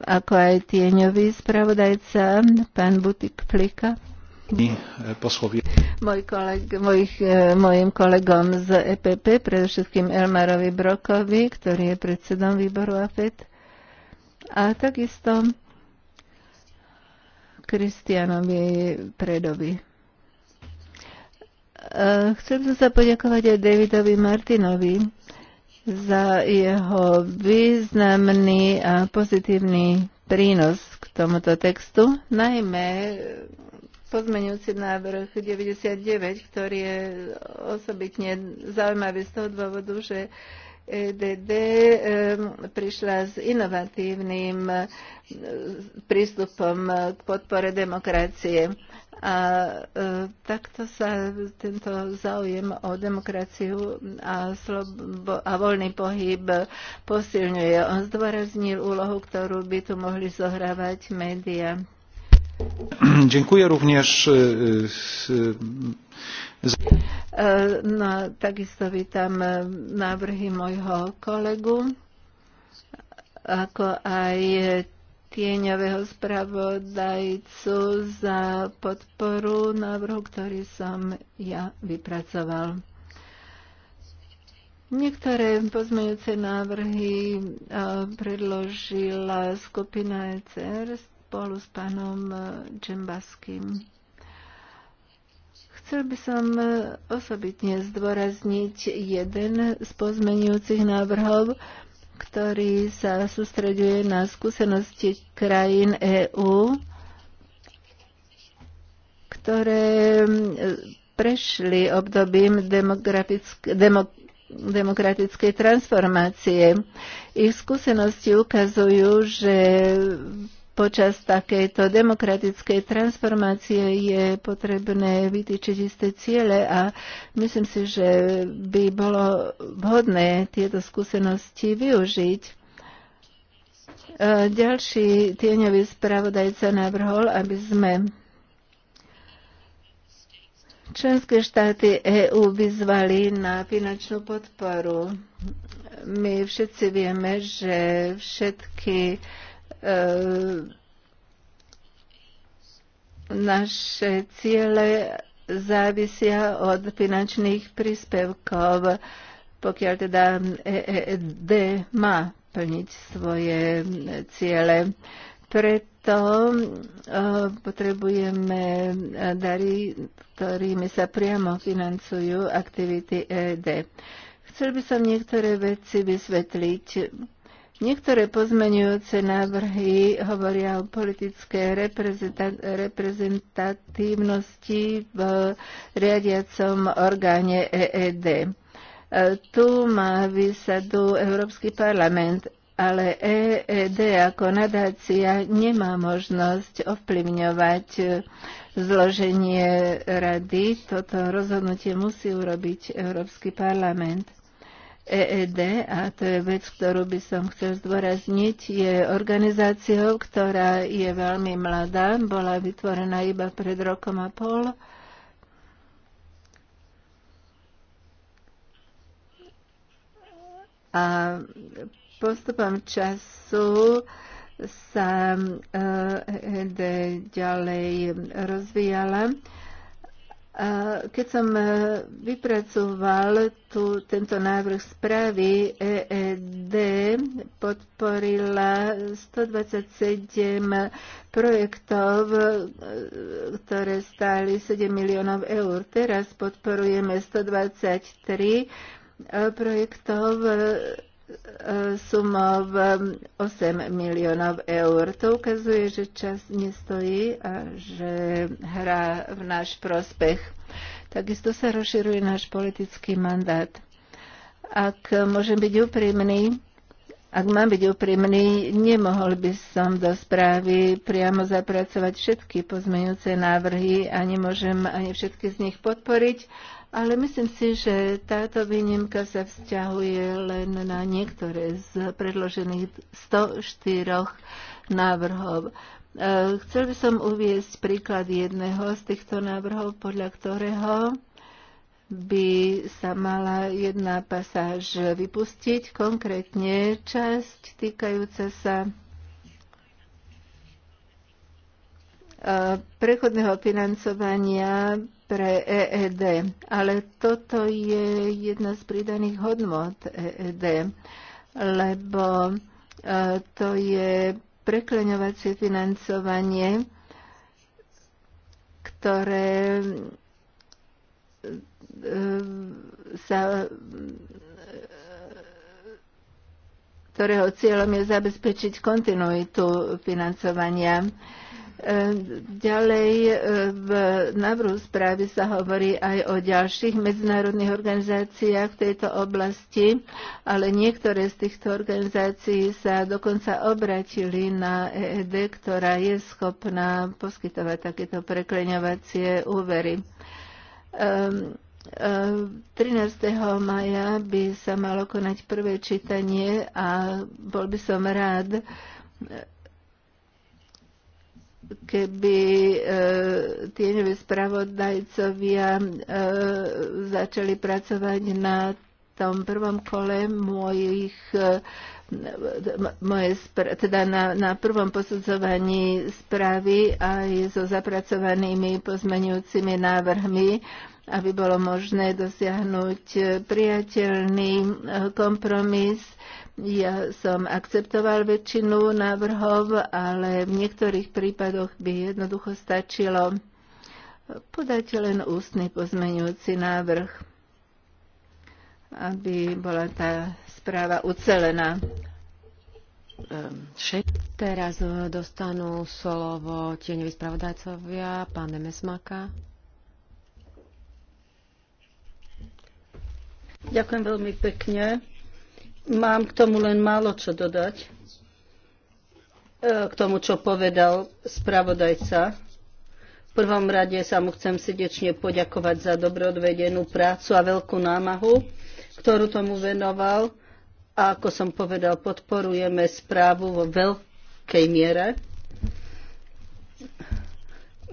ako aj tieňový spravodajca, pán Butik Plika. E, Môj koleg, mojich, e, mojim kolegom z EPP, predovšetkým Elmarovi Brokovi, ktorý je predsedom výboru AFET, a takisto Kristianovi Predovi. E, chcem sa poďakovať aj Davidovi Martinovi, za jeho významný a pozitívny prínos k tomuto textu, najmä pozmeňujúci návrh 99, ktorý je osobitne zaujímavý z toho dôvodu, že EDD prišla s inovatívnym e, prístupom k podpore demokracie. A e, takto sa tento záujem o demokraciu a, slobo, a voľný pohyb posilňuje. On zdôraznil úlohu, ktorú by tu mohli zohrávať médiá. Dziękuję również e, e, e, No, takisto vítam návrhy môjho kolegu, ako aj tieňového spravodajcu za podporu návrhu, ktorý som ja vypracoval. Niektoré pozmeňujúce návrhy e, predložila skupina ECR spolu s pánom Čembaským. E, Chcel by som e, osobitne zdôrazniť jeden z pozmeňujúcich návrhov, ktorý sa sústreduje na skúsenosti krajín EÚ, ktoré prešli obdobím demok, demokratickej transformácie. Ich skúsenosti ukazujú, že počas takejto demokratickej transformácie je potrebné vytýčiť isté ciele a myslím si, že by bolo vhodné tieto skúsenosti využiť. E, ďalší tieňový spravodajca navrhol, aby sme členské štáty EÚ vyzvali na finančnú podporu. My všetci vieme, že všetky E, naše ciele závisia od finančných príspevkov, pokiaľ teda EED má plniť svoje ciele. Preto e, potrebujeme dary, ktorými sa priamo financujú aktivity EED. Chcel by som niektoré veci vysvetliť Niektoré pozmenujúce návrhy hovoria o politické reprezentatívnosti v riadiacom orgáne EED. E, tu má výsadu Európsky parlament, ale EED ako nadácia nemá možnosť ovplyvňovať zloženie rady. Toto rozhodnutie musí urobiť Európsky parlament. EED, a to je vec, ktorú by som chcel zdôrazniť, je organizáciou, ktorá je veľmi mladá, bola vytvorená iba pred rokom a pol. A postupom času sa EED ďalej rozvíjala a keď som e, vypracoval tu, tento návrh správy EED, podporila 127 projektov, e, ktoré stáli 7 miliónov eur. Teraz podporujeme 123 e, projektov sumou um, 8 miliónov eur. To ukazuje, že čas nestojí a že hrá v náš prospech. Takisto sa rozširuje náš politický mandát. Ak môžem byť úprimný, ak mám byť úprimný, nemohol by som do správy priamo zapracovať všetky pozmeňujúce návrhy a nemôžem ani všetky z nich podporiť, ale myslím si, že táto výnimka sa vzťahuje len na niektoré z predložených 104 návrhov. E, chcel by som uviezť príklad jedného z týchto návrhov, podľa ktorého by sa mala jedna pasáž vypustiť, konkrétne časť týkajúca sa e, prechodného financovania pre EED, ale toto je jedna z pridaných hodnot EED, lebo e, to je prekleňovacie financovanie, ktoré e, sa e, ktorého cieľom je zabezpečiť kontinuitu financovania Ehm, ďalej ehm, v návrhu správy sa hovorí aj o ďalších medzinárodných organizáciách v tejto oblasti, ale niektoré z týchto organizácií sa dokonca obratili na EED, ktorá je schopná poskytovať takéto prekleňovacie úvery. 13. Ehm, maja by sa malo konať prvé čítanie a bol by som rád, keby e, tieňoví spravodajcovia e, začali pracovať na tom prvom kole mojich e, moje, teda na, na prvom posudzovaní správy aj so zapracovanými pozmenujúcimi návrhmi, aby bolo možné dosiahnuť e, priateľný e, kompromis, e, ja som akceptoval väčšinu návrhov, ale v niektorých prípadoch by jednoducho stačilo podať len ústny pozmeňujúci návrh, aby bola tá správa ucelená. Teraz dostanú slovo tieňoví spravodajcovia, pán Nemesmaka. Ďakujem veľmi pekne. Mám k tomu len málo čo dodať, e, k tomu, čo povedal spravodajca. V prvom rade sa mu chcem srdečne poďakovať za dobrodvedenú prácu a veľkú námahu, ktorú tomu venoval. A ako som povedal, podporujeme správu vo veľkej miere.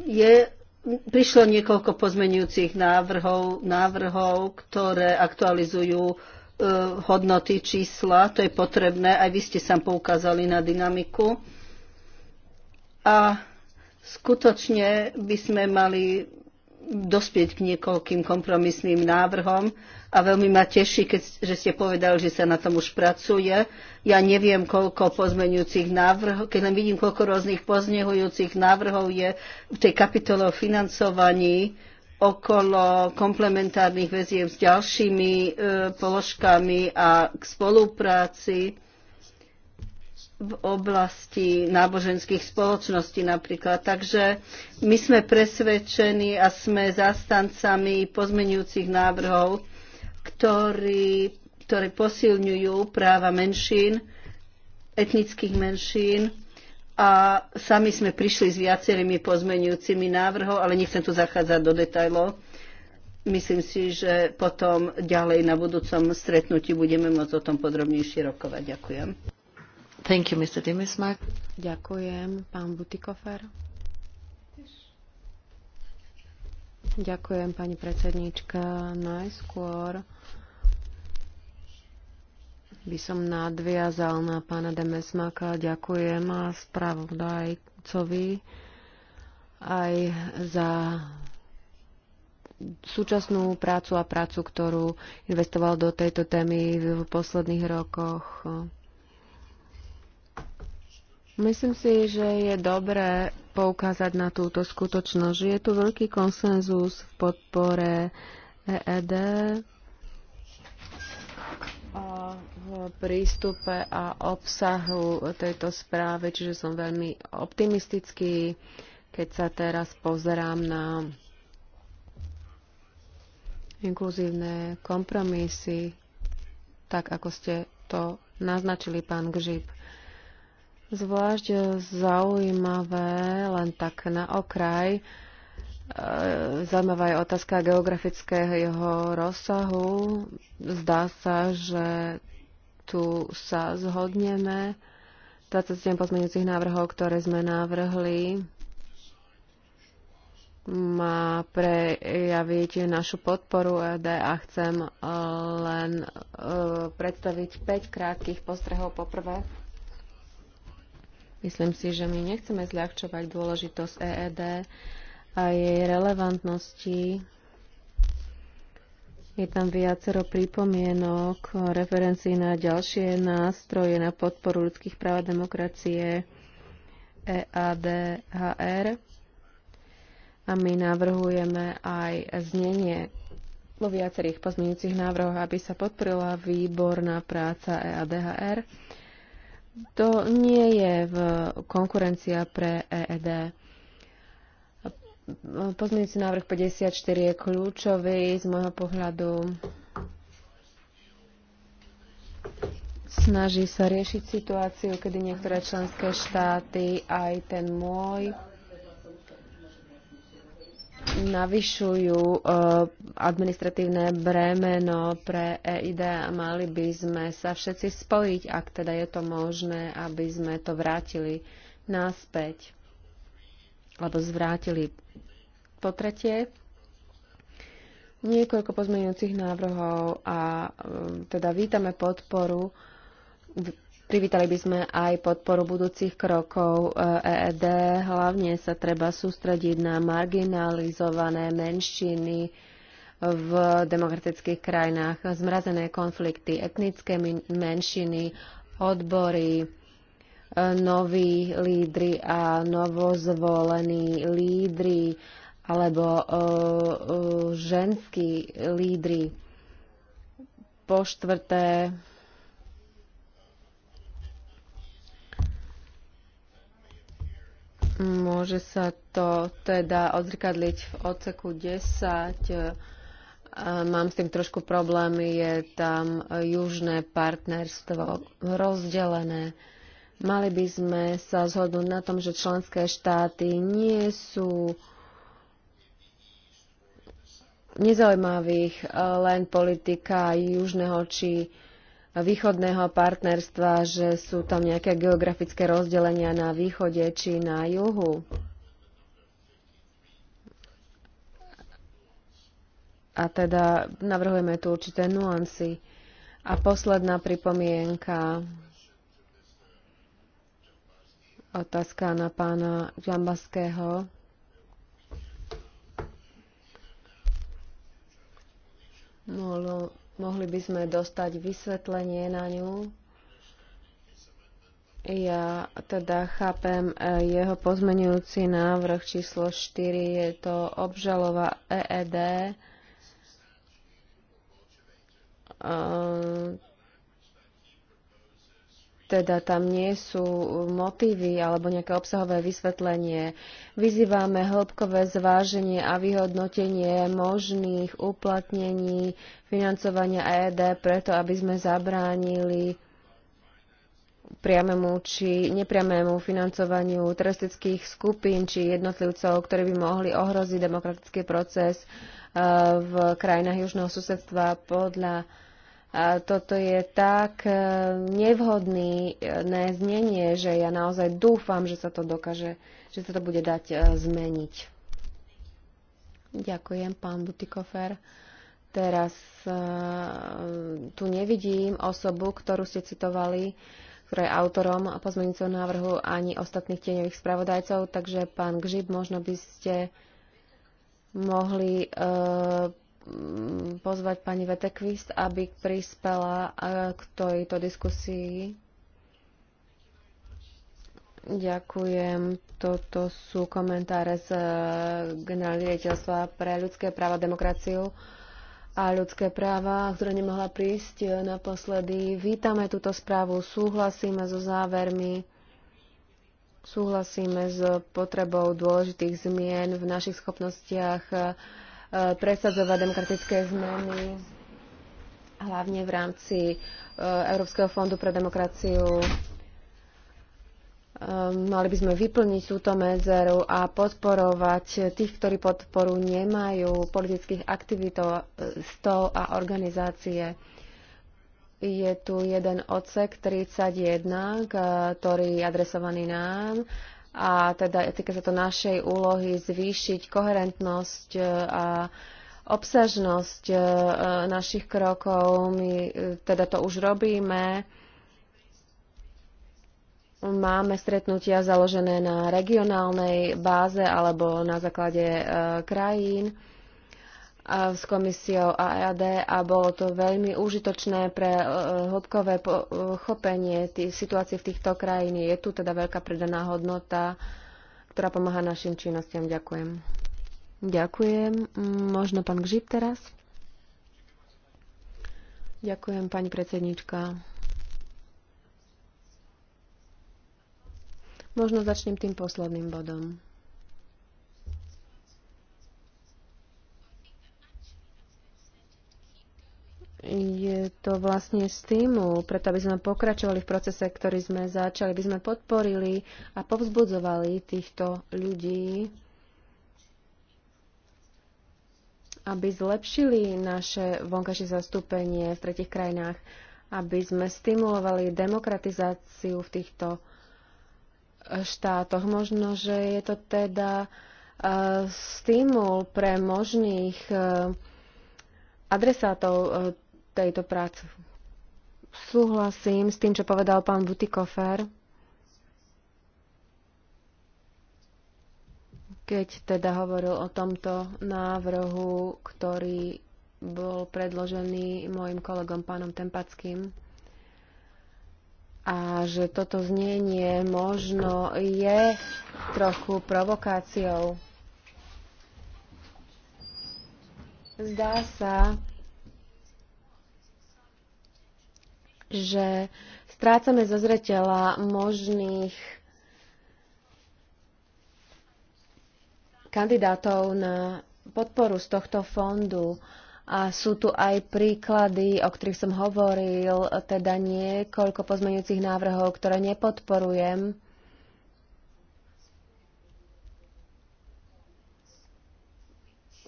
Je prišlo niekoľko pozmenujúcich návrhov, návrhov, ktoré aktualizujú E, hodnoty, čísla, to je potrebné, aj vy ste sa poukázali na dynamiku. A skutočne by sme mali dospieť k niekoľkým kompromisným návrhom a veľmi ma teší, keď, že ste povedali, že sa na tom už pracuje. Ja neviem, koľko pozmeňujúcich návrhov, keď len vidím, koľko rôznych poznehujúcich návrhov je v tej kapitole o financovaní, okolo komplementárnych väzieb s ďalšími e, položkami a k spolupráci v oblasti náboženských spoločností napríklad. Takže my sme presvedčení a sme zastancami pozmenujúcich návrhov, ktorí, ktoré posilňujú práva menšín, etnických menšín a sami sme prišli s viacerými pozmenujúcimi návrhov, ale nechcem tu zachádzať do detajlov. Myslím si, že potom ďalej na budúcom stretnutí budeme môcť o tom podrobnejšie rokovať. Ďakujem. Thank you, Mr. Dimismak. Ďakujem, pán Butikofer. Ďakujem, pani predsedníčka. Najskôr by som nadviazal na pána Demesmaka. Ďakujem a spravodajcovi aj za súčasnú prácu a prácu, ktorú investoval do tejto témy v posledných rokoch. Myslím si, že je dobré poukázať na túto skutočnosť, že je tu veľký konsenzus v podpore EED, prístupe a obsahu tejto správy, čiže som veľmi optimistický, keď sa teraz pozerám na inkluzívne kompromisy, tak ako ste to naznačili, pán Gžip. Zvlášť zaujímavé, len tak na okraj, E, zaujímavá je otázka geografického jeho rozsahu. Zdá sa, že tu sa zhodneme. 27 pozmeňujúcich návrhov, ktoré sme navrhli, má prejaviť našu podporu ED a chcem e, len e, predstaviť 5 krátkých postrehov poprvé. Myslím si, že my nechceme zľahčovať dôležitosť EED a jej relevantnosti. Je tam viacero pripomienok, referencií na ďalšie nástroje na podporu ľudských práv a demokracie EADHR. A my navrhujeme aj znenie vo viacerých pozmeňujúcich návrhoch, aby sa podporila výborná práca EADHR. To nie je v konkurencia pre EED. Pozmeňujúci návrh 54 je kľúčový z môjho pohľadu. Snaží sa riešiť situáciu, kedy niektoré členské štáty, aj ten môj, navyšujú e, administratívne bremeno pre EID a mali by sme sa všetci spojiť, ak teda je to možné, aby sme to vrátili naspäť alebo zvrátili. Po tretie, niekoľko pozmeňujúcich návrhov a um, teda vítame podporu. Privítali by sme aj podporu budúcich krokov EED. E Hlavne sa treba sústrediť na marginalizované menšiny v demokratických krajinách, zmrazené konflikty, etnické menšiny, odbory, noví lídry a novozvolení lídry alebo e, e, ženskí lídry. Po štvrté, Môže sa to teda odzrkadliť v odseku 10. E, mám s tým trošku problémy, je tam južné partnerstvo rozdelené. Mali by sme sa zhodnúť na tom, že členské štáty nie sú nezaujímavých e, len politika južného či východného partnerstva, že sú tam nejaké geografické rozdelenia na východe či na juhu. A teda navrhujeme tu určité nuancy. A posledná pripomienka Otázka na pána Žambaského. Mohlo, mohli by sme dostať vysvetlenie na ňu. Ja teda chápem e, jeho pozmenujúci návrh číslo 4, je to obžalova EED. E, teda tam nie sú motívy alebo nejaké obsahové vysvetlenie. Vyzývame hĺbkové zváženie a vyhodnotenie možných uplatnení financovania ED preto, aby sme zabránili priamému či nepriamému financovaniu teroristických skupín či jednotlivcov, ktorí by mohli ohroziť demokratický proces eh, v krajinách južného susedstva podľa toto je tak e, nevhodné e, znenie, že ja naozaj dúfam, že sa to dokáže, že sa to bude dať e, zmeniť. Ďakujem, pán Butikofer. Teraz tu nevidím osobu, ktorú ste citovali, ktorá je autorom pozmeňujúceho návrhu ani ostatných tieňových spravodajcov, takže pán Gžib, možno by ste mohli uh, Mm, pozvať pani Vetekvist, aby prispela e, k tejto diskusii. Ďakujem. Toto sú komentáre z e, generálneho riaditeľstva pre ľudské práva, demokraciu a ľudské práva, ktorá nemohla prísť naposledy. Vítame túto správu, súhlasíme so závermi, súhlasíme s potrebou dôležitých zmien v našich schopnostiach Eh, presadzovať demokratické zmeny, hlavne v rámci eh, Európskeho fondu pre demokraciu. Ehm, mali by sme vyplniť túto medzeru a podporovať tých, ktorí podporu nemajú, politických stov eh, a organizácie. Je tu jeden odsek 31, ktorý je adresovaný nám a teda týka sa to našej úlohy zvýšiť koherentnosť e, a obsažnosť e, našich krokov. My e, teda to už robíme. Máme stretnutia založené na regionálnej báze alebo na základe krajín s komisiou AAD e a bolo to veľmi užitočné pre e, hĺbkové pochopenie e, situácie v týchto krajín. Je tu teda veľká predaná hodnota, ktorá pomáha našim činnostiam. Ďakujem. Ďakujem. Možno pán Gžip teraz? Ďakujem, pani predsednička. Možno začnem tým posledným bodom. je to vlastne stimul, preto aby sme pokračovali v procese, ktorý sme začali, aby sme podporili a povzbudzovali týchto ľudí, aby zlepšili naše vonkajšie zastúpenie v tretich krajinách, aby sme stimulovali demokratizáciu v týchto eh, štátoch. Možno, že je to teda eh, stimul pre možných eh, adresátov tejto práce. Súhlasím s tým, čo povedal pán Butikofer. Keď teda hovoril o tomto návrhu, ktorý bol predložený môjim kolegom pánom Tempackým, a že toto znenie možno je trochu provokáciou. Zdá sa, že strácame zo zreteľa možných kandidátov na podporu z tohto fondu. A sú tu aj príklady, o ktorých som hovoril, teda niekoľko pozmeňujúcich návrhov, ktoré nepodporujem.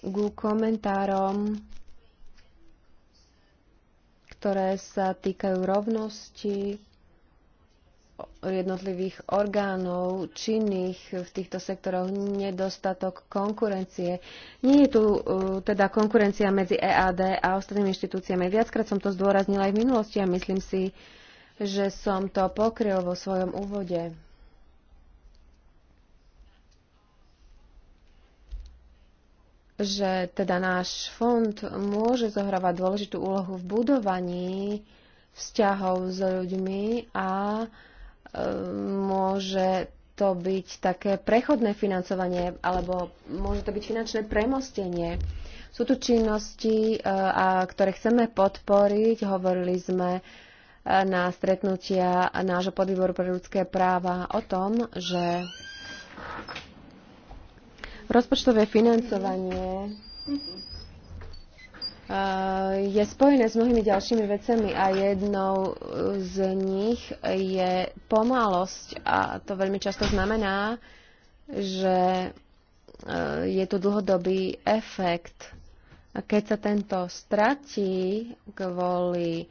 Ku komentárom ktoré sa týkajú rovnosti jednotlivých orgánov činných v týchto sektoroch nedostatok konkurencie. Nie je tu uh, teda konkurencia medzi EAD a ostatnými inštitúciami. Viackrát som to zdôraznila aj v minulosti a myslím si, že som to pokryl vo svojom úvode. že teda náš fond môže zohrávať dôležitú úlohu v budovaní vzťahov s ľuďmi a e, môže to byť také prechodné financovanie alebo môže to byť finančné premostenie. Sú tu činnosti, e, a, ktoré chceme podporiť. Hovorili sme e, na stretnutia nášho podvýboru pre ľudské práva o tom, že Rozpočtové financovanie eh, je spojené s mnohými ďalšími vecami a jednou eh, z nich je pomalosť a to veľmi často znamená, že eh, je tu dlhodobý efekt. A keď sa tento stratí kvôli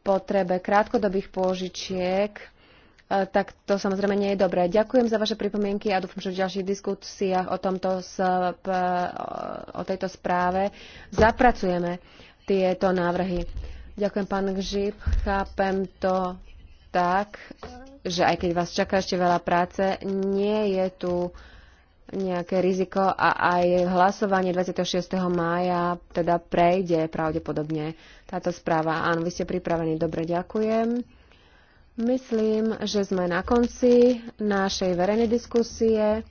potrebe krátkodobých pôžičiek, Eh, tak to samozrejme nie je dobré. Ďakujem za vaše pripomienky a dúfam, že v ďalších diskusiách o, tomto, o tejto správe zapracujeme tieto návrhy. Ďakujem, pán Gžip. Chápem to tak, že aj keď vás čaká ešte veľa práce, nie je tu nejaké riziko a aj hlasovanie 26. mája teda prejde pravdepodobne táto správa. Áno, vy ste pripravení. Dobre, ďakujem. Myslím, že sme na konci našej verejnej diskusie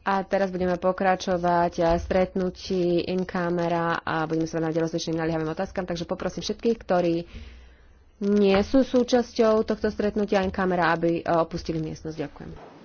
a teraz budeme pokračovať stretnutí in camera a budeme sa venovať rozličným naliehavým otázkam, takže poprosím všetkých, ktorí nie sú súčasťou tohto stretnutia in camera, aby eh, opustili miestnosť. Ďakujem.